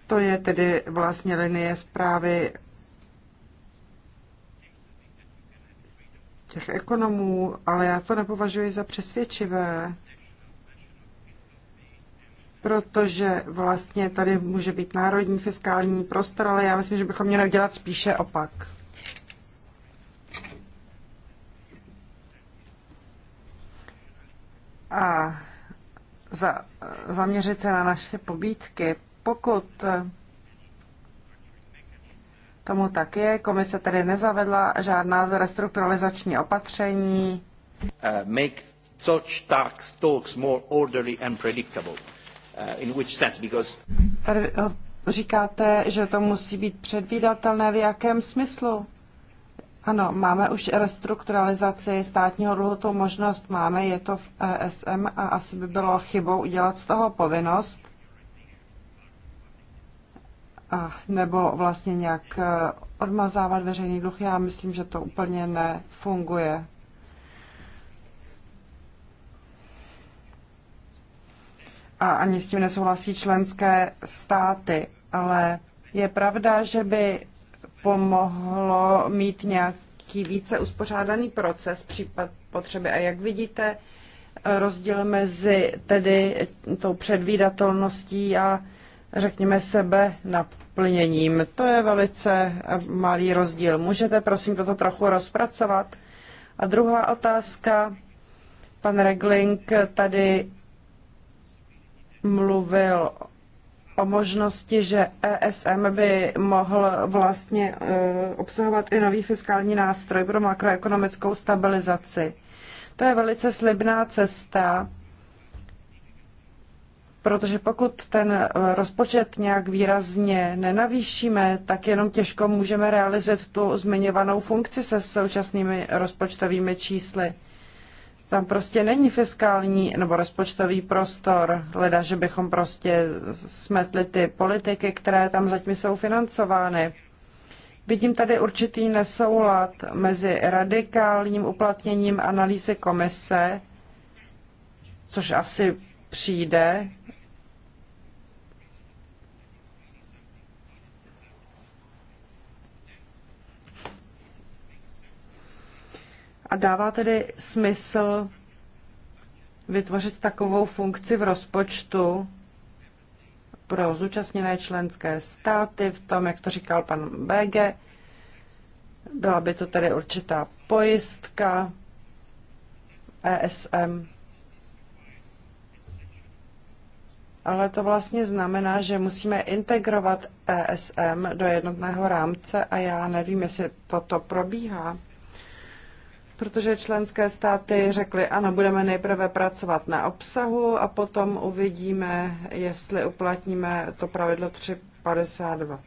To je tedy vlastně linie zprávy těch ekonomů, ale já to nepovažuji za přesvědčivé, protože vlastně tady může být národní fiskální prostor, ale já myslím, že bychom měli dělat spíše opak. a za, zaměřit se na naše pobídky. Pokud eh, tomu tak je, komise tedy nezavedla žádná restrukturalizační opatření. Uh, make such talks, talks more orderly and predictable. Uh, in which sense? Because... Tady říkáte, že to musí být předvídatelné v jakém smyslu? Ano, máme už restrukturalizaci státního dluhu, tu možnost máme, je to v ESM a asi by bylo chybou udělat z toho povinnost. A nebo vlastně nějak eh, odmazávat veřejný dluh, já myslím, že to úplně nefunguje. A ani s tím nesouhlasí členské státy, ale je pravda, že by pomohlo mít nějaký více uspořádaný proces případ potřeby. A jak vidíte, rozdíl mezi tedy tou předvídatelností a řekněme sebe naplněním. To je velice malý rozdíl. Můžete prosím toto trochu rozpracovat? A druhá otázka. Pan Regling tady mluvil o možnosti, že ESM by mohl vlastně e, obsahovat i nový fiskální nástroj pro makroekonomickou stabilizaci. To je velice slibná cesta, protože pokud ten e, rozpočet nějak výrazně nenavýšíme, tak jenom těžko můžeme realizovat tu zmiňovanou funkci se současnými rozpočtovými čísly. Tam prostě není fiskální nebo rozpočtový prostor, leda, že bychom prostě smetli ty politiky, které tam zatím jsou financovány. Vidím tady určitý nesoulad mezi radikálním uplatněním analýzy komise, což asi přijde, A dává tedy smysl vytvořit takovou funkci v rozpočtu pro zúčastněné členské státy, v tom, jak to říkal pan BG, byla by to tedy určitá pojistka ESM. Ale to vlastně znamená, že musíme integrovat ESM do jednotného rámce a já nevím, jestli toto probíhá protože členské státy řekly, ano, budeme nejprve pracovat na obsahu a potom uvidíme, jestli uplatníme to pravidlo 352.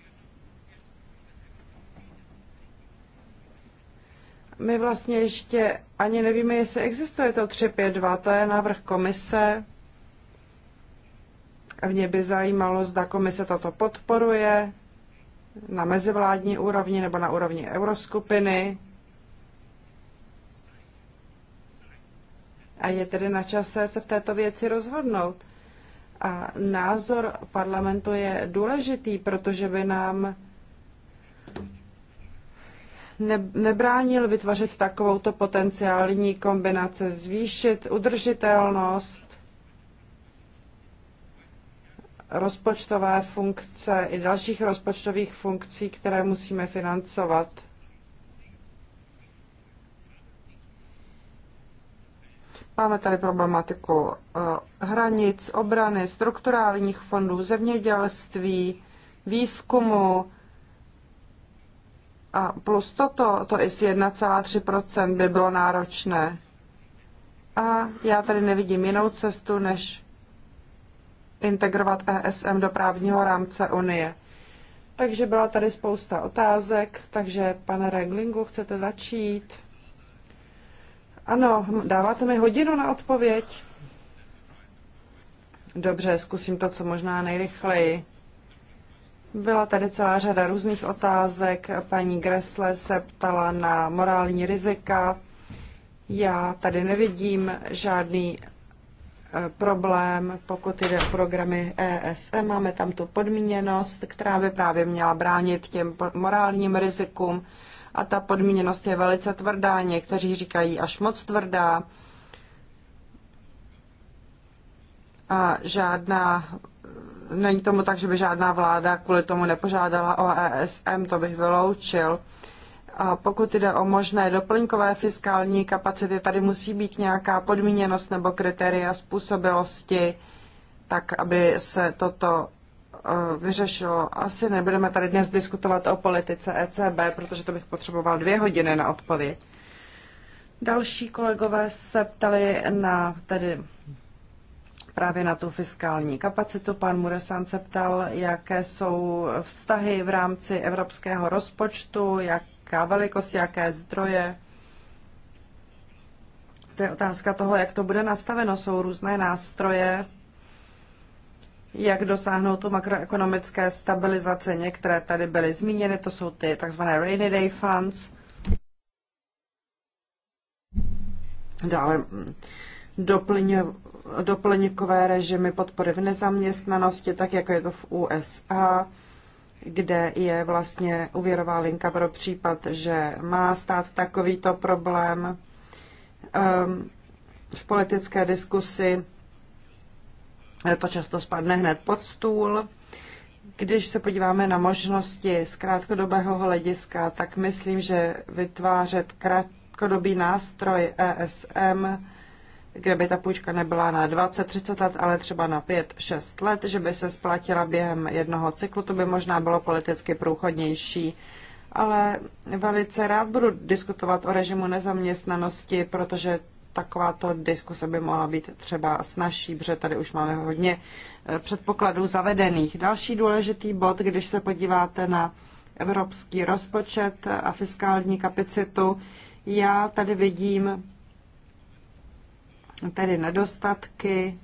My vlastně ještě ani nevíme, jestli existuje to 352, to je návrh komise. A mě by zajímalo, zda komise toto podporuje na mezivládní úrovni nebo na úrovni euroskupiny a je tedy na čase se v této věci rozhodnout. A názor parlamentu je důležitý, protože by nám ne, nebránil vytvořit takovouto potenciální kombinace, zvýšit udržitelnost, rozpočtové funkce i dalších rozpočtových funkcí, které musíme financovat. Máme tady problematiku eh, hranic, obrany, strukturálních fondů, zemědělství, výzkumu, a plus toto, to i z 1,3% by bylo náročné. A já tady nevidím jinou cestu, než integrovat ESM do právního rámce Unie. Takže byla tady spousta otázek, takže pane Reglingu, chcete začít? Ano, hm, dáváte mi hodinu na odpověď. Dobře, zkusím to, co možná nejrychleji. Byla tady celá řada různých otázek. Paní Gresle se ptala na morální rizika. Já tady nevidím žádný eh, problém, pokud jde o programy ESM. Máme tam tu podmíněnost, která by právě měla bránit těm morálním rizikům a ta podmíněnost je velice tvrdá, někteří říkají až moc tvrdá. A žádná, není tomu tak, že by žádná vláda kvůli tomu nepožádala o ESM, to bych vyloučil. A pokud jde o možné doplňkové fiskální kapacity, tady musí být nějaká podmíněnost nebo kritéria způsobilosti, tak aby se toto Eh, vyřešilo. Asi nebudeme tady dnes diskutovat o politice ECB, protože to bych potřeboval dvě hodiny na odpověď. Další kolegové se ptali na tedy právě na tu fiskální kapacitu. Pan Muresan se ptal, jaké jsou vztahy v rámci evropského rozpočtu, jaká velikost, jaké zdroje. To je otázka toho, jak to bude nastaveno. Jsou různé nástroje jak dosáhnout tu makroekonomické stabilizace. Některé tady byly zmíněny, to jsou ty tzv. rainy day funds. Dále mm, doplňkové režimy podpory v nezaměstnanosti, tak jako je to v USA, kde je vlastně úvěrová linka pro případ, že má stát takovýto problém. Um, v politické diskusi to často spadne hned pod stůl. Když se podíváme na možnosti z krátkodobého hlediska, tak myslím, že vytvářet krátkodobý nástroj ESM, kde by ta půjčka nebyla na 20-30 let, ale třeba na 5-6 let, že by se splatila během jednoho cyklu, to by možná bylo politicky průchodnější. Ale velice rád budu diskutovat o režimu nezaměstnanosti, protože takováto diskuse by mohla být třeba snažší, protože tady už máme hodně eh, předpokladů zavedených. Další důležitý bod, když se podíváte na evropský rozpočet a fiskální kapacitu, já tady vidím tedy nedostatky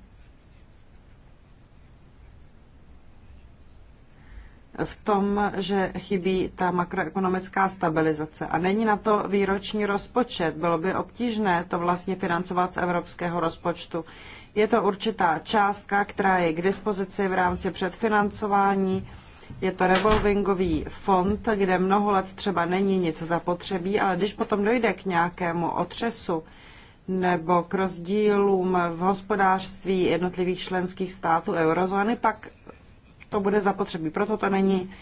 v tom, že chybí ta makroekonomická stabilizace. A není na to výroční rozpočet. Bylo by obtížné to vlastně financovat z evropského rozpočtu. Je to určitá částka, která je k dispozici v rámci předfinancování. Je to revolvingový fond, kde mnoho let třeba není nic zapotřebí, ale když potom dojde k nějakému otřesu nebo k rozdílům v hospodářství jednotlivých členských států eurozóny, pak to bude zapotřebí. Proto to není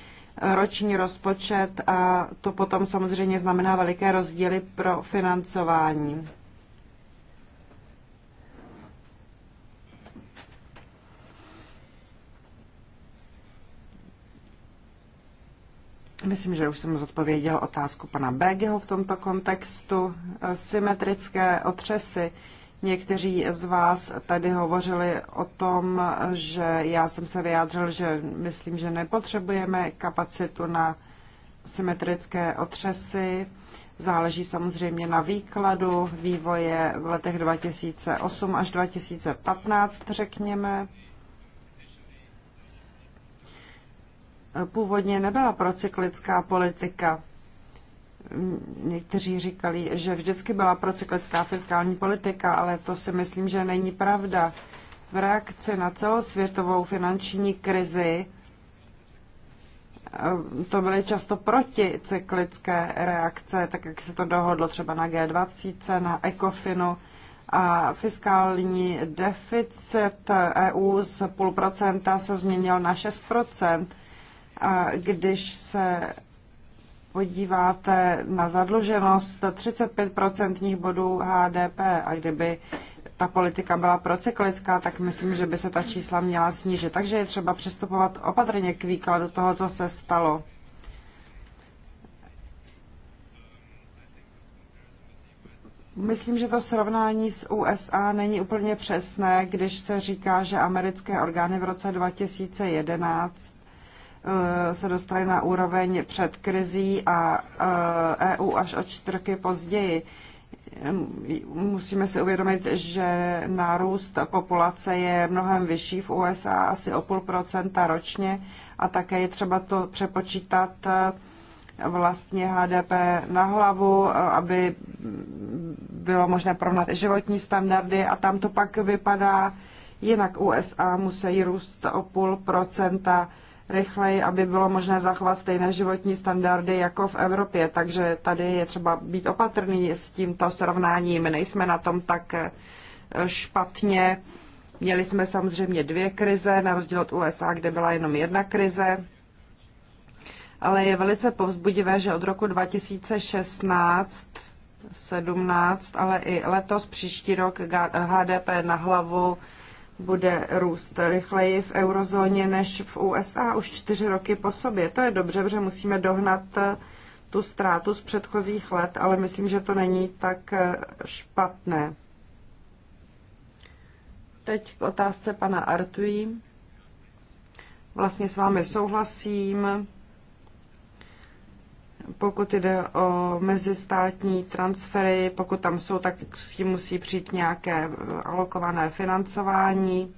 roční rozpočet a to potom samozřejmě znamená veliké rozdíly pro financování. Myslím, že už jsem zodpověděl otázku pana Bégeho v tomto kontextu. Symetrické otřesy. Někteří z vás tady hovořili o tom, že já jsem se vyjádřil, že myslím, že nepotřebujeme kapacitu na symetrické otřesy. Záleží samozřejmě na výkladu vývoje v letech 2008 až 2015, řekněme. Původně nebyla procyklická politika Někteří říkali, že vždycky byla procyklická fiskální politika, ale to si myslím, že není pravda. V reakci na celosvětovou finanční krizi eh, to byly často proticyklické reakce, tak jak se to dohodlo třeba na G20, na ECOFINu a fiskální deficit EU z půl procenta se změnil na 6 a když se podíváte na zadluženost 35% bodů HDP a kdyby ta politika byla procyklická, tak myslím, že by se ta čísla měla snížit. Takže je třeba přistupovat opatrně k výkladu toho, co se stalo. Myslím, že to srovnání s USA není úplně přesné, když se říká, že americké orgány v roce 2011 Eh, se dostaly na úroveň před krizí a EU eh, e až o čtyři roky později. Musíme si uvědomit, že nárůst populace je mnohem vyšší v USA, asi o půl procenta ročně a také je třeba to přepočítat eh, vlastně HDP na hlavu, aby bylo možné porovnat životní standardy a tam to pak vypadá jinak. USA musí růst o půl procenta rychleji, aby bylo možné zachovat stejné životní standardy jako v Evropě. Takže tady je třeba být opatrný s tímto srovnáním. Nejsme na tom tak eh, špatně. Měli jsme samozřejmě dvě krize, na rozdíl od USA, kde byla jenom jedna krize. Ale je velice povzbudivé, že od roku 2016 17, ale i letos příští rok HDP na hlavu bude růst rychleji v eurozóně než v USA už čtyři roky po sobě. To je dobře, že musíme dohnat eh, tu ztrátu z předchozích let, ale myslím, že to není tak eh, špatné. Teď k otázce pana Artují. Vlastně s vámi souhlasím pokud jde o mezistátní transfery, pokud tam jsou, tak s tím musí přijít nějaké eh, alokované financování.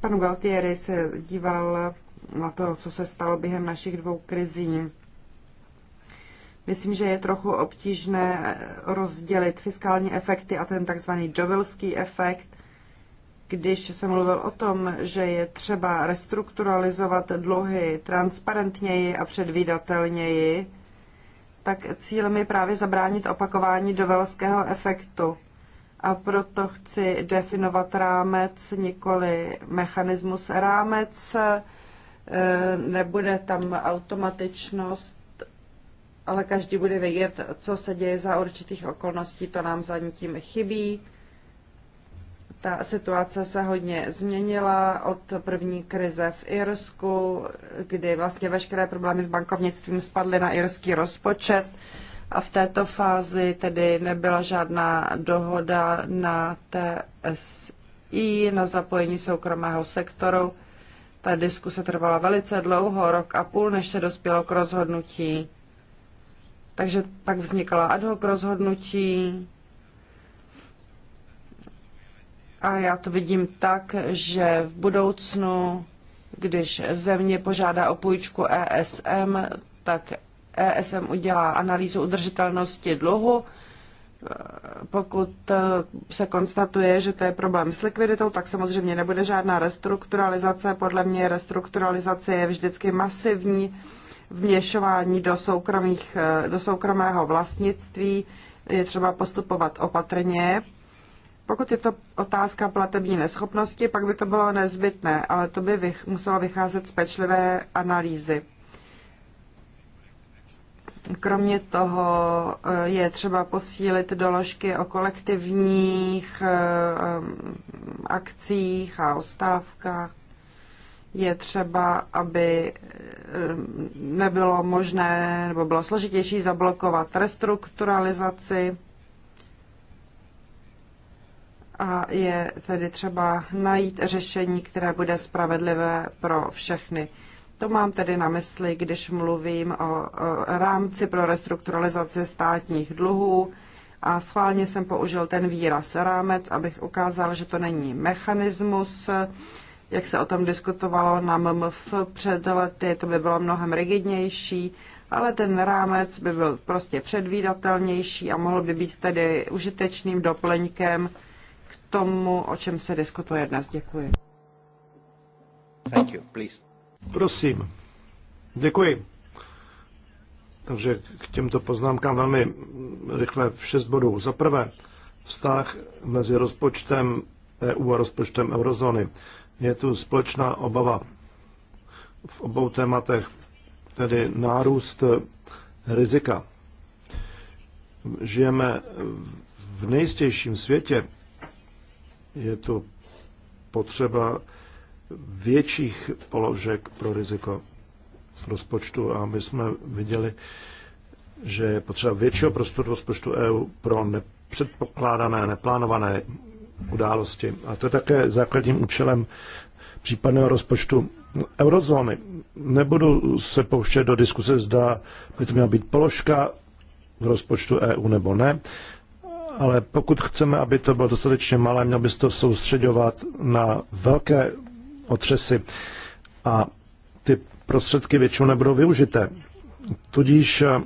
Pan Gualtieri se díval na to, co se stalo během našich dvou krizí. Myslím, že je trochu obtížné eh, rozdělit fiskální efekty a ten takzvaný džovilský efekt – když jsem mluvil o tom, že je třeba restrukturalizovat dluhy transparentněji a předvídatelněji, tak cílem je právě zabránit opakování dovelského efektu. A proto chci definovat rámec, nikoli mechanismus. Rámec e, nebude tam automatičnost, ale každý bude vědět, co se děje za určitých okolností, to nám za tím chybí ta situace se hodně změnila od první krize v Irsku, kdy vlastně veškeré problémy s bankovnictvím spadly na irský rozpočet a v této fázi tedy nebyla žádná dohoda na TSI, na zapojení soukromého sektoru. Ta diskuse trvala velice dlouho, rok a půl, než se dospělo k rozhodnutí. Takže pak vznikala ad hoc rozhodnutí, A já to vidím tak, že v budoucnu, když země požádá o půjčku ESM, tak ESM udělá analýzu udržitelnosti dluhu. Pokud se konstatuje, že to je problém s likviditou, tak samozřejmě nebude žádná restrukturalizace. Podle mě restrukturalizace je vždycky masivní vměšování do, soukromých, do soukromého vlastnictví. Je třeba postupovat opatrně, pokud je to otázka platební neschopnosti, pak by to bylo nezbytné, ale to by vych, muselo vycházet z pečlivé analýzy. Kromě toho eh, je třeba posílit doložky o kolektivních eh, eh, akcích a ostávkách. Je třeba, aby nebylo možné nebo bylo složitější zablokovat restrukturalizaci a je tedy třeba najít řešení, které bude spravedlivé pro všechny. To mám tedy na mysli, když mluvím o, rámci pro restrukturalizaci státních dluhů a schválně jsem použil ten výraz rámec, abych ukázal, že to není mechanismus, jak se o tom diskutovalo na MMF před lety, to by bylo mnohem rigidnější, ale ten rámec by byl prostě předvídatelnější a mohl by být tedy užitečným doplňkem tomu, o čem se diskutuje dnes. Děkuji. Thank you, please. Prosím. Děkuji. Takže k těmto poznámkám velmi rychle v šest bodů. Za prvé, vztah mezi rozpočtem EU a rozpočtem eurozóny. Je tu společná obava v obou tématech, tedy nárůst rizika. Žijeme v nejistějším světě je to potřeba větších položek pro riziko v rozpočtu a my jsme viděli, že je potřeba většího prostoru rozpočtu EU pro nepředpokládané, neplánované události. A to je také základním účelem případného rozpočtu eurozóny. Nebudu se pouštět do diskuse, zda by to měla být položka v rozpočtu EU nebo ne ale pokud chceme, aby to bylo dostatečně malé, měl by se to soustředovat na velké otřesy a ty prostředky většinou nebudou využité. Tudíž eh,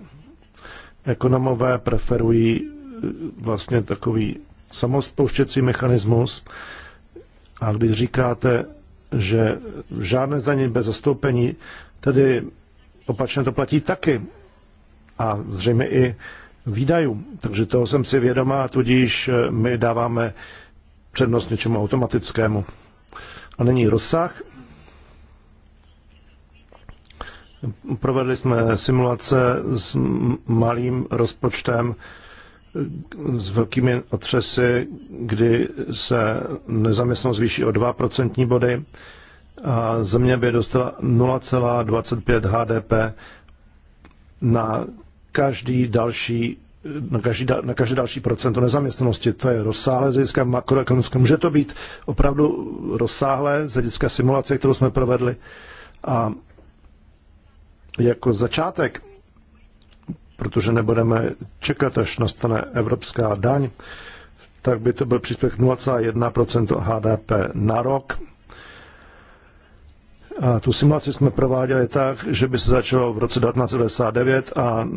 ekonomové preferují eh, vlastně takový samospouštěcí mechanismus a když říkáte, že žádné zdanění bez zastoupení, tedy opačně to platí taky. A zřejmě i výdajů. Takže toho jsem si vědomá, tudíž eh, my dáváme přednost něčemu automatickému. A není rozsah. Provedli jsme simulace s malým rozpočtem, eh, s velkými otřesy, kdy se nezaměstnanost zvýší o 2% body a země by dostala 0,25 HDP na každý další na, každý, na každé další procento nezaměstnanosti. To je rozsáhlé z hlediska makroekonomické. Může to být opravdu rozsáhlé z hlediska simulace, kterou jsme provedli. A jako začátek, protože nebudeme čekat, až nastane evropská daň, tak by to byl příspěch 0,1 HDP na rok a tu simulaci jsme prováděli tak, že by se začalo v roce 1999 a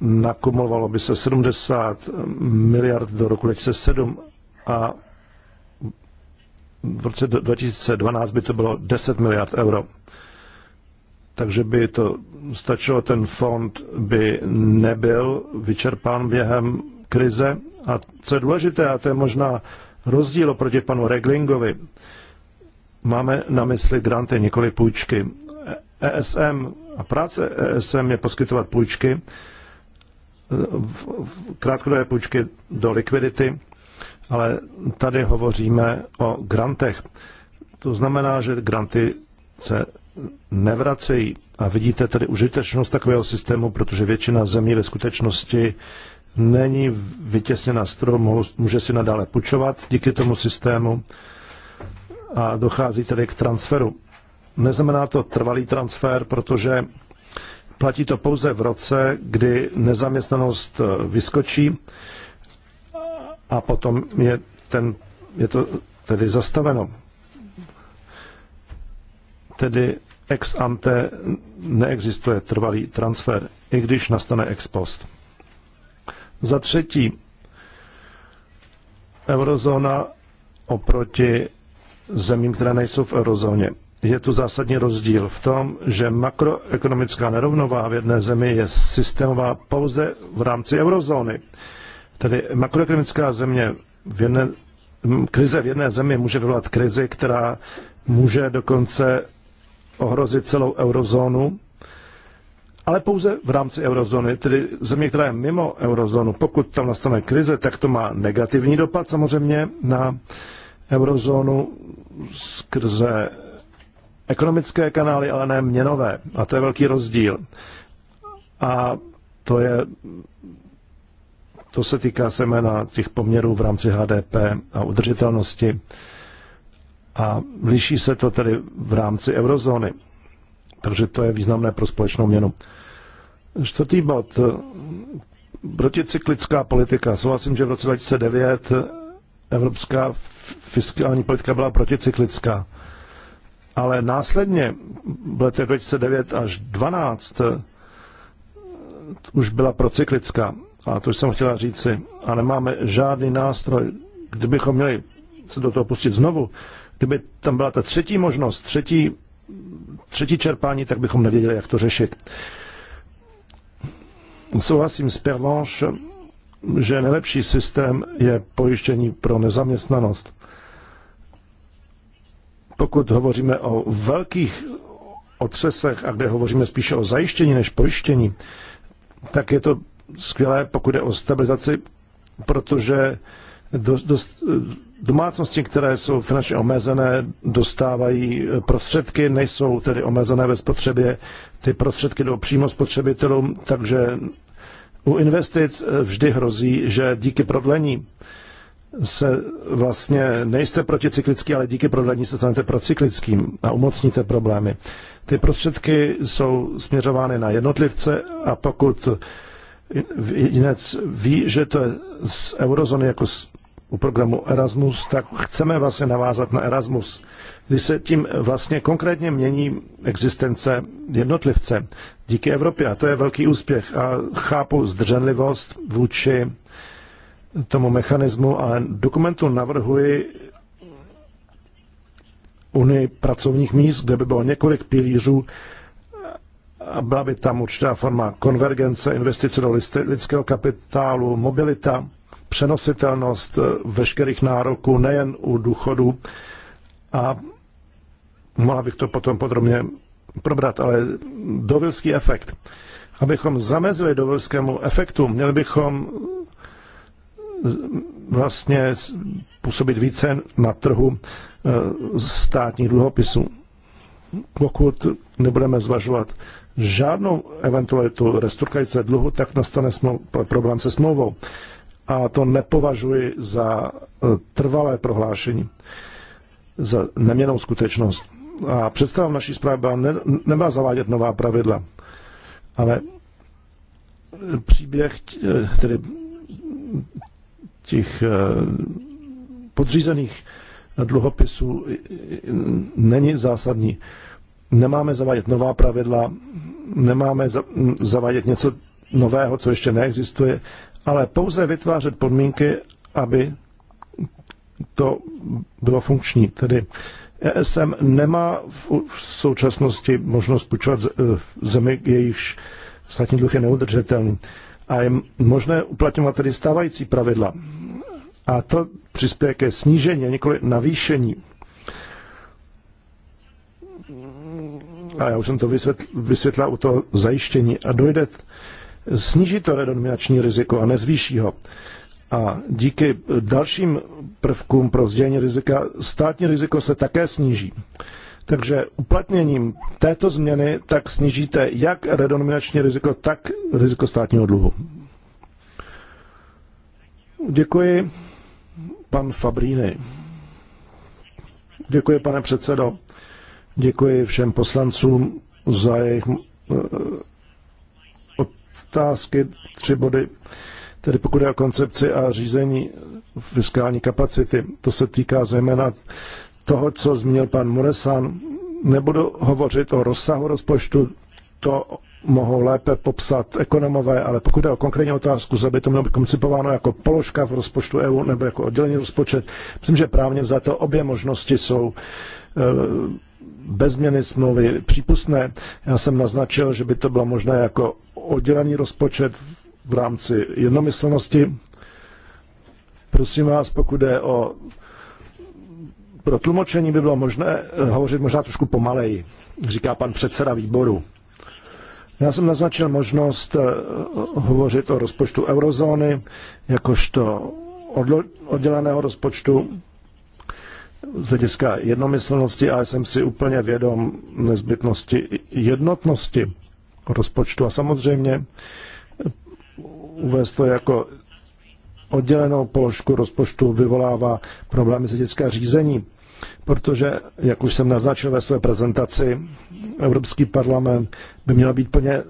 nakumulovalo by se 70 miliard do roku 2007 a v roce 2012 by to bylo 10 miliard euro. Takže by to stačilo, ten fond by nebyl vyčerpán během krize. A co je důležité, a to je možná rozdíl oproti panu Reglingovi, Máme na mysli granty, nikoli půjčky. ESM a práce ESM je poskytovat půjčky, v, v krátkodobé půjčky do likvidity, ale tady hovoříme o grantech. To znamená, že granty se nevracejí. A vidíte tady užitečnost takového systému, protože většina zemí ve skutečnosti není vytěsněna z trhu, může si nadále půjčovat díky tomu systému a dochází tedy k transferu. Neznamená to trvalý transfer, protože platí to pouze v roce, kdy nezaměstnanost eh, vyskočí a potom je, ten, je to tedy zastaveno. Tedy ex ante neexistuje trvalý transfer, i když nastane ex post. Za třetí, eurozóna oproti zemím, které nejsou v eurozóně. Je tu zásadní rozdíl v tom, že makroekonomická nerovnováha v jedné zemi je systémová pouze v rámci eurozóny. Tedy makroekonomická země v jedné, krize v jedné zemi může vyvolat krizi, která může dokonce ohrozit celou eurozónu, ale pouze v rámci eurozóny, tedy země, která je mimo eurozónu. Pokud tam nastane krize, tak to má negativní dopad samozřejmě na uh, eurozónu skrze ekonomické kanály, ale ne měnové. A to je velký rozdíl. A to je to se týká semena těch poměrů v rámci HDP a udržitelnosti. A liší se to tedy v rámci eurozóny. Takže to je významné pro společnou měnu. Čtvrtý bod. Proticyklická politika. Souhlasím, že v roce 2009 evropská fiskální politika byla proticyklická. Ale následně v letech 2009 až 2012 eh, už byla procyklická. A to jsem chtěla říci. A nemáme žádný nástroj. Kdybychom měli se do toho pustit znovu, kdyby tam byla ta třetí možnost, třetí, třetí čerpání, tak bychom nevěděli, jak to řešit. Souhlasím s Pervanche, že nejlepší systém je pojištění pro nezaměstnanost. Pokud hovoříme o velkých otřesech a kde hovoříme spíše o zajištění než pojištění, tak je to skvělé, pokud je o stabilizaci, protože do, do, domácnosti, které jsou finančně omezené, dostávají prostředky, nejsou tedy omezené ve spotřebě. Ty prostředky jdou přímo spotřebitelům, takže u investic eh, vždy hrozí, že díky prodlení se vlastně nejste proticyklický, ale díky prodlení se stanete procyklickým a umocníte problémy. Ty prostředky jsou směřovány na jednotlivce a pokud jedinec ví, že to je z eurozóny jako z, u programu Erasmus, tak chceme vlastně navázat na Erasmus kdy se tím vlastně konkrétně mění existence jednotlivce díky Evropě. A to je velký úspěch. A chápu zdrženlivost vůči tomu mechanismu, ale dokumentu navrhuji unii pracovních míst, kde by bylo několik pilířů a byla by tam určitá forma konvergence, investice do lidského kapitálu, mobilita, přenositelnost veškerých nároků nejen u důchodu a mohla bych to potom podrobně probrat, ale dovilský efekt. Abychom zamezili dovilskému efektu, měli bychom vlastně působit více na trhu eh, státních dluhopisů. Pokud nebudeme zvažovat žádnou eventualitu restrukturalizace dluhu, tak nastane problém se smlouvou. A to nepovažuji za eh, trvalé prohlášení, za neměnou skutečnost a představa naší zprávy byla, ne, nemá zavádět nová pravidla, ale příběh, tedy těch eh, podřízených dluhopisů není zásadní. Nemáme zavádět nová pravidla, nemáme zavádět něco nového, co ještě neexistuje, ale pouze vytvářet podmínky, aby to bylo funkční. Tedy ESM nemá v současnosti možnost půjčovat e, zemi, jejichž státní dluh je neudržitelný. A je možné uplatňovat tedy stávající pravidla. A to přispěje ke snížení, nikoli navýšení. A já už jsem to vysvětlil u toho zajištění. A dojde, sníží to redominační riziko a nezvýší ho. A díky dalším prvkům pro sdělení rizika, státní riziko se také sníží. Takže uplatněním této změny tak snížíte jak redominační riziko, tak riziko státního dluhu. Děkuji, pan Fabríny. Děkuji, pane předsedo. Děkuji všem poslancům za jejich eh, otázky, tři body. Tedy pokud je o koncepci a řízení fiskální kapacity. To se týká zejména toho, co zmínil pan Muresan. Nebudu hovořit o rozsahu rozpočtu, to mohou lépe popsat ekonomové, ale pokud je o konkrétní otázku, zda by to mělo být koncipováno jako položka v rozpočtu EU nebo jako oddělený rozpočet, myslím, že právně za to obě možnosti jsou eh, bez změny smlouvy přípustné. Já jsem naznačil, že by to bylo možné jako oddělený rozpočet v rámci jednomyslnosti Prosím vás, pokud je o pro tlumočení by bylo možné eh, hovořit možná trošku pomaleji, říká pan předseda výboru. Já jsem naznačil možnost eh, hovořit o rozpočtu eurozóny, jakožto odděleného rozpočtu z hlediska jednomyslnosti ale jsem si úplně vědom nezbytnosti jednotnosti rozpočtu a samozřejmě eh, uvést to jako oddělenou položku rozpočtu vyvolává problémy z hlediska řízení, protože, jak už jsem naznačil ve své prezentaci, Evropský parlament by měl být plně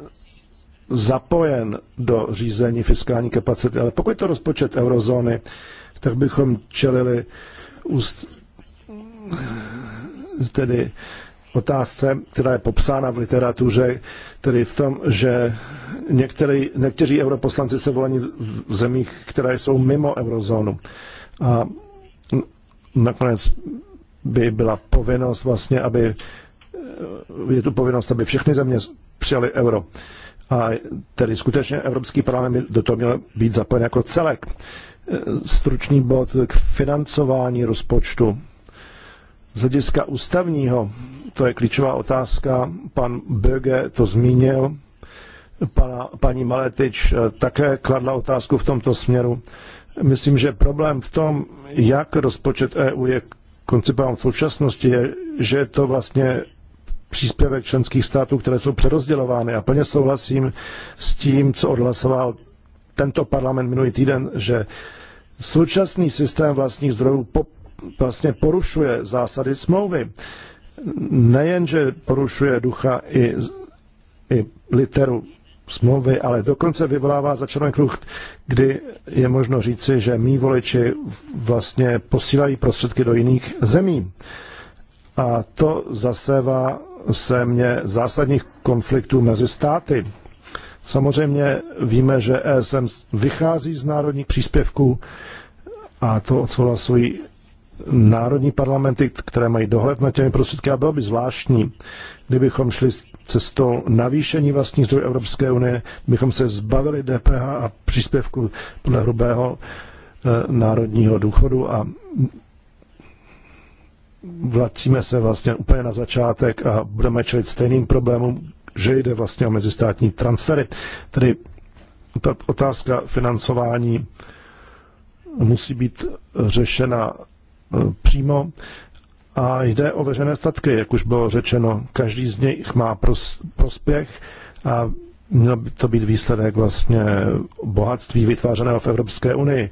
zapojen do řízení fiskální kapacity. Ale pokud to rozpočet eurozóny, tak bychom čelili úst, tedy otázce, která je popsána v literatuře, tedy v tom, že některý, někteří europoslanci se volení v zemích, které jsou mimo eurozónu. A nakonec by byla povinnost vlastně, aby je tu povinnost, aby všechny země přijali euro. A tedy skutečně Evropský parlament do toho měl být zapojen jako celek. Stručný bod k financování rozpočtu z hlediska ústavního, to je klíčová otázka, pan Böge to zmínil, pana, paní Maletič eh, také kladla otázku v tomto směru. Myslím, že problém v tom, jak rozpočet EU je koncipován v současnosti, je, že je to vlastně příspěvek členských států, které jsou přerozdělovány. A plně souhlasím s tím, co odhlasoval tento parlament minulý týden, že současný systém vlastních zdrojů vlastně porušuje zásady smlouvy. nejenže porušuje ducha i, i literu smlouvy, ale dokonce vyvolává začarovaný kruh, kdy je možno říci, že mý voliči vlastně posílají prostředky do jiných zemí. A to zasevá se mě zásadních konfliktů mezi státy. Samozřejmě víme, že ESM vychází z národních příspěvků a to odsouhlasují národní parlamenty, které mají dohled nad těmi prostředky. A bylo by zvláštní, kdybychom šli cestou navýšení vlastních zdrojů Evropské unie, bychom se zbavili DPH a příspěvku podle hrubého eh, národního důchodu a vracíme se vlastně úplně na začátek a budeme čelit stejným problémům, že jde vlastně o mezistátní transfery. Tedy ta otázka financování musí být řešena Eh, přímo a jde o veřejné statky, jak už bylo řečeno. Každý z nich má pros, prospěch a měl by to být výsledek vlastně bohatství vytvářeného v Evropské unii.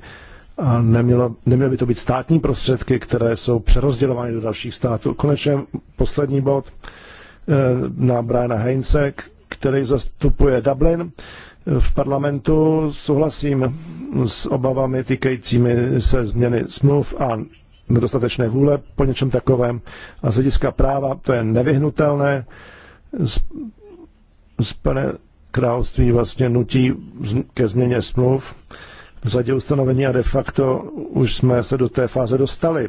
A nemělo, nemělo by to být státní prostředky, které jsou přerozdělovány do dalších států. Konečně poslední bod eh, na Briana Heinze, který zastupuje Dublin. V parlamentu souhlasím s obavami týkajícími se změny smluv a nedostatečné vůle po něčem takovém. A z hlediska práva to je nevyhnutelné. Spojené království vlastně nutí ke změně smluv v zadě ustanovení a de facto už jsme se do té fáze dostali,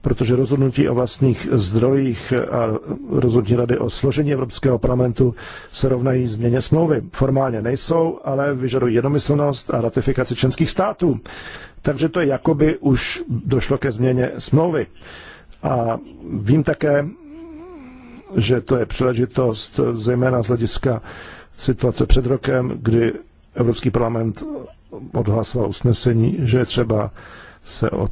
protože rozhodnutí o vlastních zdrojích a rozhodnutí rady o složení Evropského parlamentu se rovnají změně smlouvy. Formálně nejsou, ale vyžadují jednomyslnost a ratifikaci členských států. Takže to je jakoby už došlo ke změně smlouvy. A vím také, že to je příležitost zejména z hlediska situace před rokem, kdy Evropský parlament odhlasoval usnesení, že je třeba se o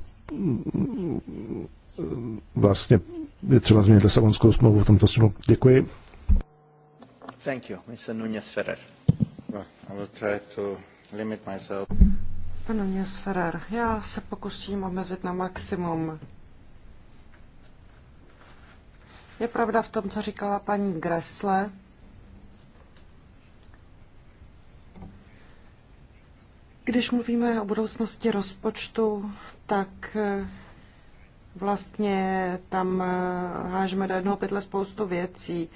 vlastně je třeba změnit Lisabonskou smlouvu v tomto směru. Děkuji. Thank you, Mr. Nunez Ferrer. Well, I will try to limit myself. Pane měs Ferrer, já se pokusím omezit na maximum. Je pravda v tom, co říkala paní Gresle. Když mluvíme o budoucnosti rozpočtu, tak eh, vlastně tam eh, hážeme do jednoho pytle spoustu věcí.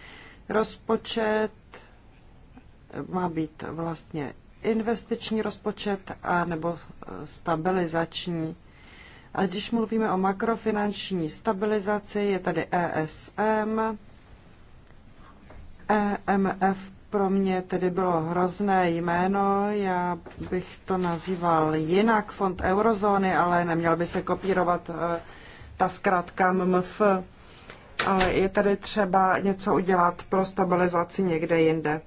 Rozpočet má být vlastně investiční rozpočet a nebo e, stabilizační. A když mluvíme o makrofinanční stabilizaci, je tady ESM. EMF pro mě tedy bylo hrozné jméno, já bych to nazýval jinak, fond eurozóny, ale neměl by se kopírovat e, ta zkrátka MMF. Ale je tady třeba něco udělat pro stabilizaci někde jinde.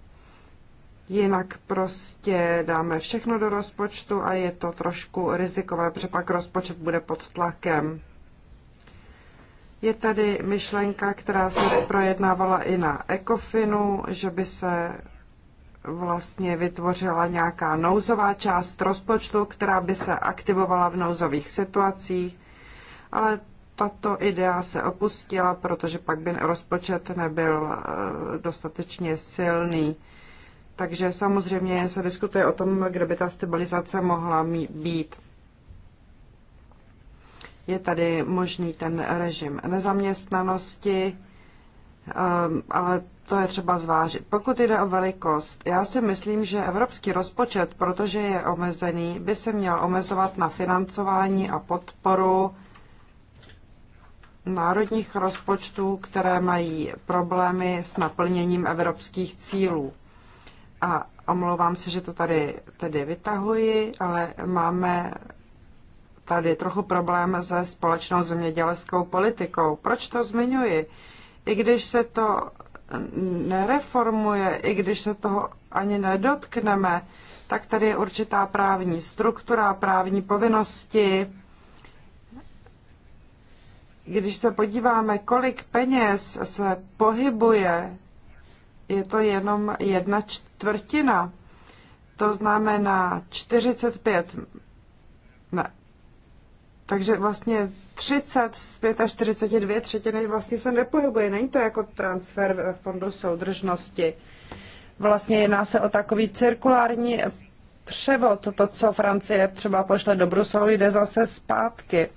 Jinak prostě dáme všechno do rozpočtu a je to trošku rizikové, protože pak rozpočet bude pod tlakem. Je tady myšlenka, která se projednávala i na ECOFINu, že by se vlastně vytvořila nějaká nouzová část rozpočtu, která by se aktivovala v nouzových situacích, ale tato idea se opustila, protože pak by rozpočet nebyl eh, dostatečně silný. Takže samozřejmě se diskutuje o tom, kde by ta stabilizace mohla být. Je tady možný ten režim nezaměstnanosti, ehm, ale to je třeba zvážit. Pokud jde o velikost, já si myslím, že evropský rozpočet, protože je omezený, by se měl omezovat na financování a podporu národních rozpočtů, které mají problémy s naplněním evropských cílů a omlouvám se, že to tady tedy vytahuji, ale máme tady trochu problém se společnou zemědělskou politikou. Proč to zmiňuji? I když se to nereformuje, i když se toho ani nedotkneme, tak tady je určitá právní struktura, právní povinnosti. Když se podíváme, kolik peněz se pohybuje je to jenom jedna čtvrtina. To znamená 45. Ne. Takže vlastně 30 z 45 dvě třetiny vlastně se nepohybuje. Není to jako transfer ve fondu soudržnosti. Vlastně jedná se o takový cirkulární převod. To, co Francie třeba pošle do Bruselu, jde zase zpátky.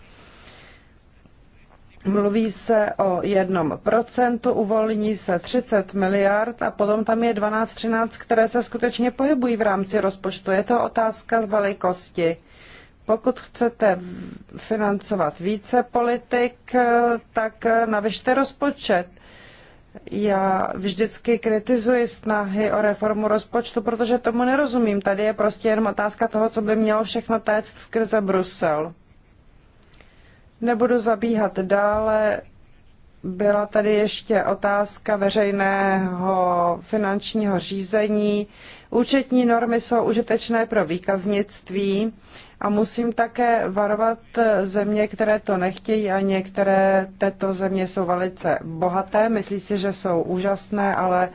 Mluví se o jednom procentu, uvolní se 30 miliard a potom tam je 12-13, které se skutečně pohybují v rámci rozpočtu. Je to otázka velikosti. Pokud chcete financovat více politik, tak navyšte rozpočet. Já vždycky kritizuji snahy o reformu rozpočtu, protože tomu nerozumím. Tady je prostě jenom otázka toho, co by mělo všechno téct skrze Brusel. Nebudu zabíhat dále. Byla tady ještě otázka veřejného finančního řízení. Účetní normy jsou užitečné pro výkaznictví a musím také varovat země, které to nechtějí a některé této země jsou velice bohaté. Myslí si, že jsou úžasné, ale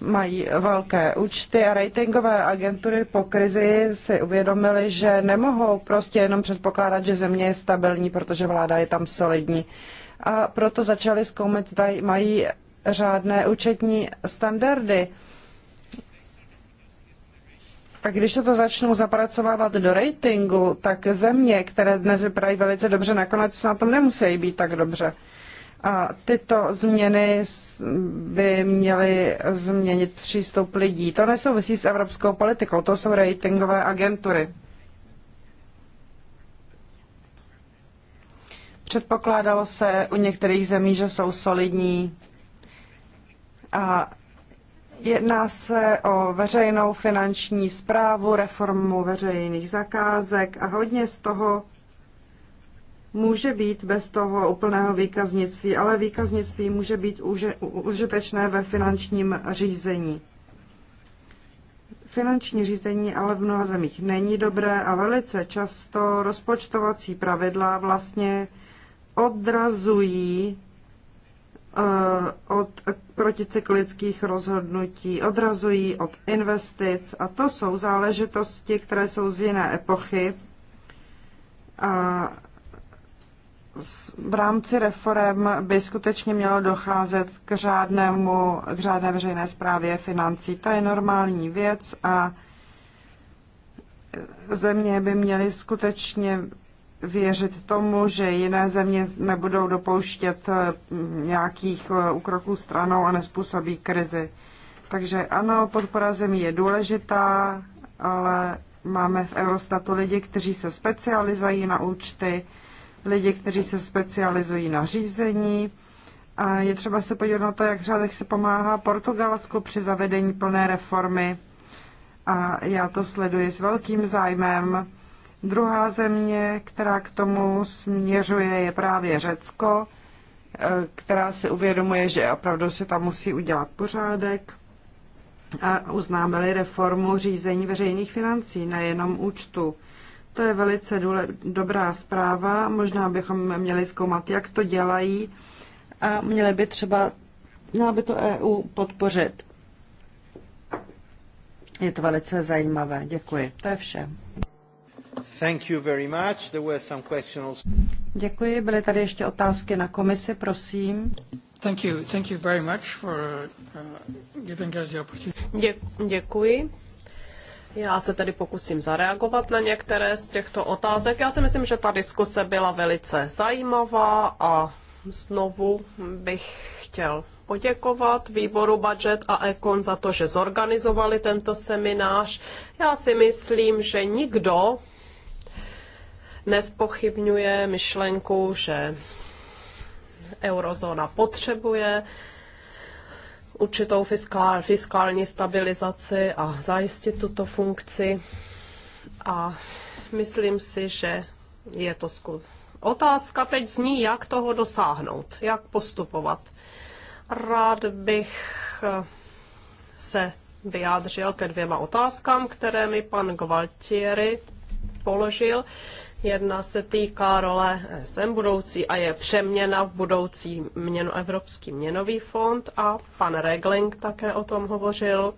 mají velké účty a ratingové agentury po krizi si uvědomily, že nemohou prostě jenom předpokládat, že země je stabilní, protože vláda je tam solidní. A proto začaly zkoumat, zda mají řádné účetní standardy. A když se to začnou zapracovávat do ratingu, tak země, které dnes vypadají velice dobře, nakonec na tom nemusí být tak dobře tyto změny by měly změnit přístup lidí. To nesouvisí s evropskou politikou, to jsou ratingové agentury. Předpokládalo se u některých zemí, že jsou solidní. A jedná se o veřejnou finanční zprávu, reformu veřejných zakázek a hodně z toho může být bez toho úplného výkaznictví, ale výkaznictví může být užitečné ve finančním řízení. Finanční řízení ale v mnoha zemích není dobré a velice často rozpočtovací pravidla vlastně odrazují eh, od proticyklických rozhodnutí, odrazují od investic a to jsou záležitosti, které jsou z jiné epochy. A v rámci reform by skutečně mělo docházet k, řádnému, k řádné veřejné zprávě financí. To je normální věc a země by měly skutečně věřit tomu, že jiné země nebudou dopouštět eh, nějakých eh, úkroků stranou a nespůsobí krizi. Takže ano, podpora zemí je důležitá, ale máme v Eurostatu lidi, kteří se specializují na účty, lidi, kteří se specializují na řízení. A je třeba se podívat na to, jak řádech se pomáhá Portugalsku při zavedení plné reformy. A já to sleduji s velkým zájmem. Druhá země, která k tomu směřuje, je právě Řecko, eh, která si uvědomuje, že opravdu se tam musí udělat pořádek a uznáme reformu řízení veřejných financí, nejenom účtu. To je velice důle, dobrá zpráva. Možná bychom měli zkoumat, jak to dělají a měli by třeba, měla by to EU podpořit. Je to velice zajímavé. Děkuji. To je vše. Thank you very much. There were some questions. Děkuji. Byly tady ještě otázky na komisi, prosím. Thank you. Thank you very much for uh, us the Děkuji já se tedy pokusím zareagovat na některé z těchto otázek. Já si myslím, že ta diskuse byla velice zajímavá a znovu bych chtěl poděkovat výboru budget a Ekon za to, že zorganizovali tento seminář. Já si myslím, že nikdo nespochybňuje myšlenku, že eurozóna potřebuje určitou fiskál, fiskální stabilizaci a zajistit tuto funkci. A myslím si, že je to skut. Otázka teď zní, jak toho dosáhnout, jak postupovat. Rád bych eh, se vyjádřil ke dvěma otázkám, které mi pan Gvaltieri položil. Jedna se týká role sem budoucí a je přeměna v budoucí měno, Evropský měnový fond a pan Regling také o tom hovořil.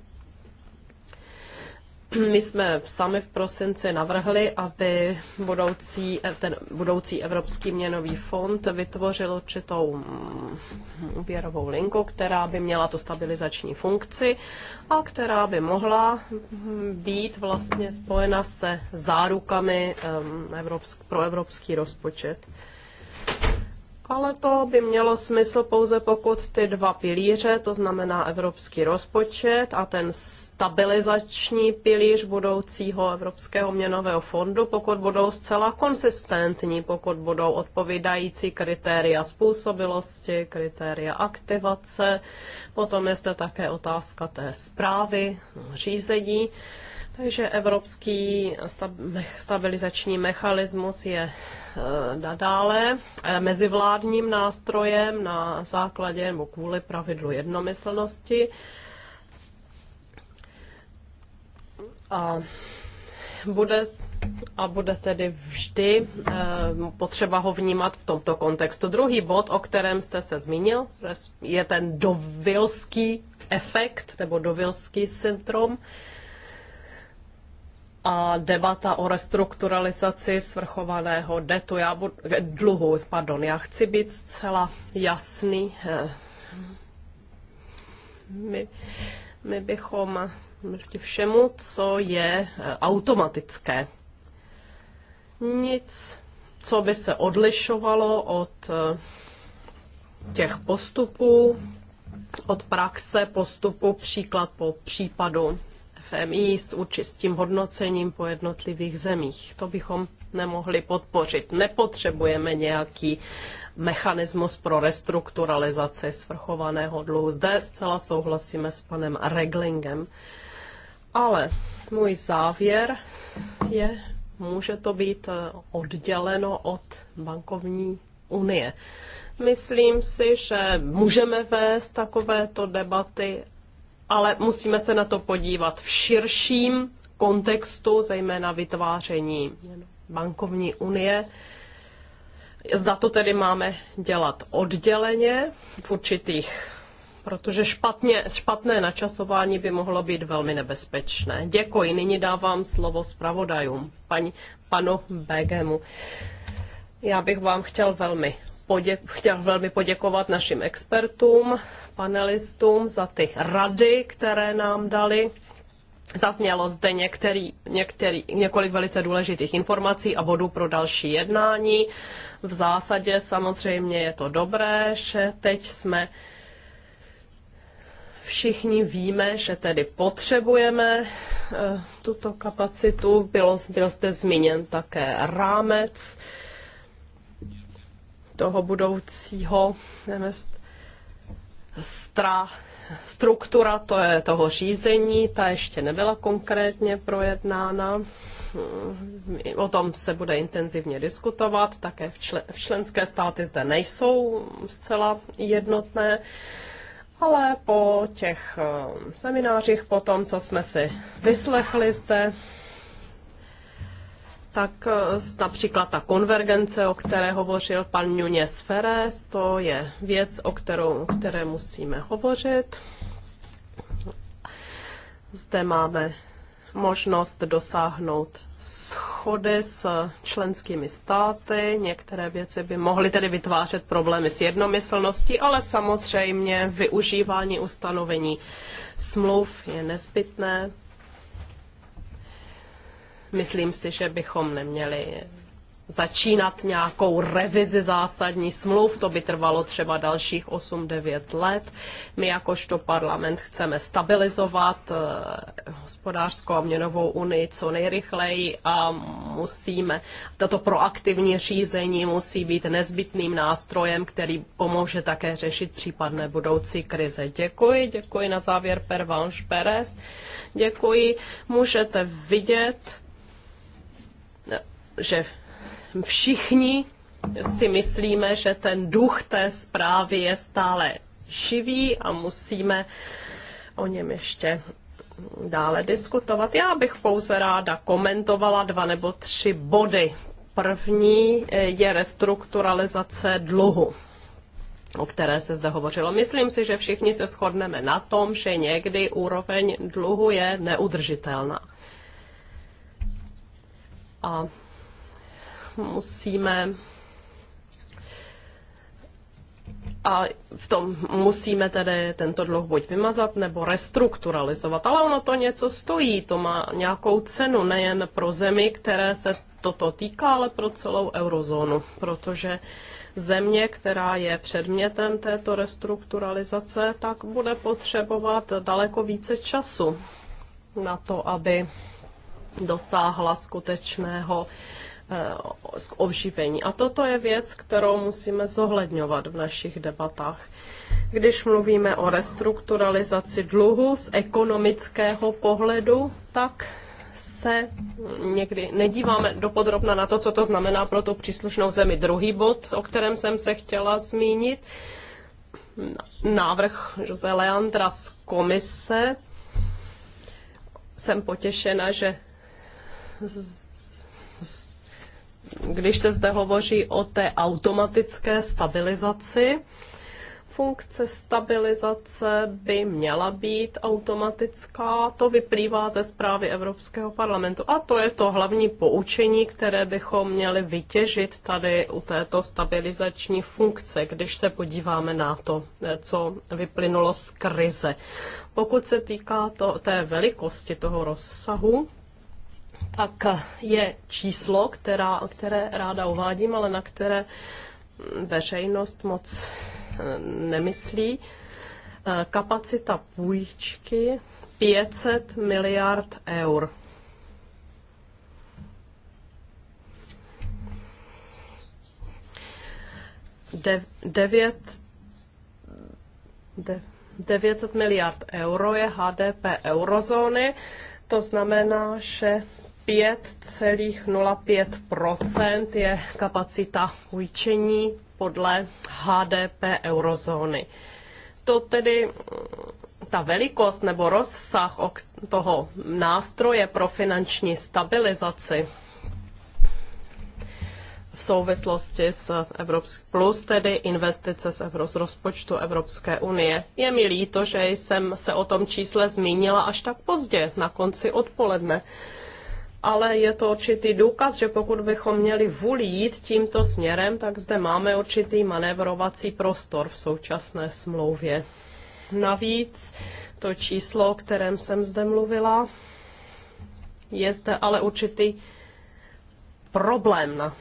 My jsme sami v prosinci navrhli, aby budoucí, ten budoucí Evropský měnový fond vytvořil určitou mm, úvěrovou linku, která by měla tu stabilizační funkci a která by mohla mm, být vlastně spojena se zárukami pro evropský rozpočet. Ale to by mělo smysl pouze pokud ty dva pilíře, to znamená evropský rozpočet a ten stabilizační pilíř budoucího Evropského měnového fondu, pokud budou zcela konsistentní, pokud budou odpovídající kritéria způsobilosti, kritéria aktivace, potom je zde také otázka té zprávy, no, řízení. Takže evropský stabilizační mechanismus je e, nadále e, mezivládním nástrojem na základě nebo kvůli pravidlu jednomyslnosti. A bude a bude tedy vždy e, potřeba ho vnímat v tomto kontextu. Druhý bod, o kterém jste se zmínil, je ten dovilský efekt nebo dovilský syndrom a debata o restrukturalizaci svrchovaného detu, já budu, eh, dluhu. Pardon, já chci být zcela jasný. Eh, my, my bychom proti všemu, co je eh, automatické. Nic, co by se odlišovalo od těch postupů, od praxe postupu příklad po případu FMI s určitým hodnocením po jednotlivých zemích. To bychom nemohli podpořit. Nepotřebujeme nějaký mechanismus pro restrukturalizaci svrchovaného dluhu. Zde zcela souhlasíme s panem Reglingem. Ale můj závěr je, může to být odděleno od bankovní unie. Myslím si, že můžeme vést takovéto debaty ale musíme se na to podívat v širším kontextu, zejména vytváření bankovní unie. Zda to tedy máme dělat odděleně v určitých protože špatně, špatné načasování by mohlo být velmi nebezpečné. Děkuji. Nyní dávám slovo zpravodajům, paní, panu Begemu. Já bych vám chtěl velmi poděk, chtěl velmi poděkovat našim expertům, panelistům za ty rady, které nám dali. Zaznělo zde některý, některý, několik velice důležitých informací a bodů pro další jednání. V zásadě samozřejmě je to dobré, že teď jsme všichni víme, že tedy potřebujeme eh, tuto kapacitu. Bylo, byl zde zmíněn také rámec toho budoucího stra, struktura to je toho řízení, ta ještě nebyla konkrétně projednána. Hmm, o tom se bude intenzivně diskutovat, také v, člen, v členské státy zde nejsou zcela jednotné, ale po těch eh, seminářích, po tom, co jsme si vyslechli zde, tak eh, například ta konvergence, o které hovořil pan Nunes Ferres, to je věc, o kterou, které musíme hovořit. Zde máme možnost dosáhnout schody s členskými státy. Některé věci by mohly tedy vytvářet problémy s jednomyslností, ale samozřejmě využívání ustanovení smluv je nezbytné Myslím si, že bychom neměli začínat nějakou revizi zásadní smluv, to by trvalo třeba dalších 8-9 let. My jakožto parlament chceme stabilizovat eh, hospodářskou a měnovou unii co nejrychleji a musíme, toto proaktivní řízení musí být nezbytným nástrojem, který pomůže také řešit případné budoucí krize. Děkuji, děkuji na závěr Pervanš Perez. Děkuji, můžete vidět, že všichni si myslíme, že ten duch té zprávy je stále živý a musíme o něm ještě dále diskutovat. Já bych pouze ráda komentovala dva nebo tři body. První eh, je restrukturalizace dluhu o které se zde hovořilo. Myslím si, že všichni se shodneme na tom, že někdy úroveň dluhu je neudržitelná. A musíme a v tom musíme tedy tento dluh buď vymazat nebo restrukturalizovat. Ale ono to něco stojí, to má nějakou cenu nejen pro zemi, které se toto týká, ale pro celou eurozónu, protože země, která je předmětem této restrukturalizace, tak bude potřebovat daleko více času na to, aby dosáhla skutečného Eh, obživení. A toto je věc, kterou musíme zohledňovat v našich debatách. Když mluvíme o restrukturalizaci dluhu z ekonomického pohledu, tak se někdy nedíváme dopodrobna na to, co to znamená pro tu příslušnou zemi. Druhý bod, o kterém jsem se chtěla zmínit, návrh Jose Leandra z komise. Jsem potěšena, že když se zde hovoří o té automatické stabilizaci, funkce stabilizace by měla být automatická. To vyplývá ze zprávy Evropského parlamentu. A to je to hlavní poučení, které bychom měli vytěžit tady u této stabilizační funkce, když se podíváme na to, co vyplynulo z krize. Pokud se týká to, té velikosti toho rozsahu, tak je číslo, která, které ráda uvádím, ale na které veřejnost moc eh, nemyslí. Eh, kapacita půjčky 500 miliard eur. De, 9, de, 900 miliard euro je HDP eurozóny. To znamená, že 5,05 je kapacita půjčení podle HDP eurozóny. To tedy mm, ta velikost nebo rozsah toho nástroje pro finanční stabilizaci v souvislosti s evropským plus, tedy investice z, Evro, z rozpočtu Evropské unie. Je mi líto, že jsem se o tom čísle zmínila až tak pozdě, na konci odpoledne ale je to určitý důkaz, že pokud bychom měli vůli jít tímto směrem, tak zde máme určitý manévrovací prostor v současné smlouvě. Navíc to číslo, o kterém jsem zde mluvila, je zde ale určitý problém na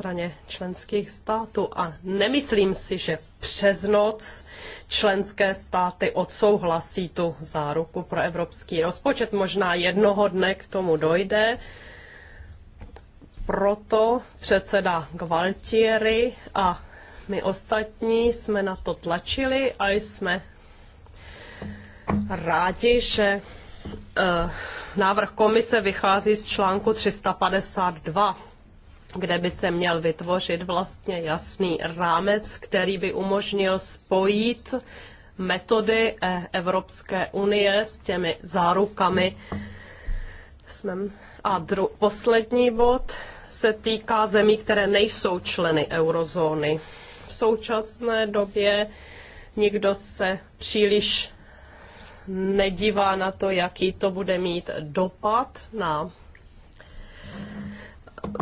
straně členských států. A nemyslím si, že přes noc členské státy odsouhlasí tu záruku pro evropský rozpočet. Možná jednoho dne k tomu dojde. Proto předseda Gvaltieri a my ostatní jsme na to tlačili a jsme rádi, že eh, návrh komise vychází z článku 352 kde by se měl vytvořit vlastně jasný rámec, který by umožnil spojit metody e- Evropské unie s těmi zárukami. A dru- poslední bod se týká zemí, které nejsou členy eurozóny. V současné době nikdo se příliš nedívá na to, jaký to bude mít dopad na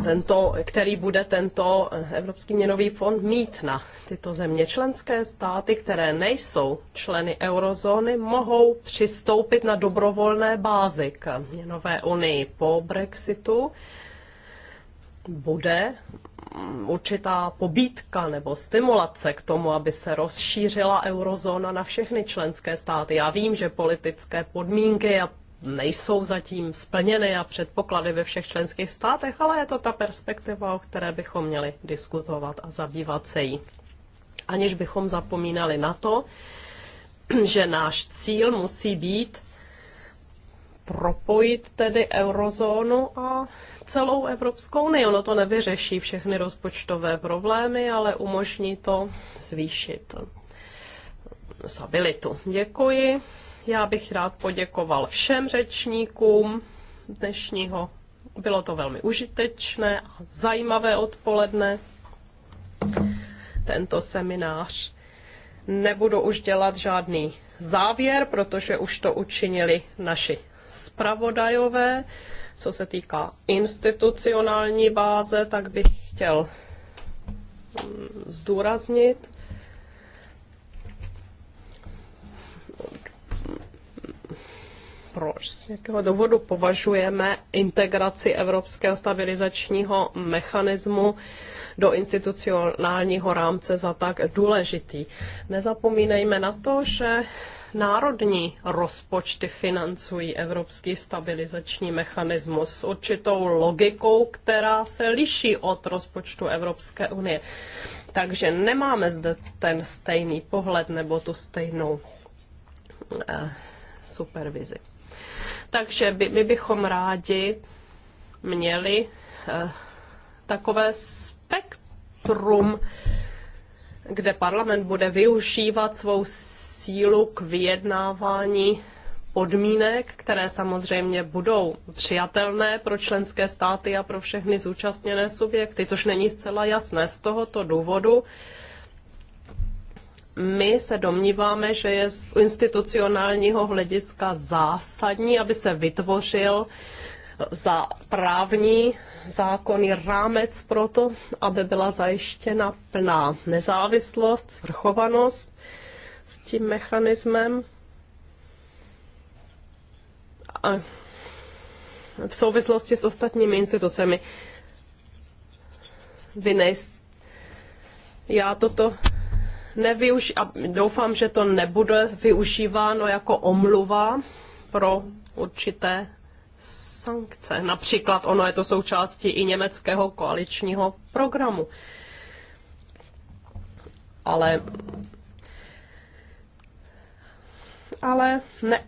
tento, který bude tento eh, Evropský měnový fond mít na tyto země. Členské státy, které nejsou členy eurozóny, mohou přistoupit na dobrovolné bázi k měnové unii po Brexitu. Bude mm, určitá pobídka nebo stimulace k tomu, aby se rozšířila eurozóna na všechny členské státy. Já vím, že politické podmínky a nejsou zatím splněny a předpoklady ve všech členských státech, ale je to ta perspektiva, o které bychom měli diskutovat a zabývat se jí. Aniž bychom zapomínali na to, že náš cíl musí být propojit tedy eurozónu a celou Evropskou unii. Ono to nevyřeší všechny rozpočtové problémy, ale umožní to zvýšit stabilitu. Děkuji. Já bych rád poděkoval všem řečníkům dnešního. Bylo to velmi užitečné a zajímavé odpoledne. Tento seminář. Nebudu už dělat žádný závěr, protože už to učinili naši zpravodajové. Co se týká institucionální báze, tak bych chtěl mm, zdůraznit, proč, z jakého důvodu považujeme integraci Evropského stabilizačního mechanismu do institucionálního rámce za tak důležitý. Nezapomínejme na to, že národní rozpočty financují Evropský stabilizační mechanismus s určitou logikou, která se liší od rozpočtu Evropské unie. Takže nemáme zde ten stejný pohled nebo tu stejnou eh, supervizi. Takže by, my bychom rádi měli eh, takové spektrum, kde parlament bude využívat svou sílu k vyjednávání podmínek, které samozřejmě budou přijatelné pro členské státy a pro všechny zúčastněné subjekty, což není zcela jasné. Z tohoto důvodu eh, my se domníváme, že je z institucionálního hlediska zásadní, aby se vytvořil za právní zákony rámec pro to, aby byla zajištěna plná nezávislost, svrchovanost s tím mechanismem. A v souvislosti s ostatními institucemi. Vy nejste já toto nevyuž... a doufám, že to nebude využíváno jako omluva pro určité sankce. Například ono je to součástí i německého koaličního programu. Ale ale ne,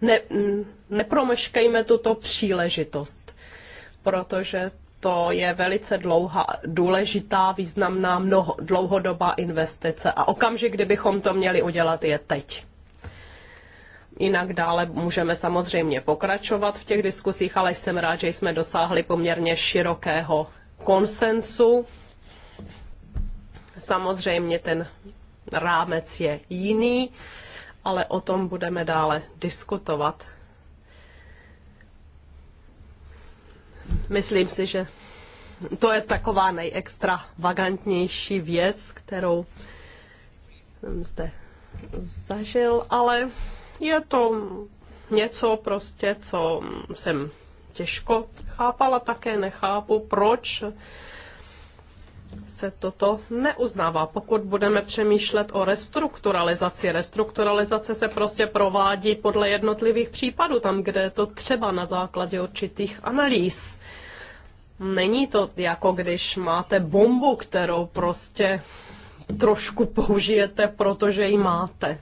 ne, nepromeškejme tuto příležitost, protože to je velice dlouhá, důležitá, významná, mnoho, dlouhodobá investice a okamžik, kdybychom to měli udělat, je teď. Jinak dále můžeme samozřejmě pokračovat v těch diskusích, ale jsem rád, že jsme dosáhli poměrně širokého konsensu. Samozřejmě ten rámec je jiný, ale o tom budeme dále diskutovat. Myslím si, že to je taková nejextravagantnější věc, kterou jsem zde zažil, ale je to něco prostě, co jsem těžko chápala, také nechápu, proč se toto neuznává. Pokud budeme přemýšlet o restrukturalizaci, restrukturalizace se prostě provádí podle jednotlivých případů, tam, kde je to třeba na základě určitých analýz. Není to jako když máte bombu, kterou prostě trošku použijete, protože ji máte.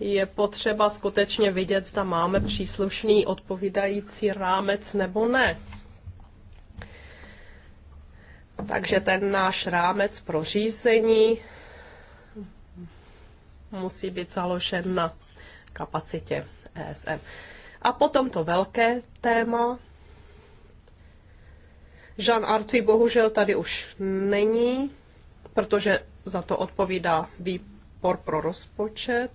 Je potřeba skutečně vidět, zda máme příslušný odpovídající rámec nebo ne. Takže ten náš rámec pro řízení musí být založen na kapacitě ESM. A potom to velké téma. Jean Artví bohužel tady už není, protože za to odpovídá výbor pro rozpočet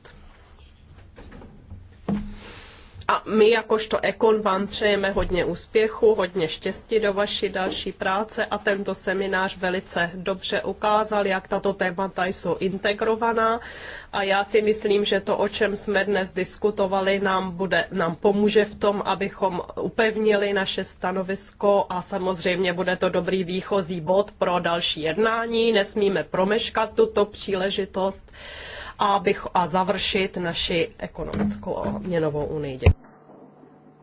a my jakožto Ekon vám přejeme hodně úspěchu, hodně štěstí do vaší další práce a tento seminář velice dobře ukázal, jak tato témata jsou integrovaná a já si myslím, že to, o čem jsme dnes diskutovali, nám, bude, nám pomůže v tom, abychom upevnili naše stanovisko a samozřejmě bude to dobrý výchozí bod pro další jednání. Nesmíme promeškat tuto příležitost a, bych, a završit naši ekonomickou a měnovou unii. Děkuji.